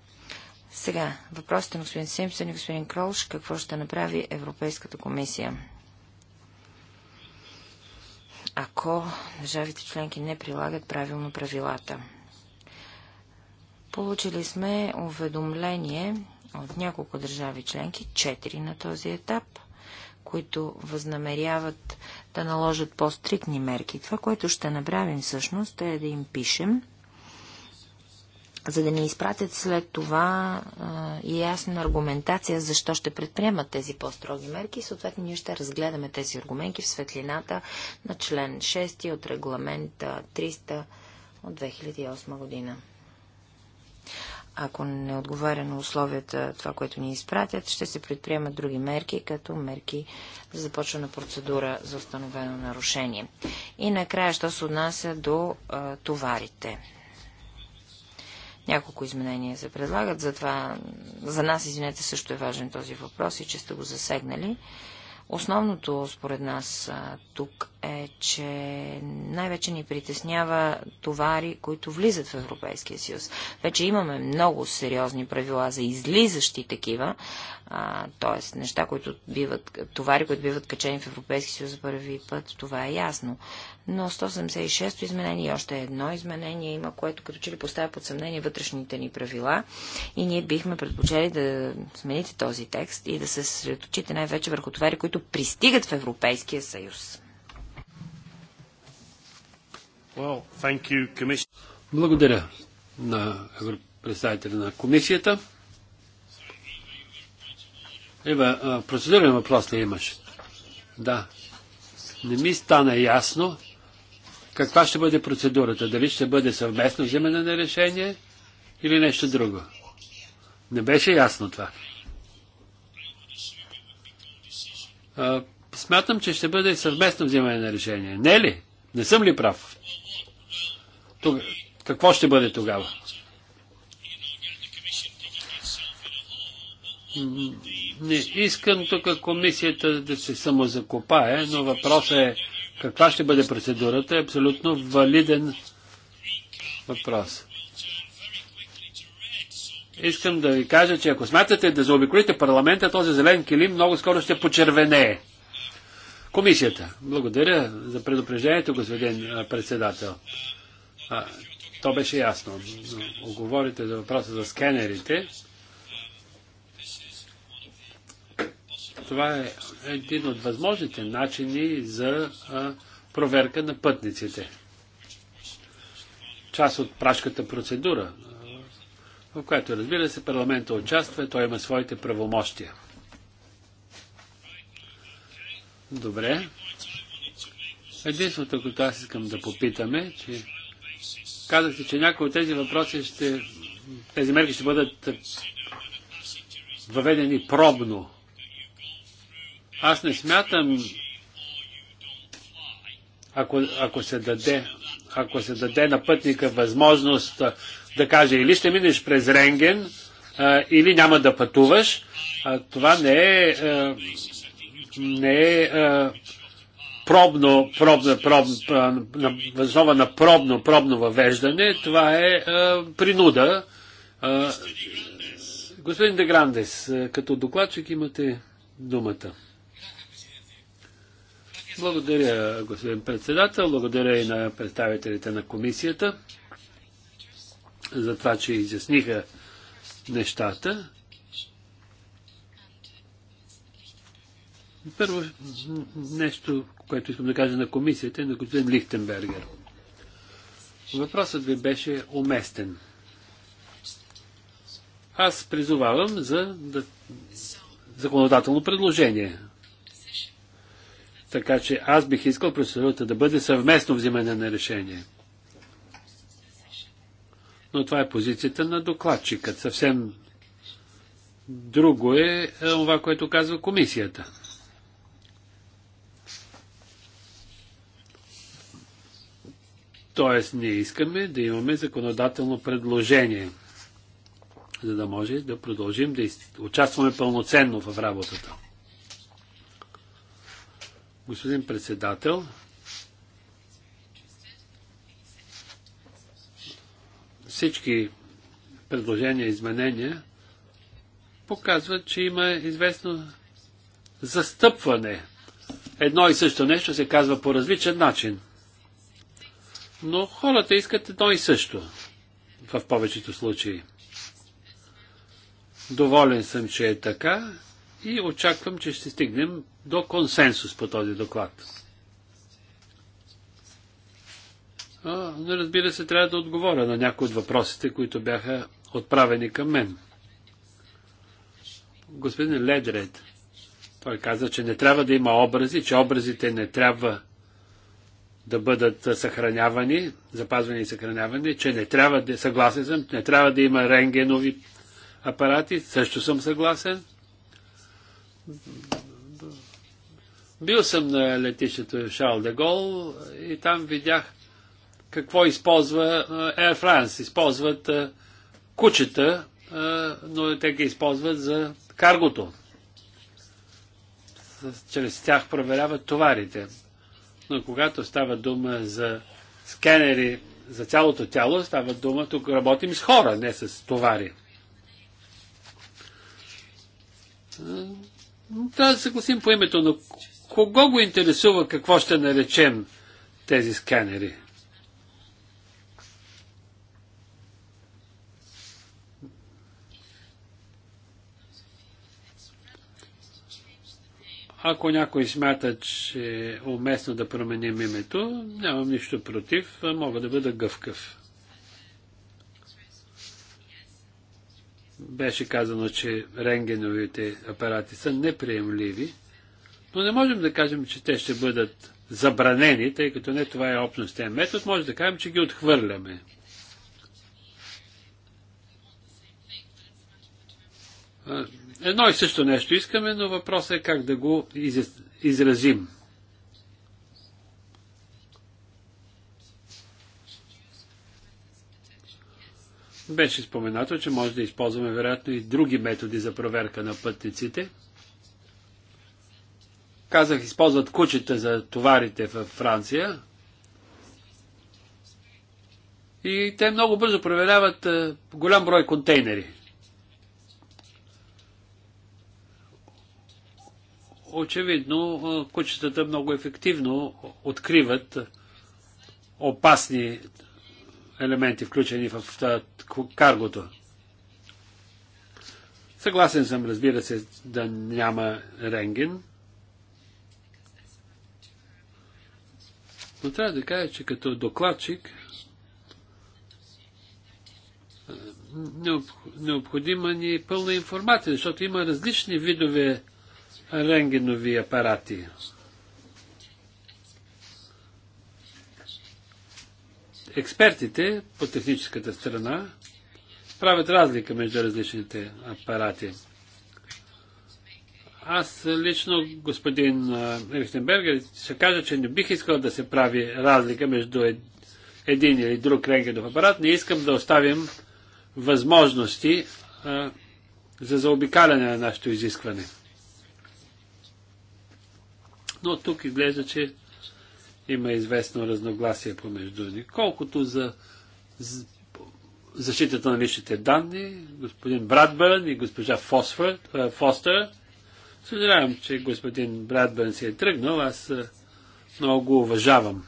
Сега, въпросите на господин Симпсън и господин Кролш, какво ще направи Европейската комисия? ако държавите членки не прилагат правилно правилата. Получили сме уведомление от няколко държави членки, четири на този етап, които възнамеряват да наложат по-стрикни мерки. Това, което ще направим всъщност е да им пишем за да ни изпратят след това а, и ясна аргументация, защо ще предприемат тези по-строги мерки. Съответно, ние ще разгледаме тези аргументи в светлината на член 6 от регламент 300 от 2008 година. Ако не отговаря на условията това, което ни изпратят, ще се предприемат други мерки, като мерки за започване на процедура за установено нарушение. И накрая, що се отнася до а, товарите няколко изменения се предлагат, затова за нас, извинете, също е важен този въпрос и че сте го засегнали. Основното, според нас, тук е, че най-вече ни притеснява товари, които влизат в Европейския съюз. Вече имаме много сериозни правила за излизащи такива, т.е. неща, които биват, товари, които биват качени в Европейски съюз за първи път, това е ясно. Но 176-то изменение и още едно изменение има, което като че ли поставя под съмнение вътрешните ни правила и ние бихме предпочели да смените този текст и да се съсредоточите най-вече върху товари, които пристигат в Европейския съюз. Well, you, Благодаря на представителя на комисията. Има, процедурен въпрос ли имаш? Да. Не ми стана ясно каква ще бъде процедурата. Дали ще бъде съвместно вземане на решение или нещо друго. Не беше ясно това. А, смятам, че ще бъде съвместно вземане на решение. Не ли? Не съм ли прав? Тог... Какво ще бъде тогава? Не искам тук комисията да се самозакопае, но въпросът е каква ще бъде процедурата, е абсолютно валиден въпрос. Искам да ви кажа, че ако смятате да заобиколите парламента, този зелен килим много скоро ще почервенее. Комисията. Благодаря за предупреждението, господин председател. А, то беше ясно. Оговорите за въпроса за скенерите. това е един от възможните начини за проверка на пътниците. Част от прашката процедура, в която разбира се парламента участва, той има своите правомощия. Добре. Единството, което аз искам да попитаме, че казахте, че някои от тези въпроси ще, тези мерки ще бъдат въведени пробно. Аз не смятам, ако, ако, се даде, ако се даде на пътника възможност да каже или ще минеш през Ренген, или няма да пътуваш, това не е, не е пробно, пробно, пробно, на, на пробно, пробно въвеждане, това е принуда. господин Деграндес, като докладчик имате думата. Благодаря, господин председател. Благодаря и на представителите на комисията за това, че изясниха нещата. Първо нещо, което искам да кажа на комисията, е на господин Лихтенбергер. Въпросът ви беше уместен. Аз призовавам за да, законодателно предложение. Така че аз бих искал процедурата да бъде съвместно взимане на решение. Но това е позицията на докладчикът. Съвсем друго е, е това, което казва комисията. Тоест, ние искаме да имаме законодателно предложение, за да може да продължим да участваме пълноценно в работата. Господин председател, всички предложения, и изменения показват, че има известно застъпване. Едно и също нещо се казва по различен начин. Но хората искат едно и също в повечето случаи. Доволен съм, че е така и очаквам, че ще стигнем до консенсус по този доклад. А, но разбира се, трябва да отговоря на някои от въпросите, които бяха отправени към мен. Господин Ледред, той каза, че не трябва да има образи, че образите не трябва да бъдат съхранявани, запазвани и съхранявани, че не трябва да, съгласен съм, не трябва да има рентгенови апарати, също съм съгласен. Бил съм на летището Шал де Гол и там видях какво използва Air France. Използват кучета, но те ги използват за каргото. Чрез тях проверяват товарите. Но когато става дума за скенери за цялото тяло, става дума, тук работим с хора, не с товари. Трябва да се гласим по името на Кого го интересува какво ще наречем тези сканери? Ако някой смята, че е уместно да променим името, нямам нищо против, мога да бъда гъвкав. Беше казано, че рентгеновите апарати са неприемливи. Но не можем да кажем, че те ще бъдат забранени, тъй като не това е общностен метод, може да кажем, че ги отхвърляме. Едно и също нещо искаме, но въпросът е как да го изразим. Беше споменато, че може да използваме вероятно и други методи за проверка на пътниците – казах, използват кучета за товарите във Франция. И те много бързо проверяват е, голям брой контейнери. Очевидно, е, кучетата много ефективно откриват опасни елементи, включени в е, каргото. Съгласен съм, разбира се, да няма ренген. Но трябва да кажа, че като докладчик е, необходима ни е пълна информация, защото има различни видове рентгенови апарати. Експертите по техническата страна правят разлика между различните апарати. Аз лично, господин Рихтенбергер, ще кажа, че не бих искал да се прави разлика между един или друг рентгенов апарат. Не искам да оставим възможности за заобикаляне на нашето изискване. Но тук изглежда, че има известно разногласие помежду ни. Колкото за защитата на личните данни, господин Брадбърн и госпожа Фосфър, Фостер Съжалявам, че господин Брадбен си е тръгнал. Аз е, много го уважавам.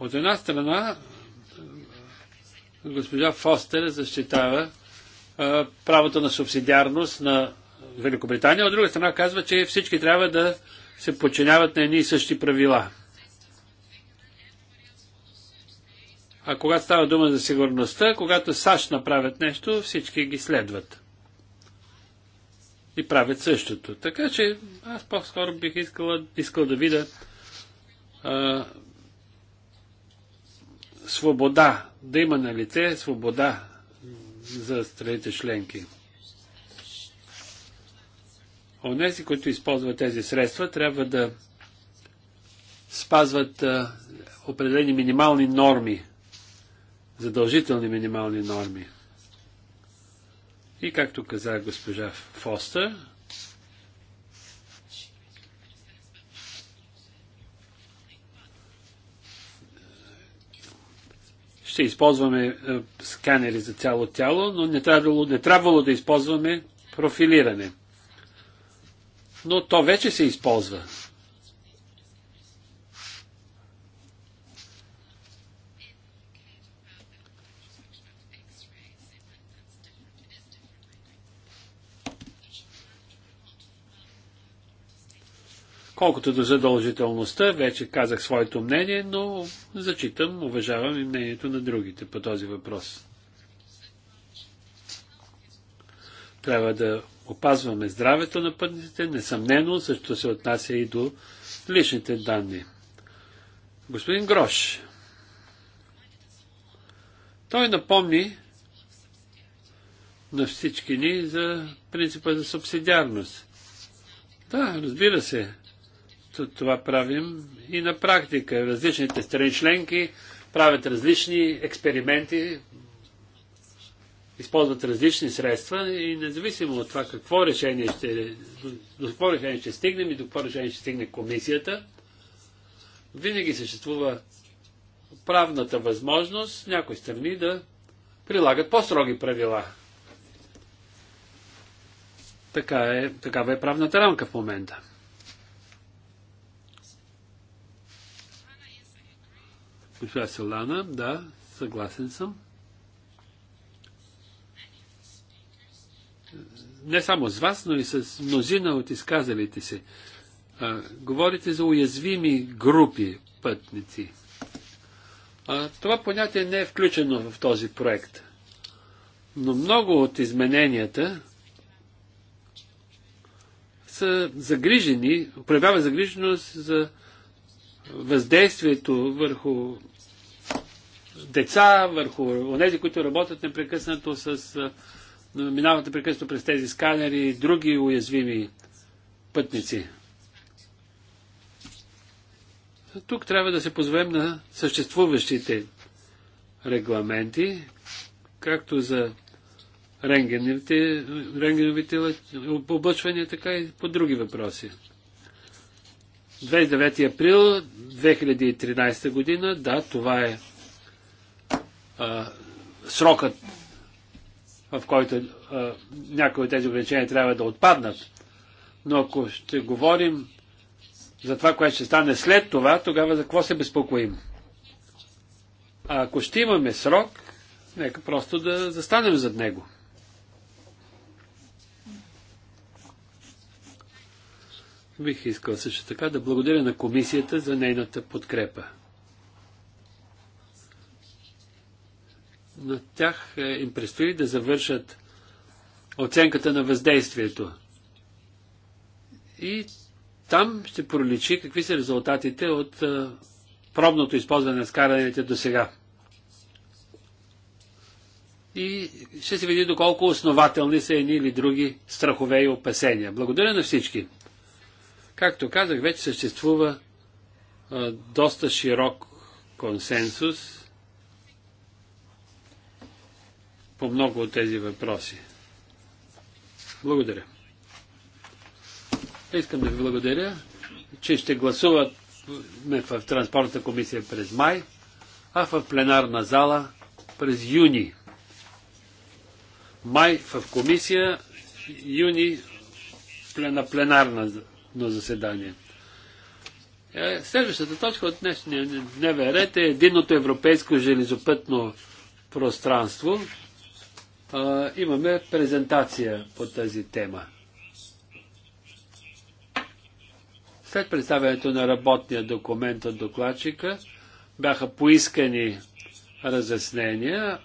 От една страна, госпожа Фостер защитава е, правото на субсидиарност на Великобритания, от друга страна казва, че всички трябва да се подчиняват на едни и същи правила. А когато става дума за сигурността, когато САЩ направят нещо, всички ги следват. И правят същото. Така че аз по-скоро бих искала, искал да видя а, свобода, да има на лице свобода за страните членки. Онези, които използват тези средства, трябва да спазват а, определени минимални норми задължителни минимални норми. И както каза госпожа Фостер, ще използваме е, сканери за цяло тяло, но не трябвало, не трябвало да използваме профилиране. Но то вече се използва. Колкото до задължителността, вече казах своето мнение, но зачитам, уважавам и мнението на другите по този въпрос. Трябва да опазваме здравето на пътниците, несъмнено, също се отнася и до личните данни. Господин Грош, той напомни на всички ни за принципа за субсидиарност. Да, разбира се това правим и на практика. Различните страни членки правят различни експерименти, използват различни средства и независимо от това какво решение ще, до какво решение ще стигнем и до какво решение ще стигне комисията, винаги съществува правната възможност някои страни да прилагат по-строги правила. Така е, такава е правната рамка в момента. Госпожа Селана, да, съгласен съм. Не само с вас, но и с мнозина от изказалите се. А, говорите за уязвими групи пътници. А, това понятие не е включено в този проект. Но много от измененията са загрижени, проявява загриженост за въздействието върху деца, върху тези, които работят непрекъснато с минават непрекъснато през тези сканери и други уязвими пътници. Тук трябва да се позовем на съществуващите регламенти, както за рентгеновите, рентгеновите облъчвания, така и по други въпроси. 29 април 2013 година, да, това е срокът, в който а, някои от тези ограничения трябва да отпаднат. Но ако ще говорим за това, което ще стане след това, тогава за какво се безпокоим? А ако ще имаме срок, нека просто да застанем зад него. Бих искал също така да благодаря на комисията за нейната подкрепа. на тях е, им предстои да завършат оценката на въздействието. И там ще проличи какви са резултатите от е, пробното използване на скараните до сега. И ще се види доколко основателни са едни или други страхове и опасения. Благодаря на всички. Както казах, вече съществува е, доста широк консенсус по много от тези въпроси. Благодаря. Искам да ви благодаря, че ще гласуват в Транспортната комисия през май, а в пленарна зала през юни. Май в комисия, юни на пленарно заседание. Е, следващата точка от днешния дневен ред е единното европейско железопътно пространство а, имаме презентация по тази тема. След представянето на работния документ от докладчика бяха поискани разяснения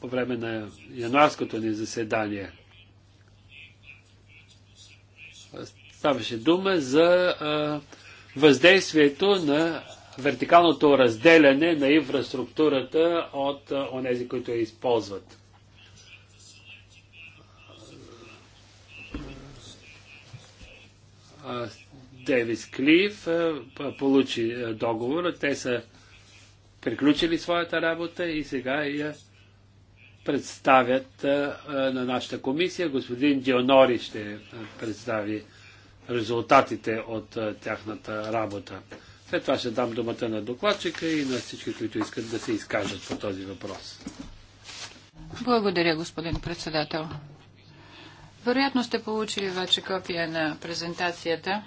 по време на януарското ни заседание. Ставаше дума за а, въздействието на вертикалното разделяне на инфраструктурата от онези, които я използват. Дейвис Клиф получи договор. Те са приключили своята работа и сега я представят на нашата комисия. Господин Дионори ще представи резултатите от тяхната работа. След това ще дам думата на докладчика и на всички, които искат да се изкажат по този въпрос. Благодаря, господин председател. Вероятно сте получили вече копия на презентацията.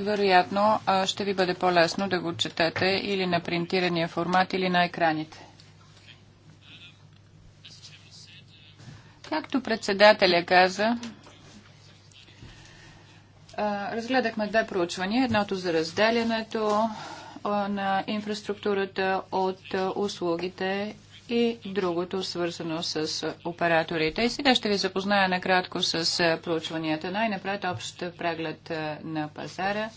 Вероятно ще ви бъде по-лесно да го четете или на принтирания формат, или на екраните. Както председателя каза, разгледахме две проучвания. Едното за разделянето на инфраструктурата от услугите и другото свързано с операторите. И сега ще ви запозная накратко с проучванията. Най-напред общ преглед на пазара,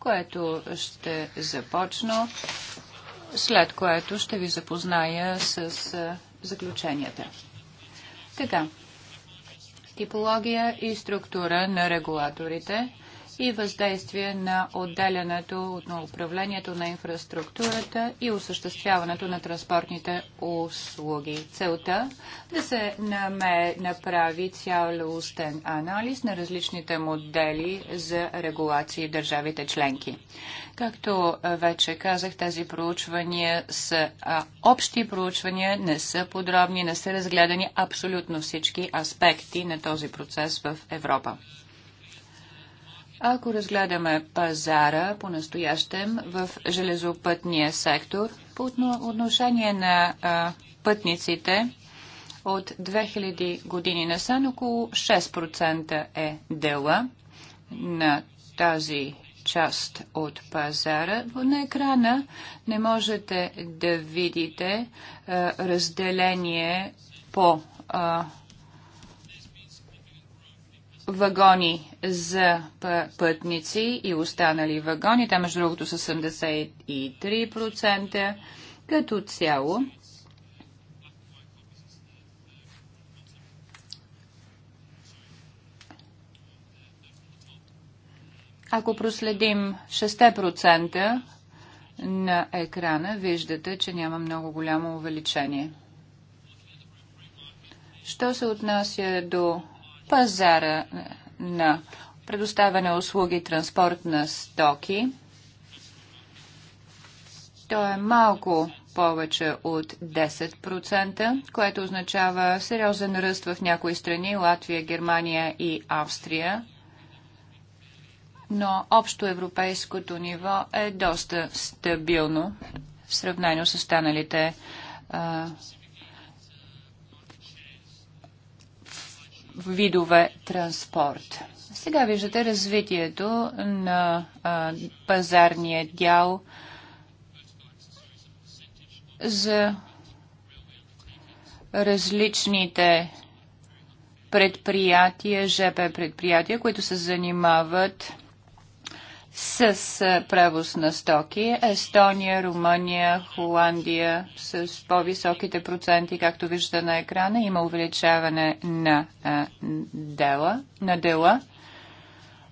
което ще започна, след което ще ви запозная с заключенията. Така, типология и структура на регулаторите и въздействие на отделянето на управлението на инфраструктурата и осъществяването на транспортните услуги. Целта да се наме, направи цялостен анализ на различните модели за регулации в държавите членки. Както вече казах, тези проучвания са а, общи проучвания, не са подробни, не са разгледани абсолютно всички аспекти на този процес в Европа. Ако разгледаме пазара по-настоящем в железопътния сектор, по отношение на а, пътниците от 2000 години насам, около 6% е дела на тази част от пазара. На екрана не можете да видите а, разделение по а, вагони за пътници и останали вагони. Те, между другото, са 73% като цяло. Ако проследим 6% на екрана, виждате, че няма много голямо увеличение. Що се отнася до пазара е, на предоставяне услуги транспорт на стоки. То е малко повече от 10%, което означава сериозен ръст в някои страни Латвия, Германия и Австрия. Но общо европейското ниво е доста стабилно в сравнение с останалите а, е, видове транспорт. Сега виждате развитието на а, пазарния дял за различните предприятия, ЖП предприятия, които се занимават с превоз на стоки. Естония, Румъния, Холандия с по-високите проценти, както виждате на екрана, има увеличаване на, а, дела, на дела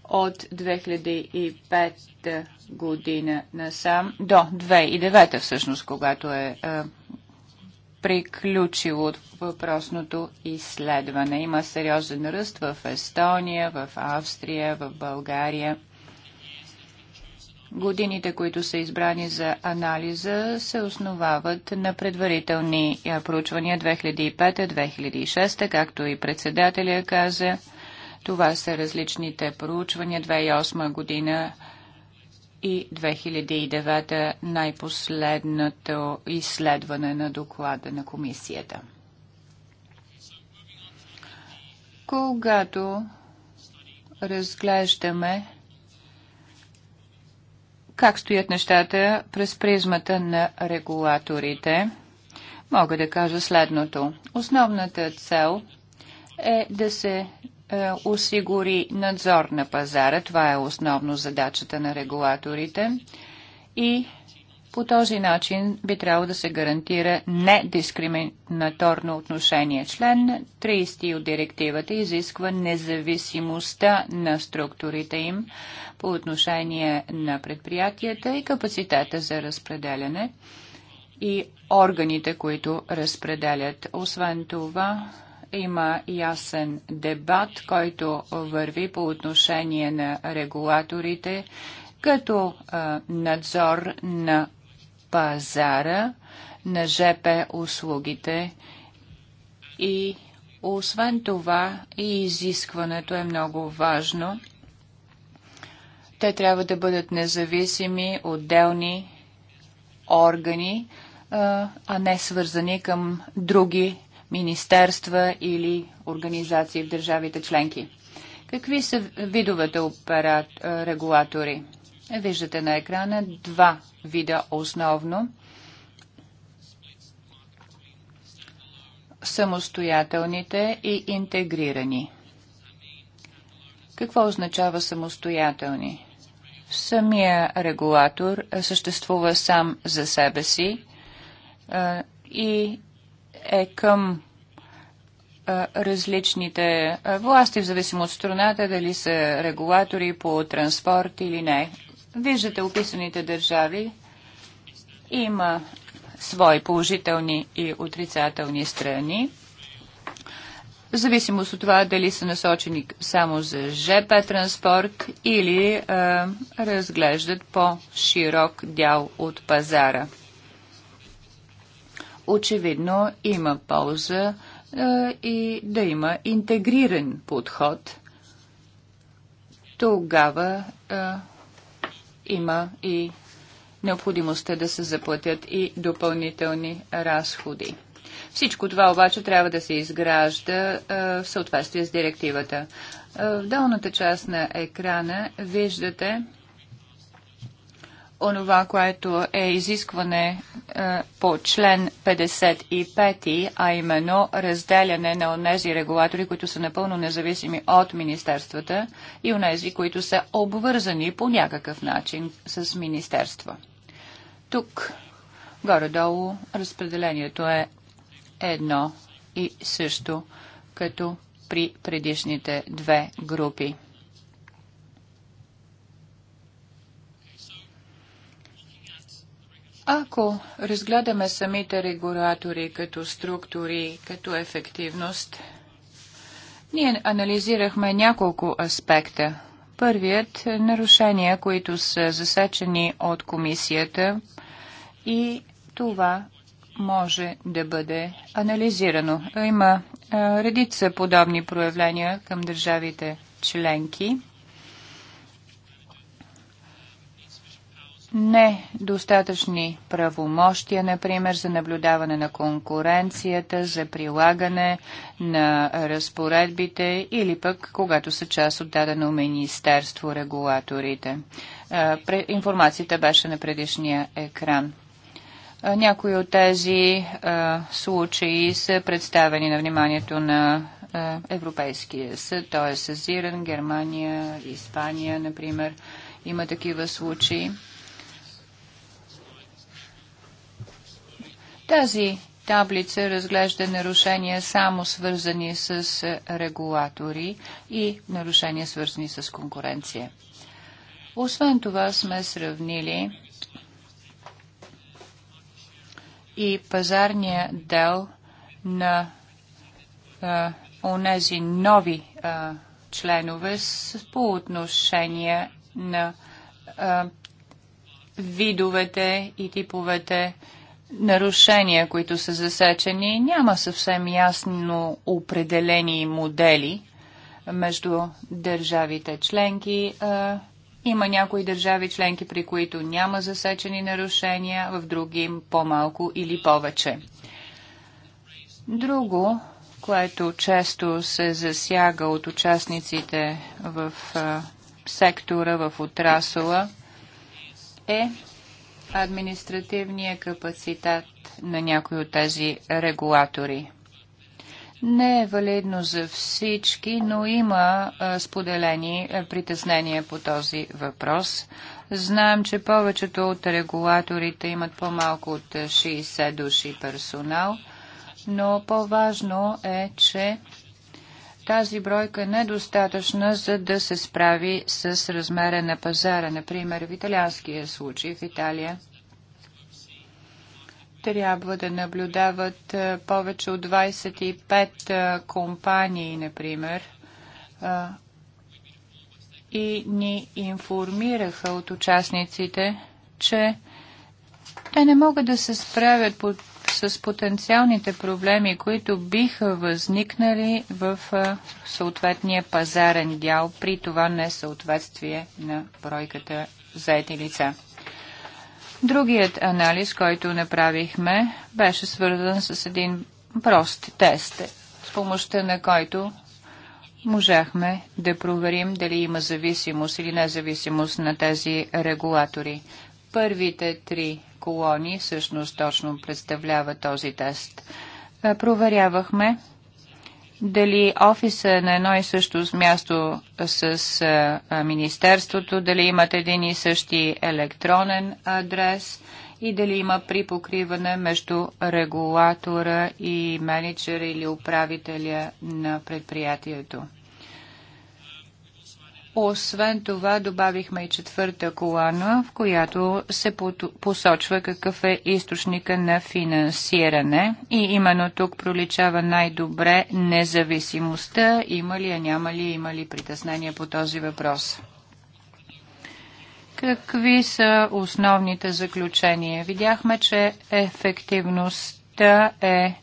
от 2005 година насам до 2009 всъщност, когато е а, приключило от въпросното изследване. Има сериозен ръст в Естония, в Австрия, в България – Годините, които са избрани за анализа, се основават на предварителни проучвания 2005-2006, както и председателя каза. Това са различните проучвания 2008 година и 2009 най-последното изследване на доклада на комисията. Когато разглеждаме как стоят нещата през призмата на регулаторите. Мога да кажа следното. Основната цел е да се е, осигури надзор на пазара. Това е основно задачата на регулаторите. И по този начин би трябвало да се гарантира недискриминаторно отношение. Член 30 от директивата изисква независимостта на структурите им по отношение на предприятията и капацитета за разпределяне и органите, които разпределят. Освен това, има ясен дебат, който върви по отношение на регулаторите като а, надзор на пазара на ЖП услугите и освен това и изискването е много важно. Те трябва да бъдат независими, отделни органи, а не свързани към други министерства или организации в държавите членки. Какви са видовете регулатори? Виждате на екрана два вида основно. Самостоятелните и интегрирани. Какво означава самостоятелни? Самия регулатор съществува сам за себе си и е към различните власти, в зависимост от страната, дали са регулатори по транспорт или не. Виждате описаните държави. Има свои положителни и отрицателни страни. В зависимост от това дали са насочени само за ЖП транспорт или а, е, разглеждат по-широк дял от пазара. Очевидно има полза а, е, и да има интегриран подход. Тогава а, е, има и необходимостта да се заплатят и допълнителни разходи. Всичко това обаче трябва да се изгражда е, в съответствие с директивата. Е, в долната част на екрана виждате онова, което е изискване е, по член 55, а именно разделяне на онези регулатори, които са напълно независими от министерствата и онези, които са обвързани по някакъв начин с министерства. Тук, горе-долу, разпределението е едно и също като при предишните две групи. Ако разгледаме самите регулатори като структури, като ефективност, ние анализирахме няколко аспекта. Първият е – нарушения, които са засечени от комисията и това може да бъде анализирано. Има редица подобни проявления към държавите членки недостатъчни правомощия, например, за наблюдаване на конкуренцията, за прилагане на разпоредбите или пък когато са част от дадено министерство регулаторите. Информацията беше на предишния екран. Някои от тези случаи са представени на вниманието на Европейския съд, т.е. Съзиран, Германия, Испания, например. Има такива случаи. Тази таблица разглежда нарушения само свързани с е, регулатори и нарушения свързани с конкуренция. Освен това сме сравнили и пазарния дел на а, е, онези нови а, е, членове с, по отношение на а, видовете и типовете а, нарушения, които са засечени, няма съвсем ясно определени модели между държавите членки. Има някои държави членки, при които няма засечени нарушения, в други по-малко или повече. Друго, което често се засяга от участниците в сектора, в отрасъла, е административния капацитет на някои от тези регулатори. Не е валидно за всички, но има споделени притеснения по този въпрос. Знаем, че повечето от регулаторите имат по-малко от 60 души персонал, но по-важно е, че тази бройка недостатъчна, за да се справи с размера на пазара. Например, в италианския случай в Италия трябва да наблюдават повече от 25 компании, например, и ни информираха от участниците, че те не могат да се справят под с потенциалните проблеми, които биха възникнали в съответния пазарен дял при това несъответствие на бройката заети лица. Другият анализ, който направихме, беше свързан с един прост тест, с помощта на който можахме да проверим дали има зависимост или независимост на тези регулатори. Първите три колони всъщност точно представлява този тест. Е, проверявахме дали офиса е на едно и също място с е, Министерството, дали имат един и същи електронен адрес и дали има припокриване между регулатора и менеджера или управителя на предприятието. Освен това, добавихме и четвърта колана, в която се посочва какъв е източника на финансиране. И именно тук проличава най-добре независимостта. Има ли, а няма ли, има ли притеснения по този въпрос? Какви са основните заключения? Видяхме, че ефективността е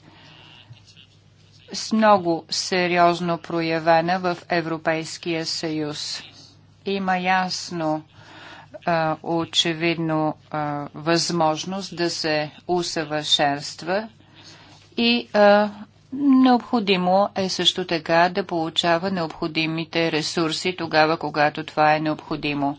с много сериозно проявена в Европейския съюз. Има ясно очевидно възможност да се усъвършенства и необходимо е също така да получава необходимите ресурси тогава, когато това е необходимо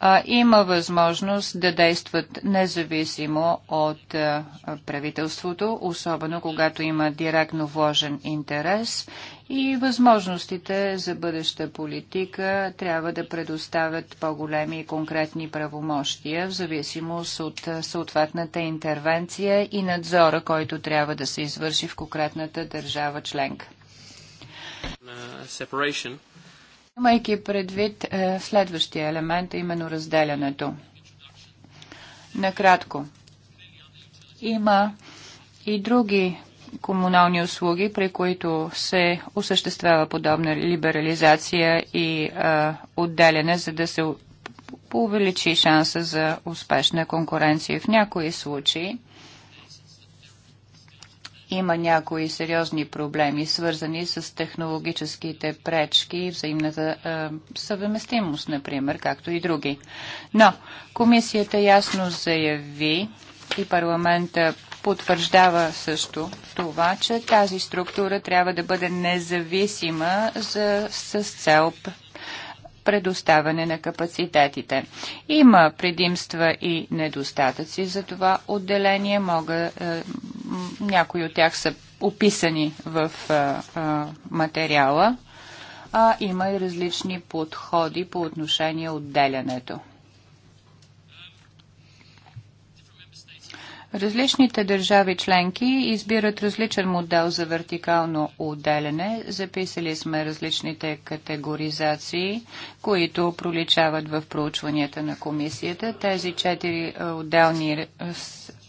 а, има възможност да действат независимо от а, правителството, особено когато има директно вложен интерес и възможностите за бъдеща политика трябва да предоставят по-големи и конкретни правомощия в зависимост от съответната интервенция и надзора, който трябва да се извърши в конкретната държава членка. Имайки предвид е, следващия елемент, именно разделянето. Накратко. Има и други комунални услуги, при които се осъществява подобна либерализация и е, отделяне, за да се увеличи шанса за успешна конкуренция. В някои случаи има някои сериозни проблеми, свързани с технологическите пречки, взаимната е, съвместимост, например, както и други. Но комисията ясно заяви и парламента потвърждава също това, че тази структура трябва да бъде независима за, с цел предоставяне на капацитетите. Има предимства и недостатъци за това отделение. Мога, е, някои от тях са описани в е, е, материала, а има и различни подходи по отношение отделянето. Различните държави членки избират различен модел за вертикално отделяне. Записали сме различните категоризации, които проличават в проучванията на комисията. Тези четири е, отделни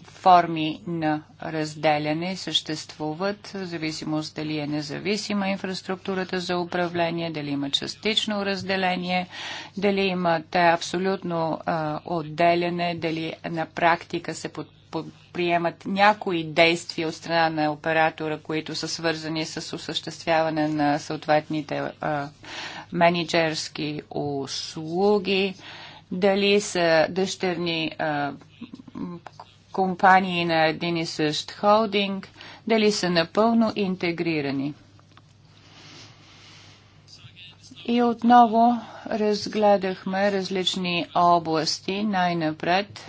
форми на разделяне съществуват, в зависимост дали е независима инфраструктурата за управление, дали има частично разделение, дали има абсолютно а, е, отделяне, дали на практика се под приемат някои действия от страна на оператора, които са свързани с осъществяване на съответните а, менеджерски услуги, дали са дъщерни а, компании на един и същ холдинг, дали са напълно интегрирани. И отново разгледахме различни области, най-напред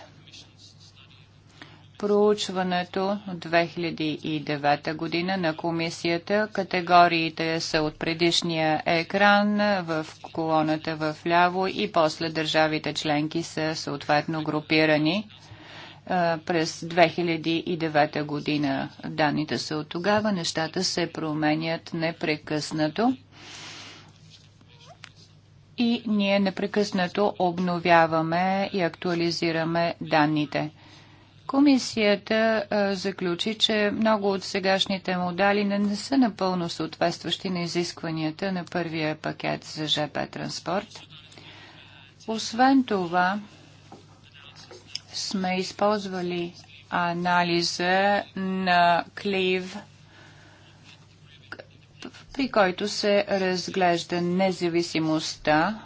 проучването от 2009 година на комисията. Категориите са от предишния екран в колоната в ляво и после държавите членки са съответно групирани през 2009 година. Данните са от тогава. Нещата се променят непрекъснато и ние непрекъснато обновяваме и актуализираме данните. Комисията а, заключи, че много от сегашните модали не, не са напълно съответстващи на изискванията на първия пакет за ЖП транспорт. Освен това, сме използвали анализа на Клив, при който се разглежда независимостта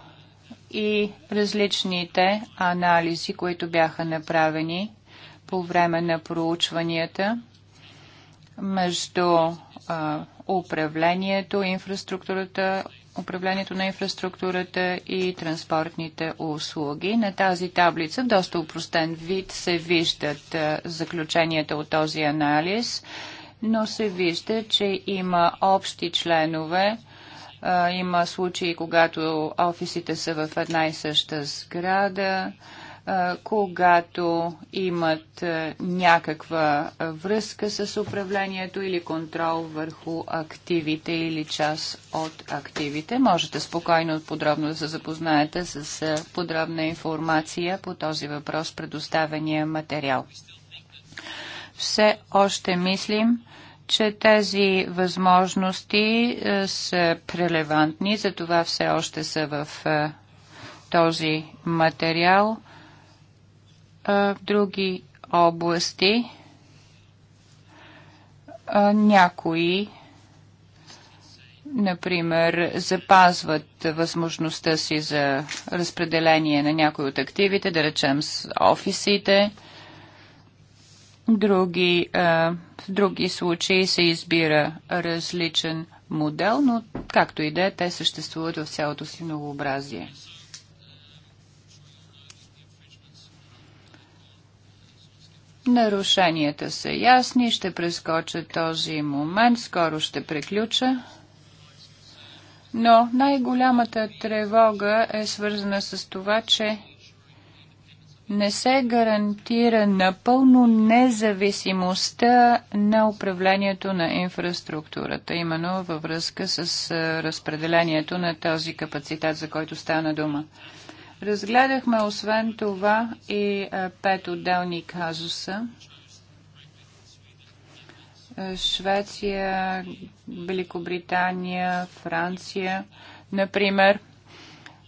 и различните анализи, които бяха направени по време на проучванията между а, управлението, инфраструктурата, управлението на инфраструктурата и транспортните услуги. На тази таблица в доста упростен вид се виждат заключенията от този анализ, но се вижда, че има общи членове. Има случаи, когато офисите са в една и съща сграда когато имат някаква връзка с управлението или контрол върху активите или част от активите. Можете спокойно подробно да се запознаете с подробна информация по този въпрос, предоставения материал. Все още мислим, че тези възможности са прелевантни, затова все още са в този материал – в други области някои например, запазват възможността си за разпределение на някои от активите, да речем с офисите. Други, в други случаи се избира различен модел, но както и да е, те съществуват в цялото си многообразие. Нарушенията са ясни. Ще прескоча този момент. Скоро ще приключа. Но най-голямата тревога е свързана с това, че не се гарантира напълно независимостта на управлението на инфраструктурата, именно във връзка с разпределението на този капацитет, за който стана дума. Разгледахме освен това и пет отделни казуса. Швеция, Великобритания, Франция, например,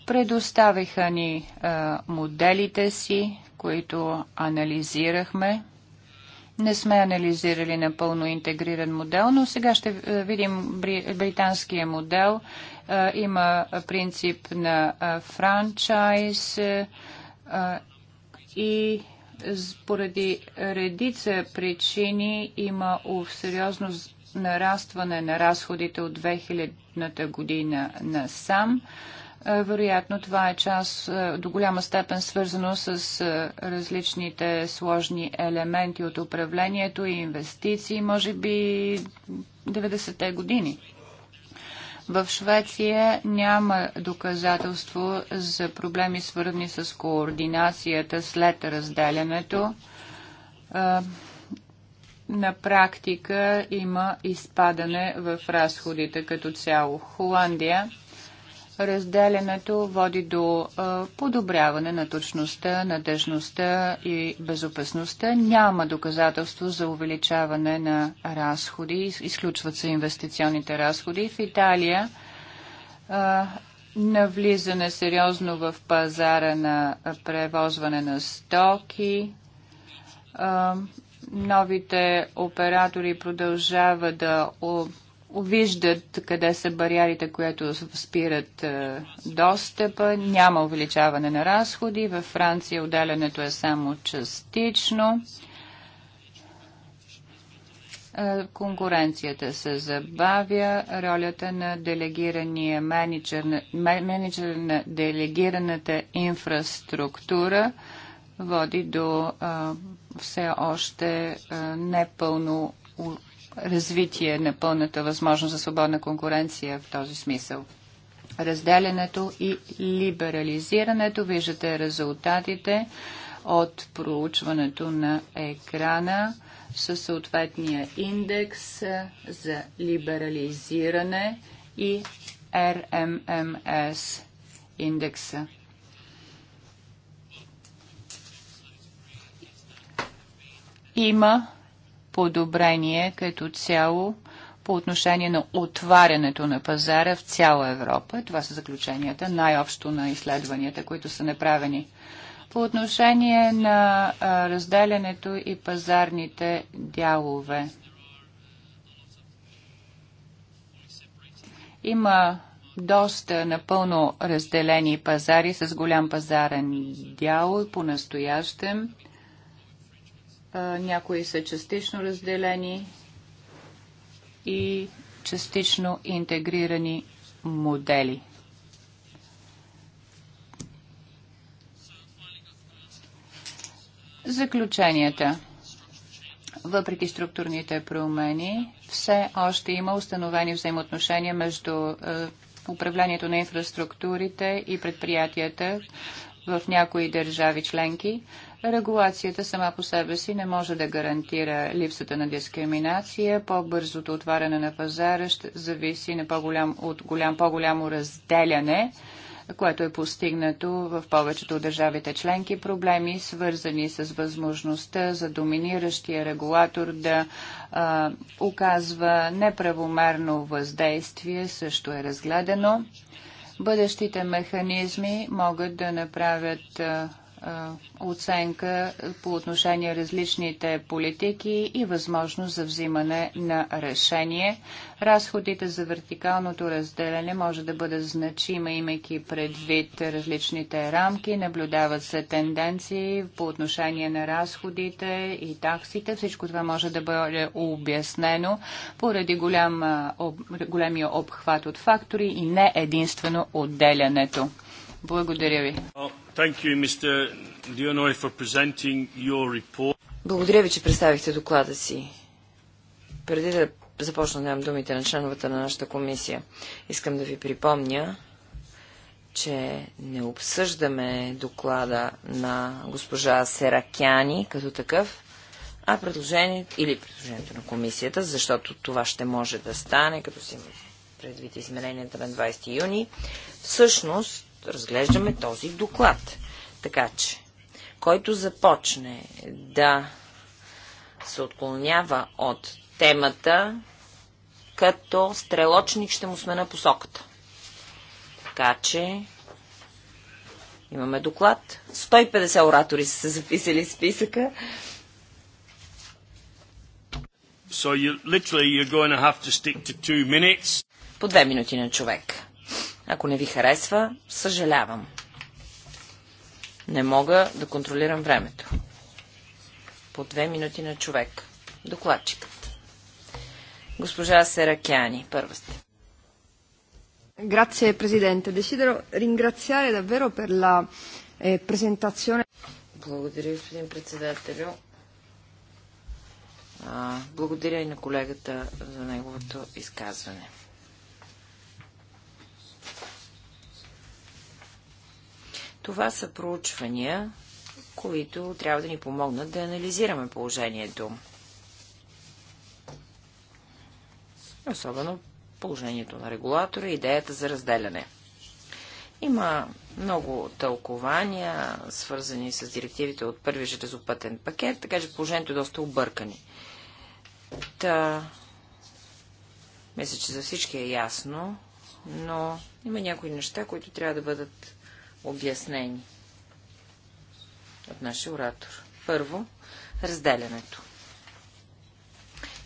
предоставиха ни моделите си, които анализирахме. Не сме анализирали напълно интегриран модел, но сега ще видим британския модел има принцип на франчайз и поради редица причини има сериозно нарастване на разходите от 2000-та година насам. Вероятно това е част до голяма степен свързано с различните сложни елементи от управлението и инвестиции, може би 90-те години. В Швеция няма доказателство за проблеми свързани с координацията след разделянето. На практика има изпадане в разходите като цяло. Холандия разделянето води до подобряване на точността, надежността и безопасността. Няма доказателство за увеличаване на разходи. Изключват се инвестиционните разходи. В Италия навлизане сериозно в пазара на превозване на стоки. новите оператори продължават да виждат къде са бариерите, които спират е, достъпа. Няма увеличаване на разходи. Във Франция отделянето е само частично. Е, конкуренцията се забавя. Ролята на делегирания менеджер, менеджер на делегираната инфраструктура води до е, все още непълно развитие на пълната възможност за свободна конкуренция в този смисъл. Разделянето и либерализирането, виждате резултатите от проучването на екрана със съответния индекс за либерализиране и RMMS индекса. Има подобрение като цяло по отношение на отварянето на пазара в цяла Европа. Това са заключенията най-общо на изследванията, които са направени. По отношение на разделянето и пазарните дялове. Има доста напълно разделени пазари с голям пазарен дял по настоящем някои са частично разделени и частично интегрирани модели. Заключенията. Въпреки структурните промени, все още има установени взаимоотношения между е, управлението на инфраструктурите и предприятията в някои държави членки. Регулацията сама по себе си не може да гарантира липсата на дискриминация. По-бързото отваряне на пазара ще зависи на по-голям, от голям, по-голямо разделяне, което е постигнато в повечето от държавите членки. Проблеми, свързани с възможността за доминиращия регулатор да а, оказва неправомерно въздействие, също е разгледано. Бъдещите механизми могат да направят а, оценка по отношение различните политики и възможност за взимане на решение. Разходите за вертикалното разделяне може да бъде значима, имайки предвид различните рамки. Наблюдават се тенденции по отношение на разходите и таксите. Всичко това може да бъде обяснено поради голям, големия обхват от фактори и не единствено отделянето. Благодаря ви. You, Благодаря ви, че представихте доклада си. Преди да започна да думите на членовата на нашата комисия, искам да ви припомня, че не обсъждаме доклада на госпожа Серакяни като такъв, а предложението или предложението на комисията, защото това ще може да стане, като си предвид измененията на 20 юни. Всъщност, разглеждаме този доклад. Така че, който започне да се отклонява от темата, като стрелочник ще му сме на посоката. Така че, имаме доклад. 150 оратори са се записали в списъка. So you, literally you're going to have to stick to two minutes. По две минути на човек. Ако не ви харесва, съжалявам. Не мога да контролирам времето. По две минути на човек. Докладчикът. Госпожа Серакяни, първа сте. Grazie Presidente, desidero ringraziare davvero per la eh, presentazione. Благодаря, господин председателю. А, благодаря и на колегата за неговото изказване. Това са проучвания, които трябва да ни помогнат да анализираме положението. Особено положението на регулатора и идеята за разделяне. Има много тълкования, свързани с директивите от първи железопътен пакет, така че положението е доста объркани. Та, мисля, че за всички е ясно, но има някои неща, които трябва да бъдат обяснени от нашия оратор. Първо, разделянето.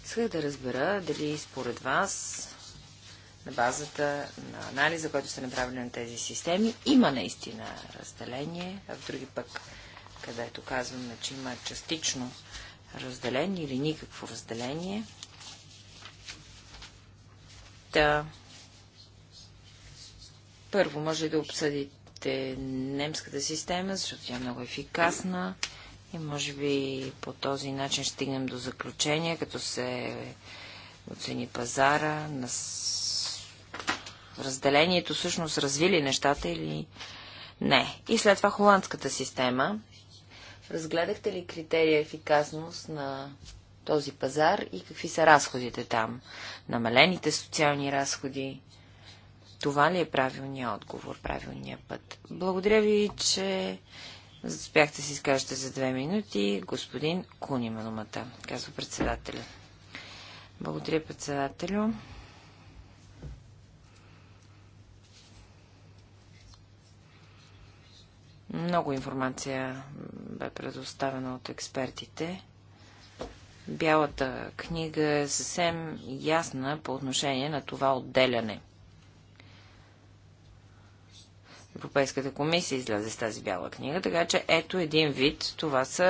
Исках да разбера дали според вас на базата на анализа, който са направили на тези системи, има наистина разделение, а в други пък, където казваме, че има частично разделение или никакво разделение. Та, първо, може да обсъдите е немската система, защото тя е много ефикасна и може би по този начин ще стигнем до заключение, като се оцени пазара, на разделението всъщност развили нещата или не. И след това холандската система. Разгледахте ли критерия ефикасност на този пазар и какви са разходите там? Намалените социални разходи, това ли е правилният отговор, правилният път? Благодаря ви, че спяхте си изкажете за две минути. Господин Куни има казва председателя. Благодаря, председателю. Много информация бе предоставена от експертите. Бялата книга е съвсем ясна по отношение на това отделяне. Европейската комисия излезе с тази бяла книга, така че ето един вид, това са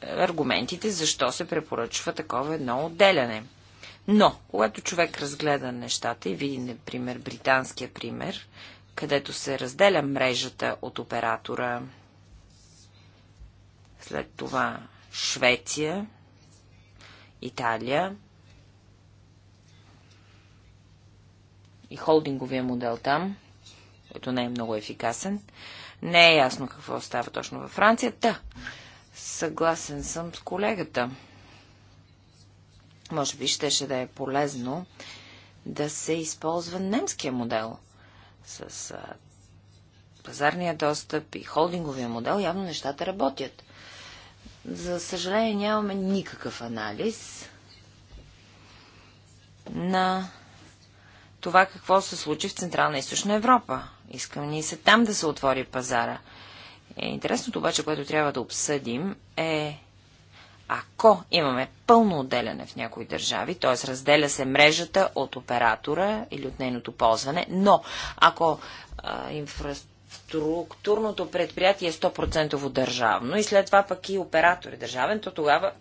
е, аргументите, защо се препоръчва такова едно отделяне. Но, когато човек разгледа нещата и види, например, британския пример, където се разделя мрежата от оператора, след това Швеция, Италия и холдинговия модел там – който не е много ефикасен. Не е ясно какво става точно във Франция. Та, съгласен съм с колегата. Може би щеше да е полезно да се използва немския модел с а, пазарния достъп и холдинговия модел. Явно нещата работят. За съжаление нямаме никакъв анализ на това какво се случи в Централна и Източна Европа. Искам ни се там да се отвори пазара. Е, интересното обаче, което трябва да обсъдим е ако имаме пълно отделяне в някои държави, т.е. разделя се мрежата от оператора или от нейното ползване, но ако а, инфраструктурното предприятие е 100% държавно и след това пък и оператор е държавен, то тогава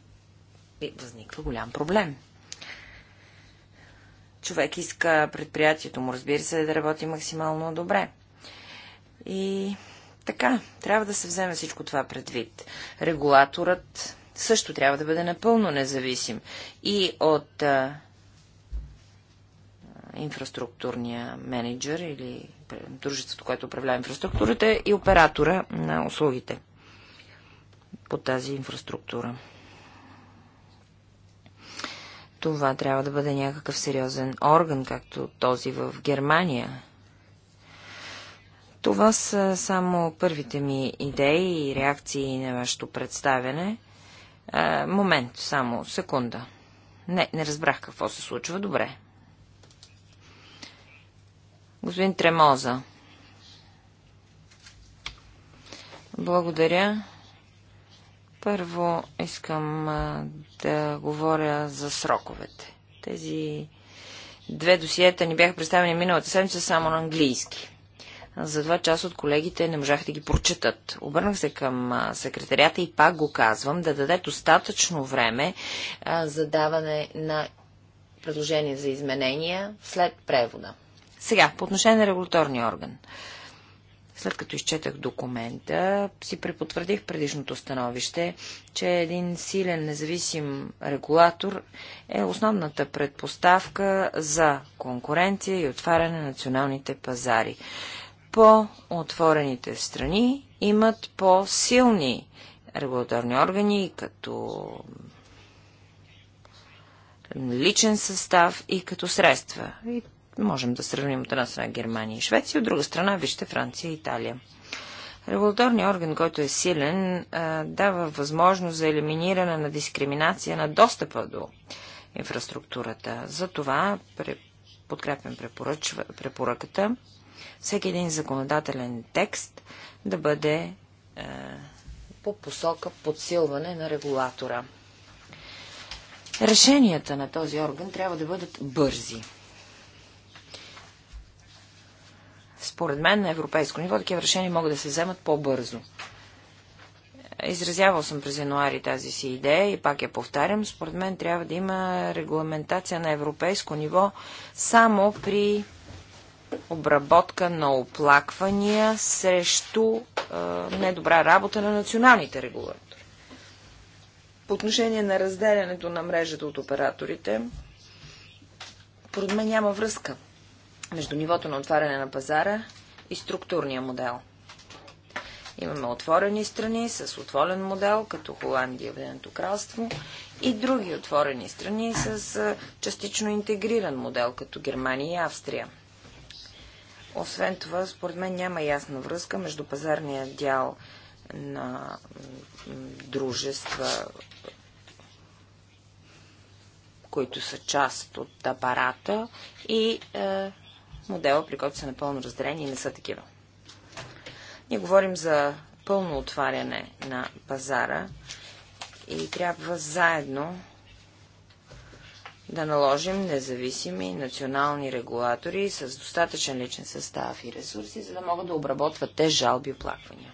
възниква голям проблем човек иска предприятието му, разбира се, да работи максимално добре. И така, трябва да се вземе всичко това предвид. Регулаторът също трябва да бъде напълно независим и от а, инфраструктурния менеджер или дружеството, което управлява инфраструктурата и оператора на услугите по тази инфраструктура. Това трябва да бъде някакъв сериозен орган, както този в Германия. Това са само първите ми идеи и реакции на вашето представяне. момент, само секунда. Не, не разбрах какво се случва. Добре. Господин Тремоза. Благодаря. Първо искам да говоря за сроковете. Тези две досиета ни бяха представени миналата седмица само на английски. За два часа от колегите не можаха да ги прочетат. Обърнах се към секретарията и пак го казвам, да даде достатъчно време за даване на предложение за изменения след превода. Сега, по отношение на регуляторния орган. След като изчетах документа, си препотвърдих предишното становище, че един силен независим регулатор е основната предпоставка за конкуренция и отваряне на националните пазари. По-отворените страни имат по-силни регулаторни органи, като личен състав и като средства. И можем да сравним от една страна Германия и Швеция, от друга страна вижте Франция и Италия. Регулаторният орган, който е силен, дава възможност за елиминиране на дискриминация на достъпа до инфраструктурата. За това, подкрепям препоръката всеки един законодателен текст да бъде е, по посока подсилване на регулатора. Решенията на този орган трябва да бъдат бързи. Според мен на европейско ниво такива решения могат да се вземат по-бързо. Изразявал съм през януари тази си идея и пак я повтарям. Според мен трябва да има регламентация на европейско ниво само при обработка на оплаквания срещу е, недобра работа на националните регулатори. По отношение на разделянето на мрежата от операторите, поред мен няма връзка между нивото на отваряне на пазара и структурния модел. Имаме отворени страни с отворен модел, като Холандия, Веденото кралство и други отворени страни с частично интегриран модел, като Германия и Австрия. Освен това, според мен няма ясна връзка между пазарния дял на дружества, които са част от апарата и е, модела, при който са напълно разделени и не са такива. Ние говорим за пълно отваряне на пазара и трябва заедно да наложим независими национални регулатори с достатъчен личен състав и ресурси, за да могат да обработват те жалби и оплаквания.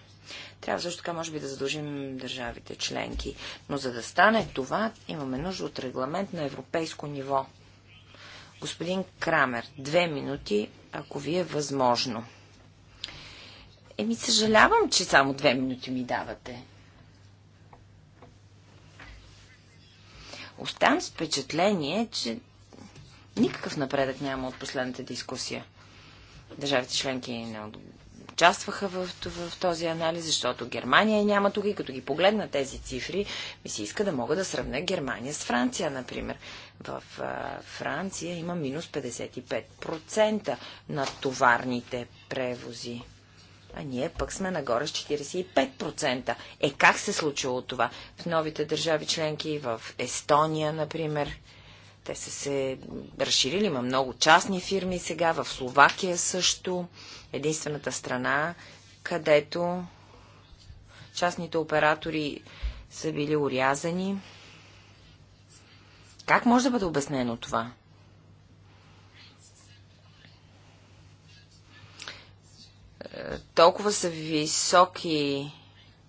Трябва също така, може би, да задължим държавите членки. Но за да стане това, имаме нужда от регламент на европейско ниво. Господин Крамер, две минути, ако ви е възможно. Еми, съжалявам, че само две минути ми давате. Оставам с впечатление, че никакъв напредък няма от последната дискусия. Държавите членки не участваха в, в, в този анализ, защото Германия няма тук и като ги погледна тези цифри, ми се иска да мога да сравня Германия с Франция, например. В Франция има минус 55% на товарните превози. А ние пък сме нагоре с 45%. Е, как се случило това? В новите държави членки, в Естония, например, те са се разширили, има много частни фирми сега, в Словакия също, единствената страна, където частните оператори са били урязани. Как може да бъде обяснено това? Толкова са високи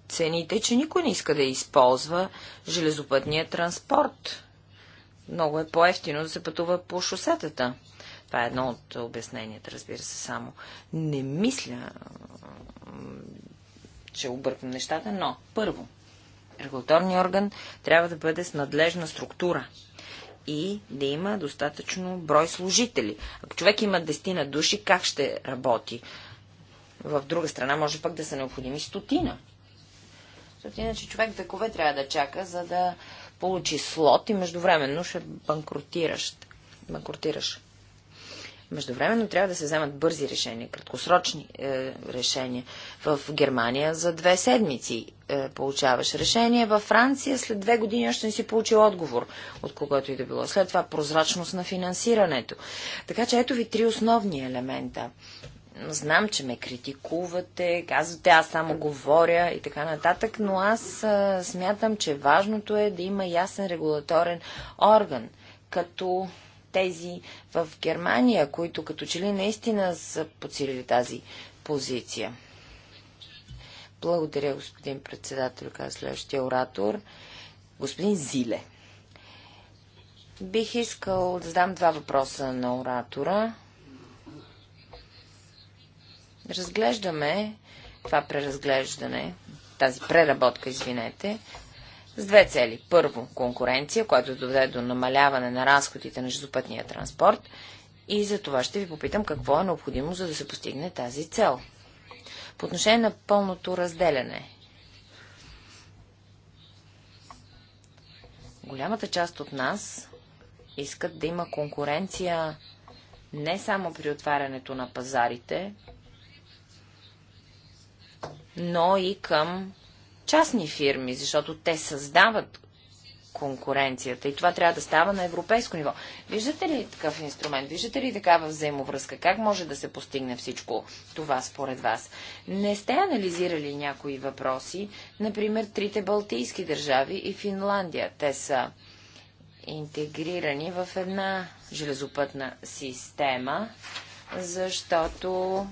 цените, че никой не иска да използва железопътния транспорт. Много е по-ефтино да се пътува по шосетата. Това е едно от обясненията, разбира се, само. Не мисля, че обърквам нещата, но първо, регулаторният орган трябва да бъде с надлежна структура – и да има достатъчно брой служители. Ако човек има дестина души, как ще работи? В друга страна може пък да са необходими стотина. Стотина, иначе човек векове трябва да чака, за да получи слот и междувременно ще банкротираш. банкротираш. Междувременно трябва да се вземат бързи решения, краткосрочни е, решения. В Германия за две седмици е, получаваш решение, във Франция след две години още не си получил отговор, от когото и да било. След това прозрачност на финансирането. Така че ето ви три основни елемента. Знам, че ме критикувате, казвате аз само говоря и така нататък, но аз е, смятам, че важното е да има ясен регулаторен орган, като тези в Германия, които като че ли наистина са подсилили тази позиция. Благодаря, господин председател, каза следващия оратор. Господин Зиле. Бих искал да задам два въпроса на оратора. Разглеждаме това преразглеждане, тази преработка, извинете, с две цели. Първо, конкуренция, която доведе до намаляване на разходите на железопътния транспорт и за това ще ви попитам какво е необходимо, за да се постигне тази цел. По отношение на пълното разделяне. Голямата част от нас искат да има конкуренция не само при отварянето на пазарите, но и към частни фирми, защото те създават конкуренцията и това трябва да става на европейско ниво. Виждате ли такъв инструмент? Виждате ли такава взаимовръзка? Как може да се постигне всичко това според вас? Не сте анализирали някои въпроси, например трите балтийски държави и Финландия. Те са интегрирани в една железопътна система, защото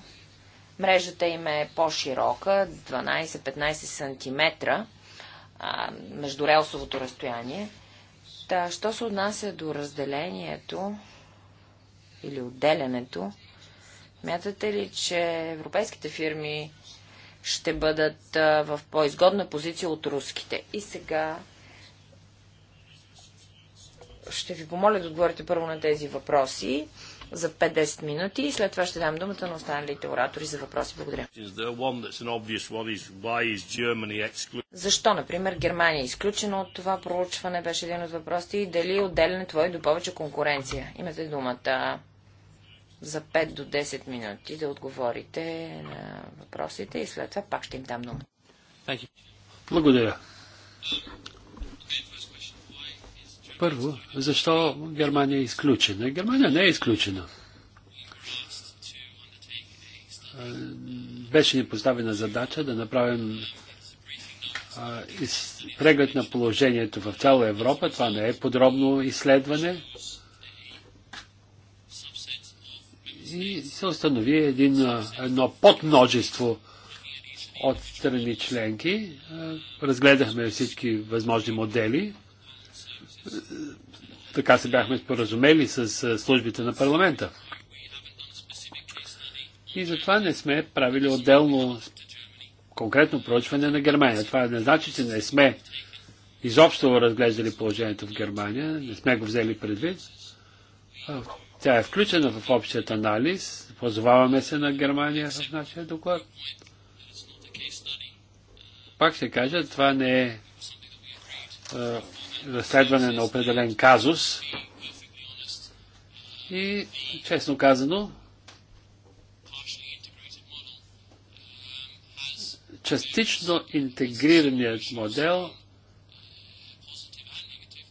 Мрежата им е по-широка, 12-15 см между релсовото разстояние. Та, що се отнася до разделението или отделянето, мятате ли, че европейските фирми ще бъдат в по-изгодна позиция от руските? И сега ще ви помоля да отговорите първо на тези въпроси за 5-10 минути и след това ще дам думата на останалите оратори за въпроси. Благодаря. Защо, например, Германия е изключена от това проучване, беше един от въпросите и дали отделянето води до повече конкуренция? Имате думата за 5 до 10 минути да отговорите на въпросите и след това пак ще им дам дума. Благодаря. Първо, защо Германия е изключена? Германия не е изключена. Беше ни поставена задача да направим преглед на положението в цяла Европа. Това не е подробно изследване. И се установи един, едно подмножество от страни членки. Разгледахме всички възможни модели така се бяхме споразумели с службите на парламента. И затова не сме правили отделно конкретно проучване на Германия. Това не значи, че не сме изобщо разглеждали положението в Германия, не сме го взели предвид. Тя е включена в общият анализ, позоваваме се на Германия в нашия доклад. Пак ще кажа, това не е разследване на определен казус. И, честно казано, частично интегрираният модел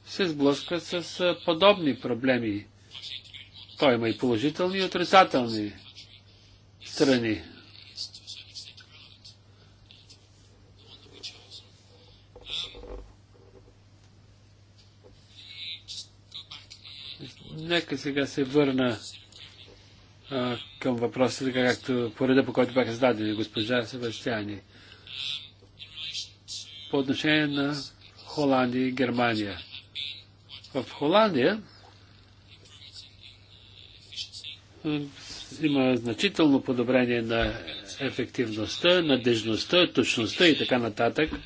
се сблъска с подобни проблеми. Той има и положителни и отрицателни страни. Нека сега се върна а, към въпроса, така както по реда, по който бяха зададени госпожа Севастияни. По отношение на Холандия и Германия. В Холандия има значително подобрение на ефективността, надежността, точността и така нататък –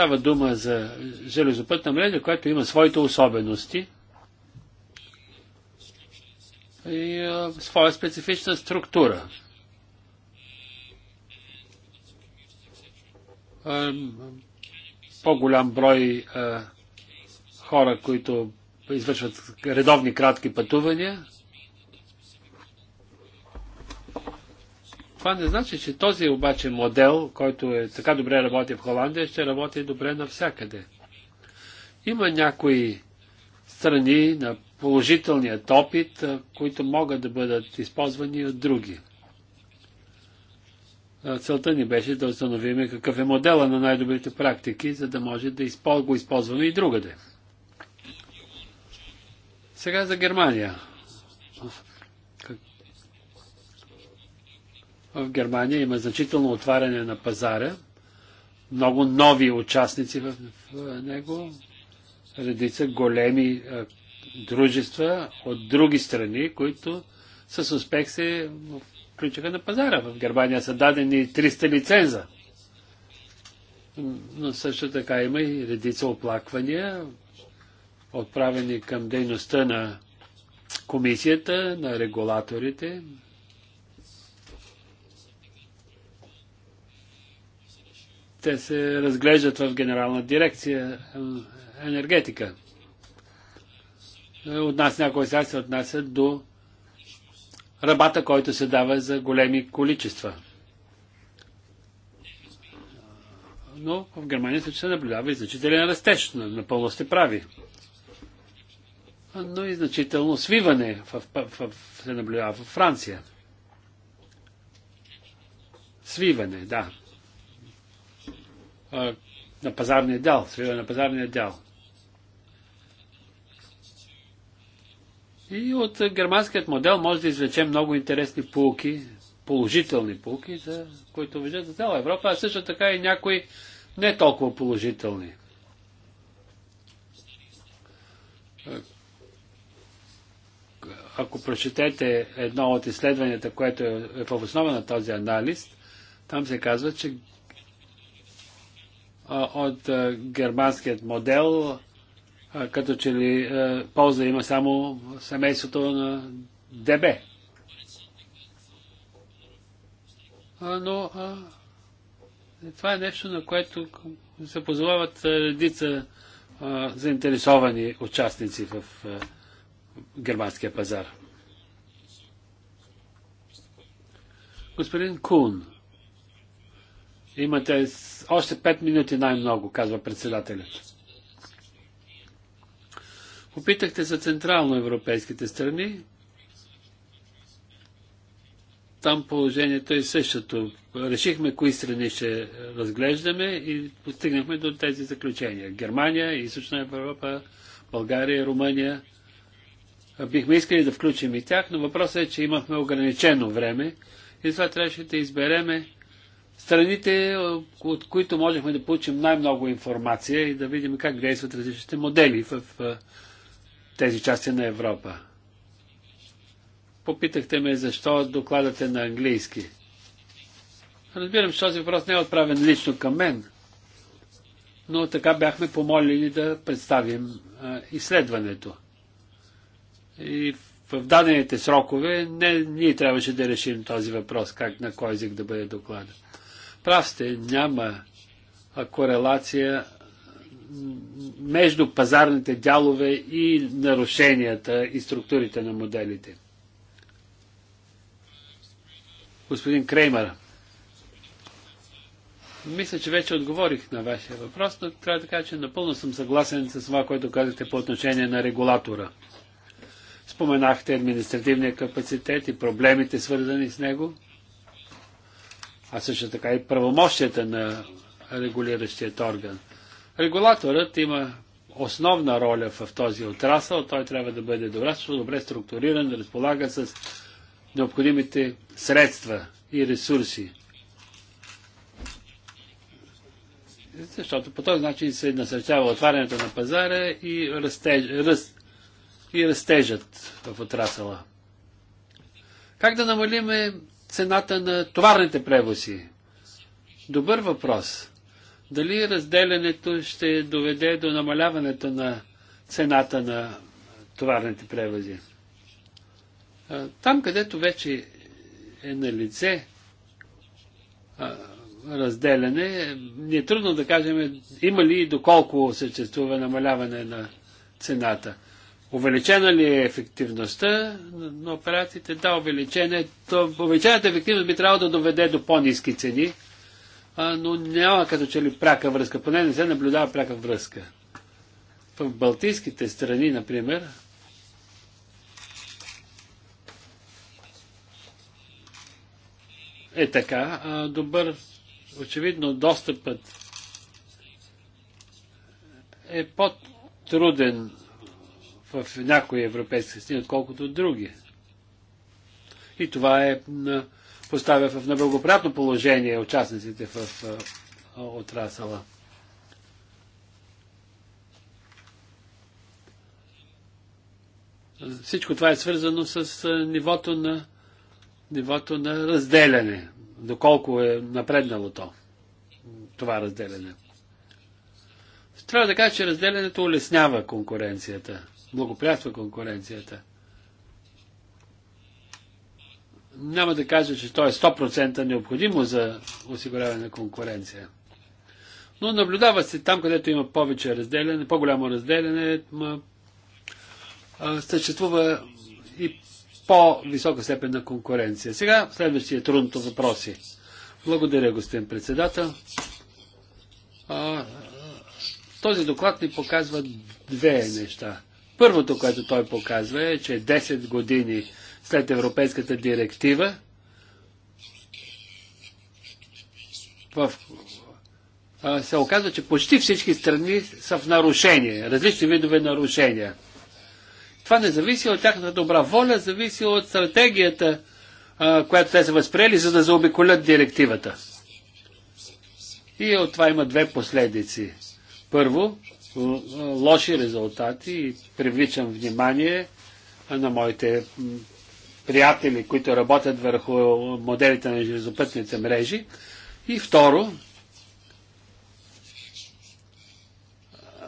Става дума за железопътна мрежа, която има своите особености и а, е, своя специфична структура. Е, по-голям брой а, е, хора, които извършват редовни кратки пътувания, Това не значи, че този обаче модел, който е така добре работи в Холандия, ще работи добре навсякъде. Има някои страни на положителният опит, които могат да бъдат използвани от други. Целта ни беше да установим какъв е модела на най-добрите практики, за да може да го използваме и другаде. Сега за Германия. В Германия има значително отваряне на пазара, много нови участници в, него, редица големи дружества от други страни, които с успех се включиха на пазара. В Германия са дадени 300 лиценза. Но също така има и редица оплаквания, отправени към дейността на комисията, на регулаторите, те се разглеждат в Генерална дирекция енергетика. Е, от нас някои сега се отнасят до ръбата, който се дава за големи количества. Но в Германия се наблюдава и значителен растеж. Напълно сте прави. Но и значително свиване в, в, в, се наблюдава в Франция. Свиване, да на пазарния дял, среда на пазарния дял. И от германският модел може да извлечем много интересни полуки, положителни полуки, за които виждат за цяла Европа, а също така и някои не толкова положителни. Ако прочетете едно от изследванията, което е в основа на този анализ, там се казва, че от германският модел, като че ли полза има само семейството на ДБ. Но това е нещо, на което се позовават редица заинтересовани участници в германския пазар. Господин Кун, Имате още 5 минути най-много, казва председателят. Попитахте за централно европейските страни. Там положението е същото. Решихме кои страни ще разглеждаме и постигнахме до тези заключения. Германия, Източна Европа, България, Румъния. Бихме искали да включим и тях, но въпросът е, че имахме ограничено време и това трябваше да избереме страните, от които можехме да получим най-много информация и да видим как действат различните модели в тези части на Европа. Попитахте ме защо докладът е на английски. Разбирам, че този въпрос не е отправен лично към мен, но така бяхме помолени да представим изследването. И в дадените срокове не ние трябваше да решим този въпрос, как на кой език да бъде докладът. Прав сте, няма корелация между пазарните дялове и нарушенията и структурите на моделите. Господин Креймер, мисля, че вече отговорих на вашия въпрос, но трябва да кажа, че напълно съм съгласен с това, което казахте по отношение на регулатора. Споменахте административния капацитет и проблемите, свързани с него а също така и правомощията на регулиращият орган. Регулаторът има основна роля в този отрасъл, той трябва да бъде добре, добре структуриран, да разполага с необходимите средства и ресурси. Защото по този начин се насърчава отварянето на пазара и, растеж, раз, и растежът в отрасъла. Как да намалиме цената на товарните превози? Добър въпрос. Дали разделянето ще доведе до намаляването на цената на товарните превози? Там, където вече е на лице разделяне, ни е трудно да кажем има ли и доколко съществува намаляване на цената. Увеличена ли е ефективността на операциите? Да, увеличена. Е. Увеличената ефективност би трябвало да доведе до по-низки цени, но няма като че ли прака връзка. Поне не се наблюдава прака връзка. В Балтийските страни, например, е така. Добър, очевидно, достъпът е по-труден в някои европейски страни, отколкото от други. И това е, поставя в неблагоприятно положение участниците в отрасъла. Всичко това е свързано с нивото на, нивото на разделяне. Доколко е напреднало то, това разделяне. Трябва да кажа, че разделянето улеснява конкуренцията благоприятства конкуренцията. Няма да кажа, че то е 100% необходимо за осигуряване на конкуренция. Но наблюдава се там, където има повече разделяне, по-голямо разделяне, ма, а, съществува и по-висока степен на конкуренция. Сега следващия трудното въпроси. Благодаря, господин председател. А, този доклад ни показва две неща. Първото, което той показва е, че 10 години след Европейската директива в, а, се оказва, че почти всички страни са в нарушение, различни видове нарушения. Това не зависи от тяхната добра воля, зависи от стратегията, а, която те са възприели, за да заобиколят директивата. И от това има две последици. Първо, лоши резултати и привличам внимание на моите приятели, които работят върху моделите на железопътните мрежи. И второ,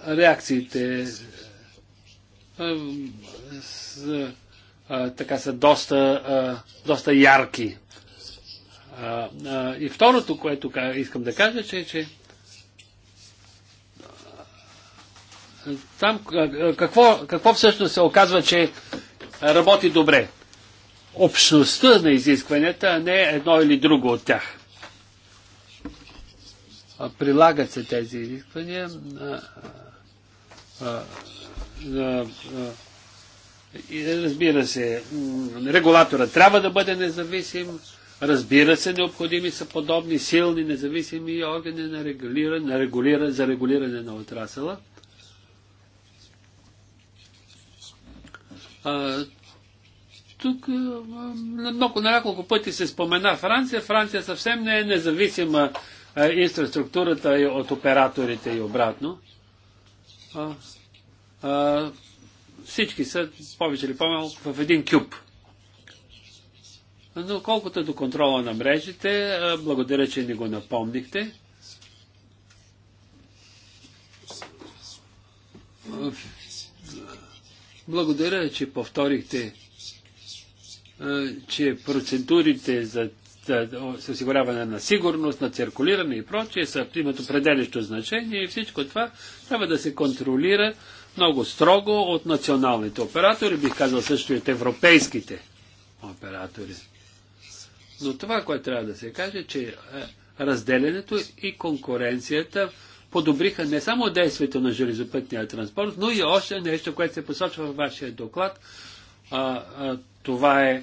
реакциите са, така са доста, доста ярки. И второто, което искам да кажа, че, че там какво, какво всъщност се оказва, че работи добре? Общността на изискванията, а не едно или друго от тях. Прилагат се тези изисквания разбира се, регулатора трябва да бъде независим, разбира се, необходими са подобни силни независими органи на регулиране, на регулиране за регулиране на отрасъла. А, тук на много, на няколко пъти се спомена Франция. Франция съвсем не е независима а, инфраструктурата и от операторите и обратно. А, а, всички са повече или по-малко в един кюб. Но колкото до контрола на мрежите, благодаря, че ни го напомнихте. Благодаря, че повторихте, че процедурите за осигуряване на сигурност, на циркулиране и прочие са, имат определящо значение и всичко това трябва да се контролира много строго от националните оператори, бих казал също и от европейските оператори. Но това, което трябва да се каже, че разделянето и конкуренцията подобриха не само действието на железопътния транспорт, но и още нещо, което се посочва във вашия доклад. А, а, това е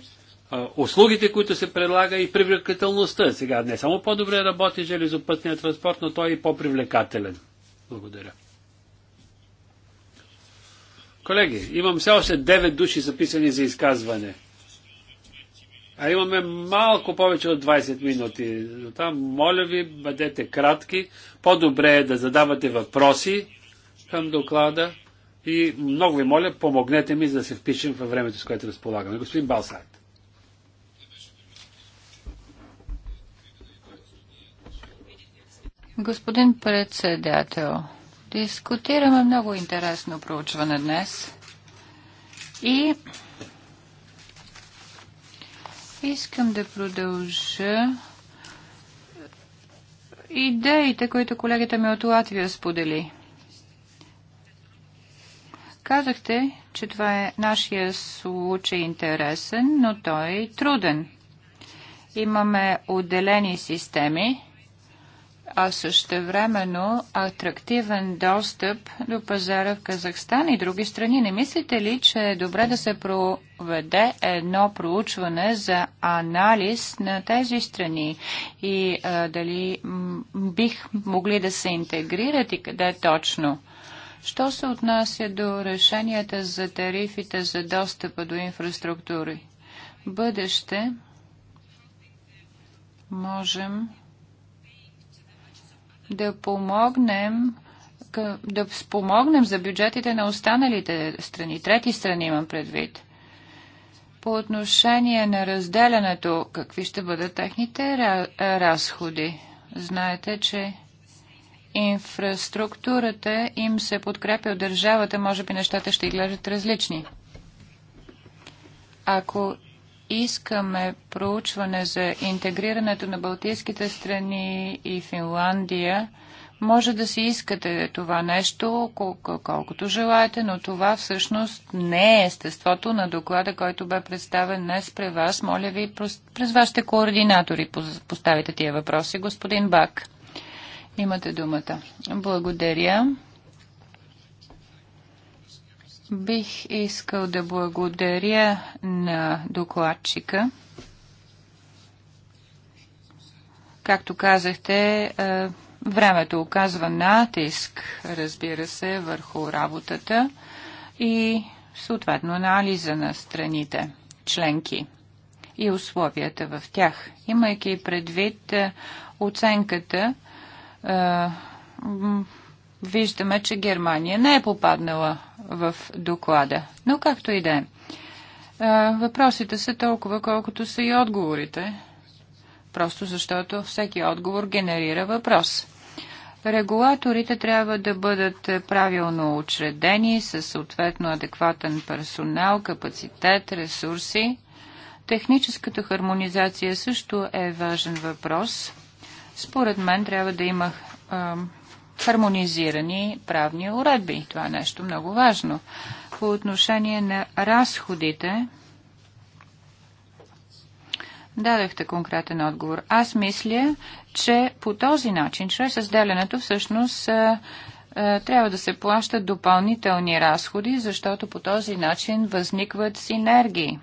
а, услугите, които се предлага и привлекателността. Сега не само по-добре работи железопътния транспорт, но той е и по-привлекателен. Благодаря. Колеги, имам все още 9 души записани за изказване. А имаме малко повече от 20 минути. Там, моля ви, бъдете кратки. По-добре е да задавате въпроси към доклада. И много ви моля, помогнете ми, за да се впишем във времето, с което разполагаме. Господин Балсайт. Господин председател, дискутираме много интересно проучване днес. И Искам да продължа идеите, които колегата ми от Латвия сподели. Казахте, че това е нашия случай интересен, но той е труден. Имаме отделени системи, а същевременно атрактивен достъп до пазара в Казахстан и други страни. Не мислите ли, че е добре да се проведе едно проучване за анализ на тези страни и а, дали бих могли да се интегрират и къде точно? Що се отнася до решенията за тарифите за достъпа до инфраструктури? Бъдеще можем да помогнем да спомогнем за бюджетите на останалите страни, трети страни имам предвид. По отношение на разделянето, какви ще бъдат техните разходи? Знаете, че инфраструктурата им се подкрепя от държавата, може би нещата ще изглеждат различни. Ако искаме проучване за интегрирането на Балтийските страни и Финландия, може да си искате това нещо колко, колкото желаете, но това всъщност не е естеството на доклада, който бе представен днес при вас. Моля ви, през вашите координатори поставите тия въпроси. Господин Бак, имате думата. Благодаря. Бих искал да благодаря на докладчика. Както казахте, е, времето оказва натиск, разбира се, върху работата и съответно анализа на страните, членки и условията в тях. Имайки предвид е, оценката, е, виждаме, че Германия не е попаднала в доклада. Но както и да е. Въпросите са толкова, колкото са и отговорите. Просто защото всеки отговор генерира въпрос. Регулаторите трябва да бъдат правилно учредени с съответно адекватен персонал, капацитет, ресурси. Техническата хармонизация също е важен въпрос. Според мен трябва да има хармонизирани правни уредби. Това е нещо много важно. По отношение на разходите, дадахте конкретен отговор. Аз мисля, че по този начин, чрез разделянето, всъщност е, е, трябва да се плащат допълнителни разходи, защото по този начин възникват синергии.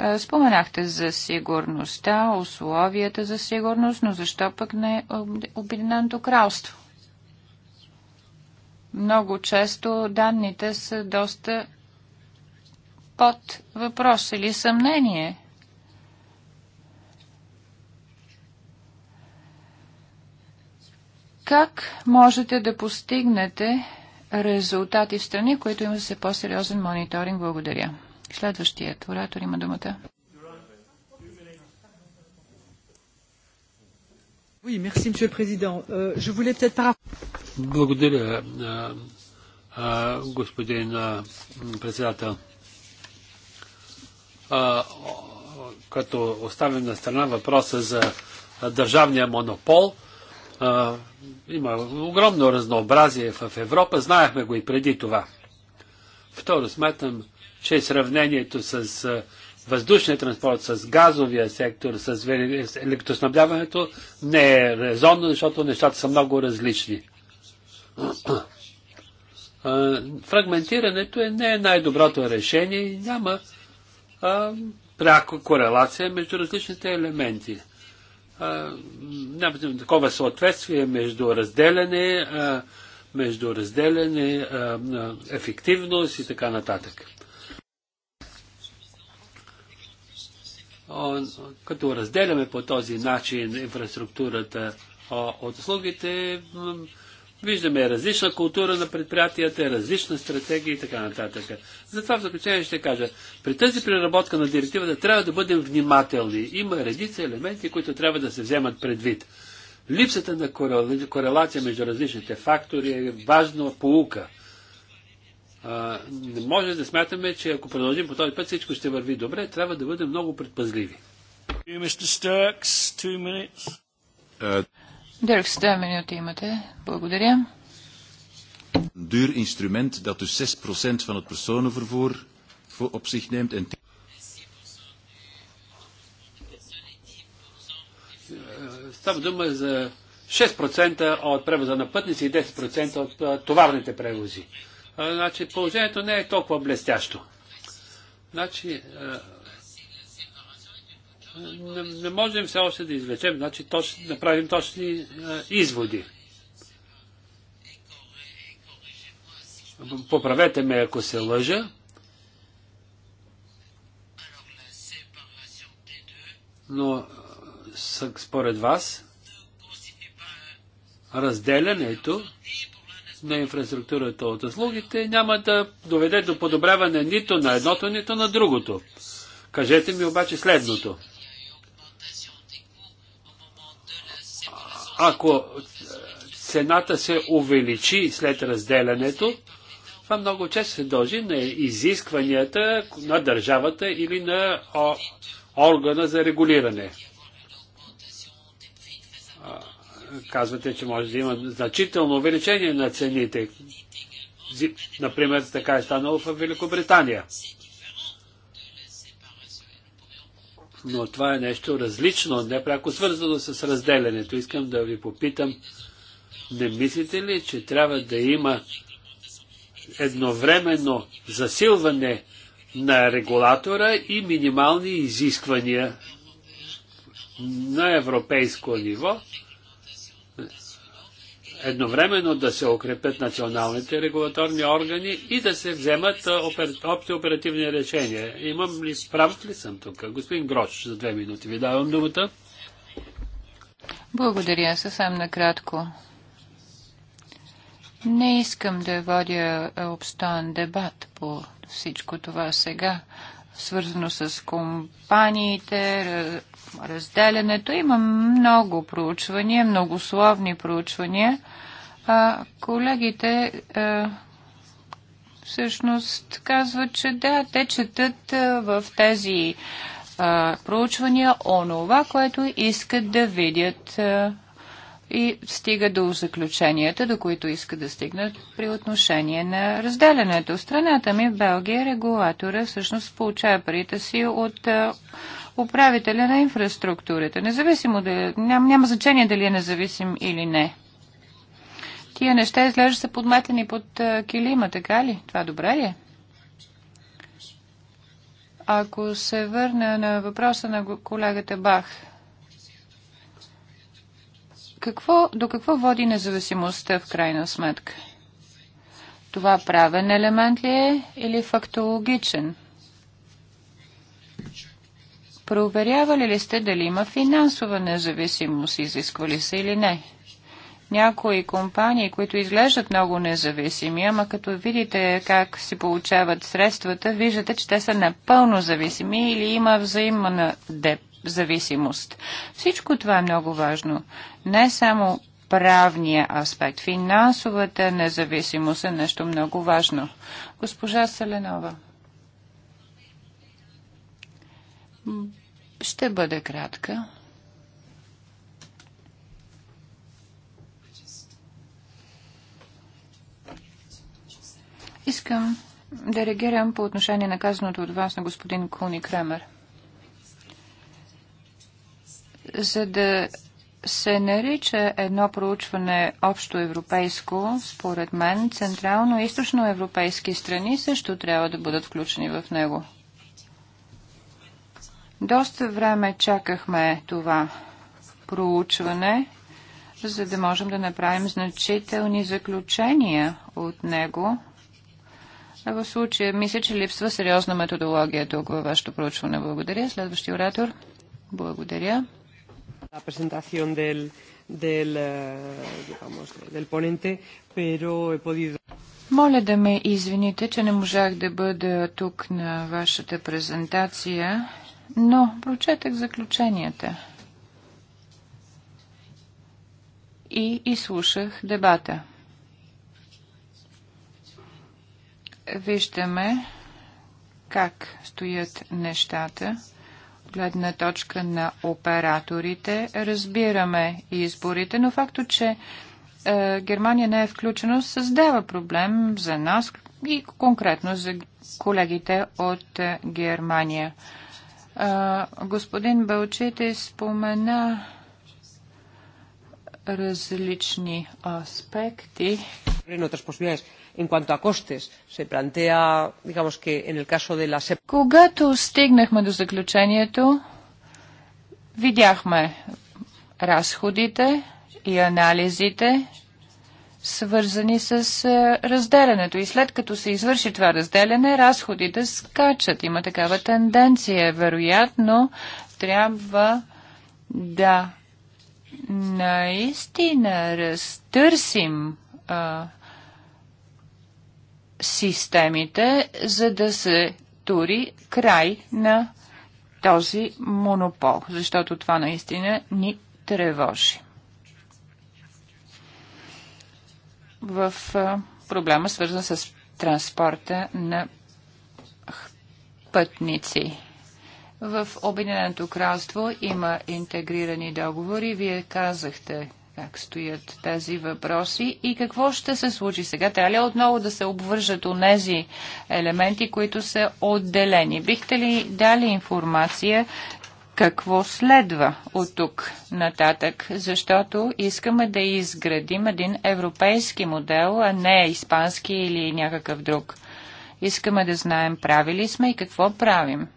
Е, споменахте за сигурността, условията за сигурност, но защо пък не Обединеното кралство? Много често данните са доста под въпрос или съмнение. Как можете да постигнете резултати в страни, които имат се по-сериозен мониторинг? Благодаря. Следващият оратор има думата. Euh, Благодаря, господин председател. Като оставим на страна въпроса за държавния монопол, има огромно разнообразие в Европа, знаехме го и преди това. Второ, смятам, че сравнението с въздушния транспорт, с газовия сектор, с електроснабдяването не е резонно, защото нещата са много различни. Фрагментирането е- не е най-доброто решение и няма а, пряко корелация между различните елементи. А, няма такова съответствие между разделяне, а, между разделяне, а, ефективност и така нататък. като разделяме по този начин инфраструктурата от услугите, виждаме различна култура на предприятията, различна стратегия и така нататък. Затова в заключение ще кажа, при тази преработка на директивата трябва да бъдем внимателни. Има редица елементи, които трябва да се вземат предвид. Липсата на корелация между различните фактори е важна полука – не може да смятаме, че ако продължим по този път, всичко ще върви добре. Трябва да бъдем много предпазливи. Е, Дърк, 100 минути имате. Благодаря. Дюр инструмент, dat dus 6% van het personenvervoer op zich neemt en Става дума за 6% от превоза на пътници и 10% от товарните превози значи, положението не е толкова блестящо. Значи, не, не можем все още да извлечем, значи, точ, да правим точни а, изводи. Поправете ме, ако се лъжа. Но според вас разделянето на инфраструктурата от услугите няма да доведе до подобряване нито на едното, нито на другото. Кажете ми обаче следното. Ако цената се увеличи след разделянето, това много често се дължи на изискванията на държавата или на органа за регулиране. казвате, че може да има значително увеличение на цените. Например, така е станало в Великобритания. Но това е нещо различно, непряко свързано с разделянето. Искам да ви попитам, не мислите ли, че трябва да има едновременно засилване на регулатора и минимални изисквания на европейско ниво, едновременно да се укрепят националните регулаторни органи и да се вземат общи опти оперативни решения. Имам ли справ ли съм тук? Господин Грош, за две минути ви давам думата. Благодаря, съвсем накратко. Не искам да водя обстоен дебат по всичко това сега, свързано с компаниите, разделянето. Има много проучвания, многословни проучвания. А, колегите а, всъщност казват, че да, те четат а, в тези а, проучвания онова, което искат да видят а, и стига до заключенията, до които иска да стигнат при отношение на разделянето. Страната ми, Белгия, е регулатора всъщност получава парите си от управителя на инфраструктурата. Независимо дали, ням, няма значение дали е независим или не. Тия неща изглежда са подметени под килима, така ли? Това добре ли е? Ако се върна на въпроса на колегата Бах – какво, до какво води независимостта в крайна сметка? Това правен елемент ли е или фактологичен? Проверявали ли сте дали има финансова независимост, изисква ли се или не? Някои компании, които изглеждат много независими, ама като видите как си получават средствата, виждате, че те са напълно зависими или има взаимна зависимост. Всичко това е много важно. Не само правния аспект. Финансовата независимост е нещо много важно. Госпожа Селенова. Ще бъде кратка. Искам да реагирам по отношение на казаното от вас на господин Куни Кремер – за да се нарича едно проучване общо европейско, според мен, централно и източно европейски страни също трябва да бъдат включени в него. Доста време чакахме това проучване, за да можем да направим значителни заключения от него. А в случая мисля, че липсва сериозна методология тук във вашето проучване. Благодаря. Следващия оратор. Благодаря la presentación del, del, eh, digamos, del ponente, pero he podido... Моля да ме извините, че не можах да бъда тук на вашата презентация, но прочетах заключенията и изслушах дебата. Виждаме как стоят нещата гледна точка на операторите. Разбираме изборите, но факто, е, че е, Германия не е включена, създава проблем за нас и конкретно за колегите от е, Германия. Е, господин Бълчите спомена различни аспекти otras posibilidades. En cuanto a costes, se plantea, digamos que en el caso de la SEP... Когато стигнахме до заключението, видяхме разходите и анализите, свързани с е, разделянето. И след като се извърши това разделяне, разходите скачат. Има такава тенденция. Вероятно, трябва да наистина разтърсим а, системите, за да се тури край на този монопол, защото това наистина ни тревожи. В а, проблема, свързан с транспорта на пътници. В Обединеното кралство има интегрирани договори. Вие казахте как стоят тези въпроси и какво ще се случи сега. Трябва ли отново да се обвържат нези елементи, които са отделени? Бихте ли дали информация какво следва от тук нататък, защото искаме да изградим един европейски модел, а не испански или някакъв друг. Искаме да знаем правили сме и какво правим.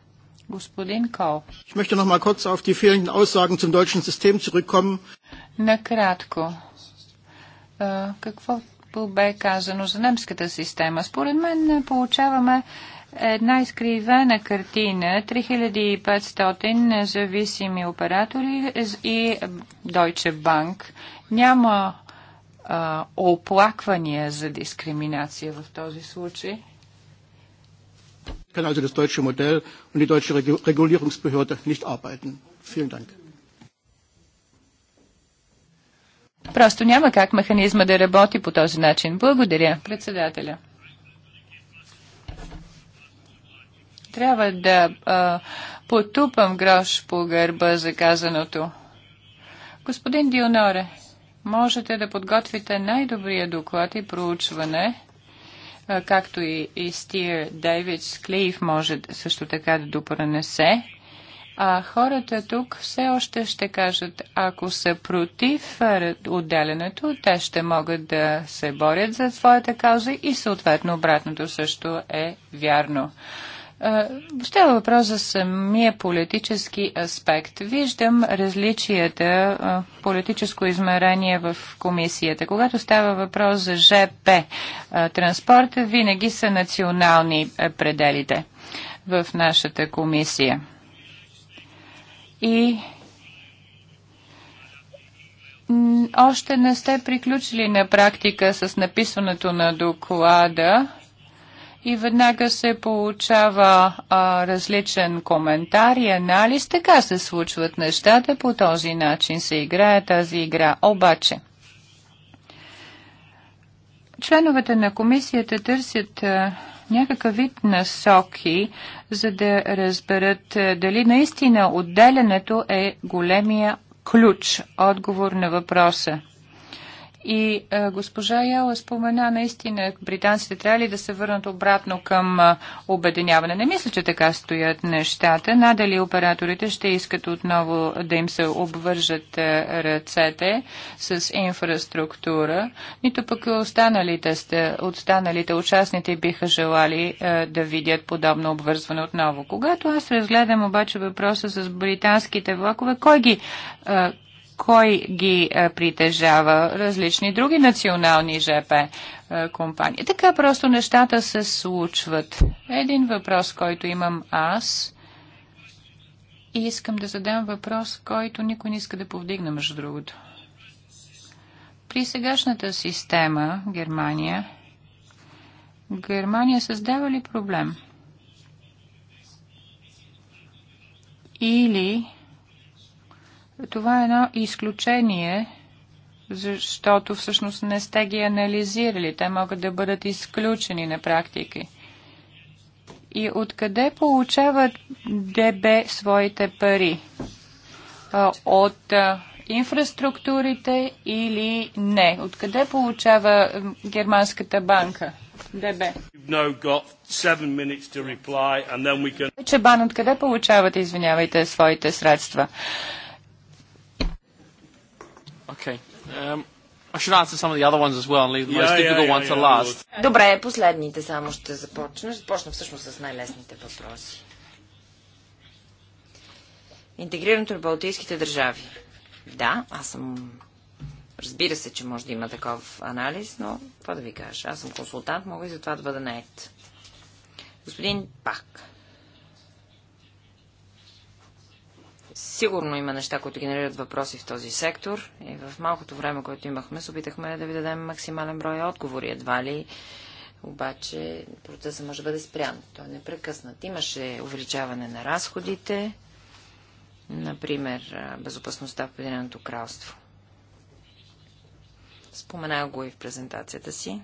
Ich möchte noch mal kurz auf die fehlenden Aussagen zum deutschen System zurückkommen. Накратко. Е, какво бе казано за немската система? Според мен е, получаваме една изкривена картина, 3500 независими оператори и Deutsche Bank. Няма е, оплаквания за дискриминация в този случай kann also das deutsche Modell und die deutsche Regulierungsbehörde nicht arbeiten. Vielen Dank. Просто няма как механизма да работи по този начин. Благодаря, председателя. Трябва да а, потупам грош по гърба за казаното. Господин Дионоре, можете да подготвите най-добрия доклад и проучване както и, и Стир Дейвидс Клиф може също така да допренесе. А хората тук все още ще кажат, ако са против отделянето, те ще могат да се борят за своята кауза и съответно обратното също е вярно. Става е, въпрос за самия политически аспект. Виждам различията е, политическо измерение в комисията. Когато става въпрос за ЖП е, транспорта, винаги са национални пределите в нашата комисия. И още не сте приключили на практика с написването на доклада и веднага се получава а, различен коментар и анализ. Така се случват нещата, по този начин се играе тази игра. Обаче, членовете на комисията търсят а, някакъв вид насоки, за да разберат а, дали наистина отделянето е големия ключ, отговор на въпроса. И а, е, госпожа Яла спомена наистина, британците трябва ли да се върнат обратно към а, е, обединяване. Не мисля, че така стоят нещата. Надали операторите ще искат отново да им се обвържат а, е, ръцете с инфраструктура, нито пък останалите, останалите участните биха желали а, да видят подобно обвързване отново. Когато аз разгледам обаче въпроса с британските влакове, кой ги а, кой ги е, притежава, различни други национални ЖП е, компании. Така просто нещата се случват. Един въпрос, който имам аз, и искам да задам въпрос, който никой не иска да повдигне, между другото. При сегашната система Германия, Германия създава ли проблем? Или това е едно изключение, защото всъщност не сте ги анализирали. Те могат да бъдат изключени на практики. И откъде получават ДБ своите пари? От инфраструктурите или не? Откъде получава германската банка? ДБ. Can... бан откъде получавате, извинявайте, своите средства? Okay. Um, Добре, последните само ще започна. Ще започна всъщност с най-лесните въпроси. Интегрирането на балтийските държави. Да, аз съм... Разбира се, че може да има такъв анализ, но какво да ви кажа? Аз съм консултант, мога и за това да бъда нает. Господин Пак. Сигурно има неща, които генерират въпроси в този сектор и в малкото време, което имахме, се опитахме да ви дадем максимален брой отговори. Едва ли обаче процесът може да бъде спрян. Той е непрекъснат. Имаше увеличаване на разходите, например, безопасността в Поединеното кралство. Споменах го и в презентацията си.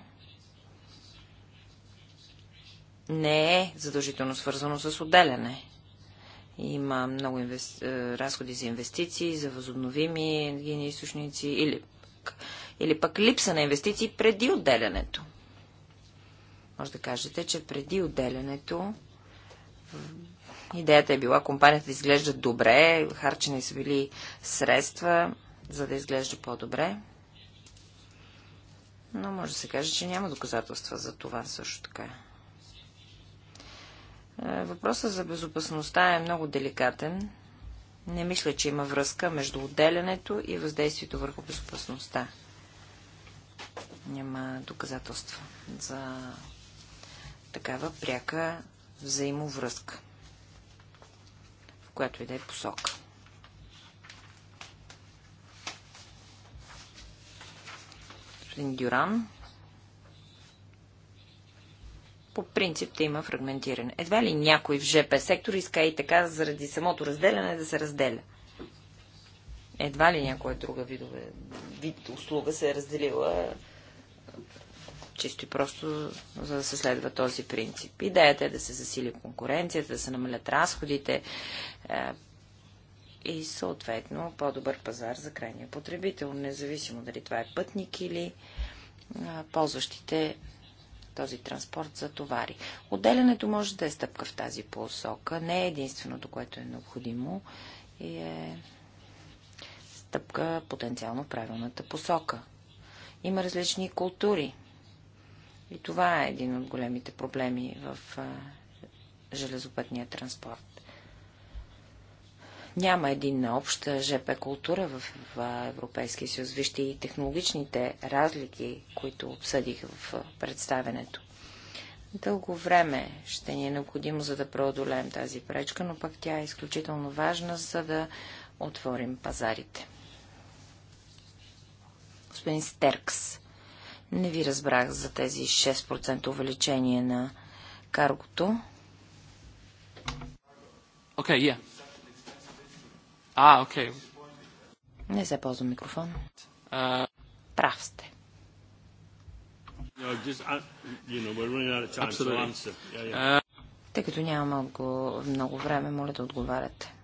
Не е задължително свързано с отделяне. Има много инвес... Е, разходи за инвестиции, за възобновими енергийни източници или, или пък липса на инвестиции преди отделянето. Може да кажете, че преди отделянето идеята е била компанията да изглежда добре, харчени са били средства, за да изглежда по-добре. Но може да се каже, че няма доказателства за това също така. Е, въпросът за безопасността е много деликатен. Не мисля, че има връзка между отделянето и въздействието върху безопасността. Няма доказателства за такава пряка взаимовръзка, в която и да е посока. Господин Дюран по принцип да има фрагментиране. Едва ли някой в ЖП сектор иска и така заради самото разделяне да се разделя. Едва ли някоя друга видове, вид услуга се е разделила чисто и просто, за да се следва този принцип. Идеята е да се засили конкуренцията, да се намалят разходите е, и съответно по-добър пазар за крайния потребител, независимо дали това е пътник или е, ползващите този транспорт за товари. Отделянето може да е стъпка в тази посока. Не е единственото, което е необходимо и е стъпка потенциално в правилната посока. Има различни култури. И това е един от големите проблеми в железопътния транспорт. Няма един обща ЖП култура в Европейския съюз. Вижте и технологичните разлики, които обсъдих в представенето. Дълго време ще ни е необходимо, за да преодолеем тази пречка, но пък тя е изключително важна, за да отворим пазарите. Господин Стеркс, не ви разбрах за тези 6% увеличение на каргото. Okay, yeah. А, окей. Не се ползва микрофон. Прав сте. Тъй като няма отго... много време, моля да отговаряте.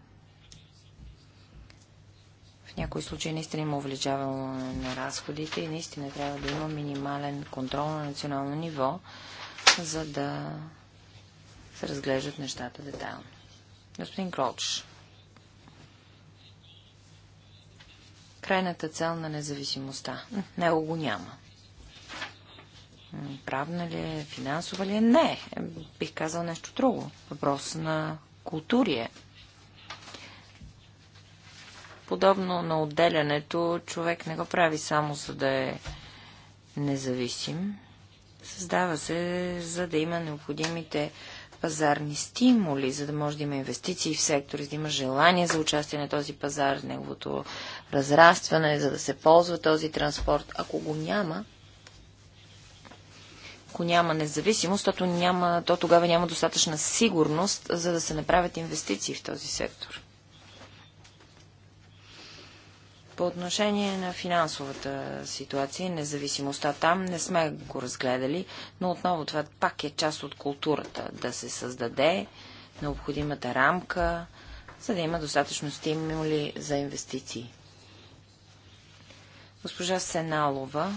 В някои случаи наистина има увеличаване на разходите и наистина трябва да има минимален контрол на национално ниво, за да се разглеждат нещата детайлно. Господин Кролч. крайната цел на независимостта. Него го няма. Правна ли е, финансова ли е? Не. Бих казал нещо друго. Въпрос на култури е. Подобно на отделянето, човек не го прави само за да е независим. Създава се, за да има необходимите пазарни стимули, за да може да има инвестиции в сектори, за да има желание за участие на този пазар, неговото разрастване, за да се ползва този транспорт. Ако го няма, ако няма независимост, тото няма, то тогава няма достатъчна сигурност, за да се направят инвестиции в този сектор. По отношение на финансовата ситуация и независимостта там, не сме го разгледали, но отново това пак е част от културата. Да се създаде необходимата рамка, за да има достатъчно стимули за инвестиции госпожа Сеналова,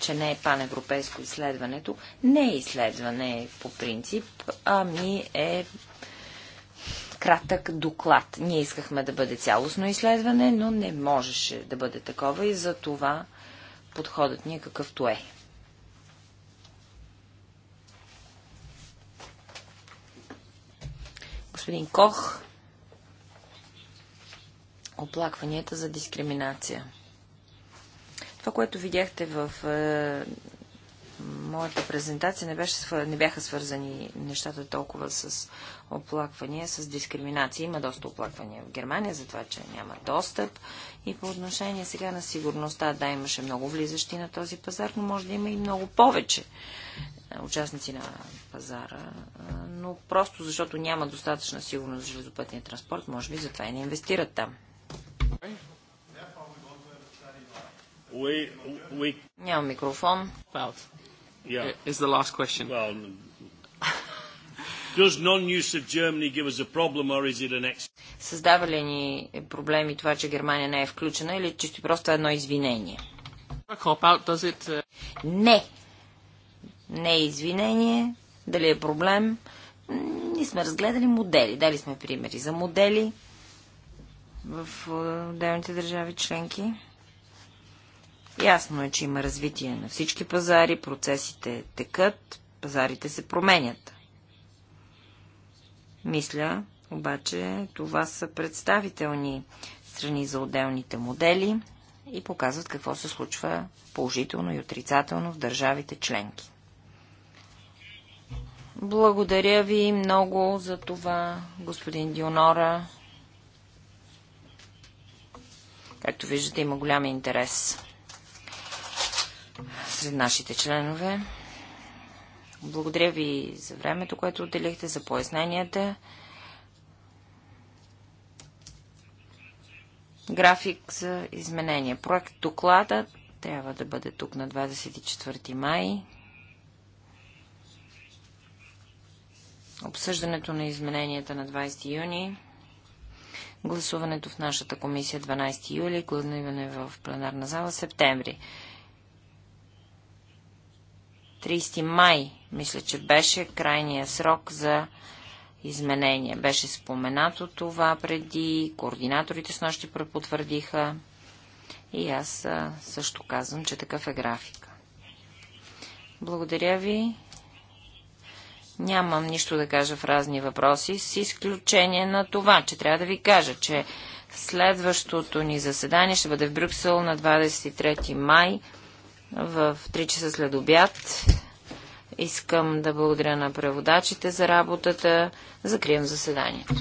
че не е паневропейско изследването. Не е изследване по принцип, ами е кратък доклад. Ние искахме да бъде цялостно изследване, но не можеше да бъде такова и за това подходът ни е какъвто е. Господин Кох, оплакванията за дискриминация – това, което видяхте в е, моята презентация, не, беше, не бяха свързани нещата толкова с оплаквания, с дискриминация. Има доста оплаквания в Германия за това, че няма достъп. И по отношение сега на сигурността, да, имаше много влизащи на този пазар, но може да има и много повече е, участници на пазара, е, но просто защото няма достатъчна сигурност за железопътния транспорт, може би затова и не инвестират там. We, we... Няма микрофон. Yeah. Is the last question. Well, does non-use of Germany give us a problem or is it an ex... Създава ли ни проблеми това, че Германия не е включена или чисто просто едно извинение? It... Uh, не. Не е извинение. Дали е проблем? Ние сме разгледали модели. Дали сме примери за модели в е, отделните държави членки. Ясно е, че има развитие на всички пазари, процесите текат, пазарите се променят. Мисля, обаче, това са представителни страни за отделните модели и показват какво се случва положително и отрицателно в държавите членки. Благодаря ви много за това, господин Дионора. Както виждате, има голям интерес сред нашите членове. Благодаря ви за времето, което отделихте, за поясненията. График за изменения. Проект доклада трябва да бъде тук на 24 май. Обсъждането на измененията на 20 юни. Гласуването в нашата комисия 12 юли. Гласуване в пленарна зала септември. 30 май, мисля, че беше крайния срок за изменения. Беше споменато това преди, координаторите с нощи препотвърдиха и аз също казвам, че такъв е графика. Благодаря ви. Нямам нищо да кажа в разни въпроси, с изключение на това, че трябва да ви кажа, че следващото ни заседание ще бъде в Брюксел на 23 май в 3 часа след обяд. Искам да благодаря на преводачите за работата. Закрием заседанието.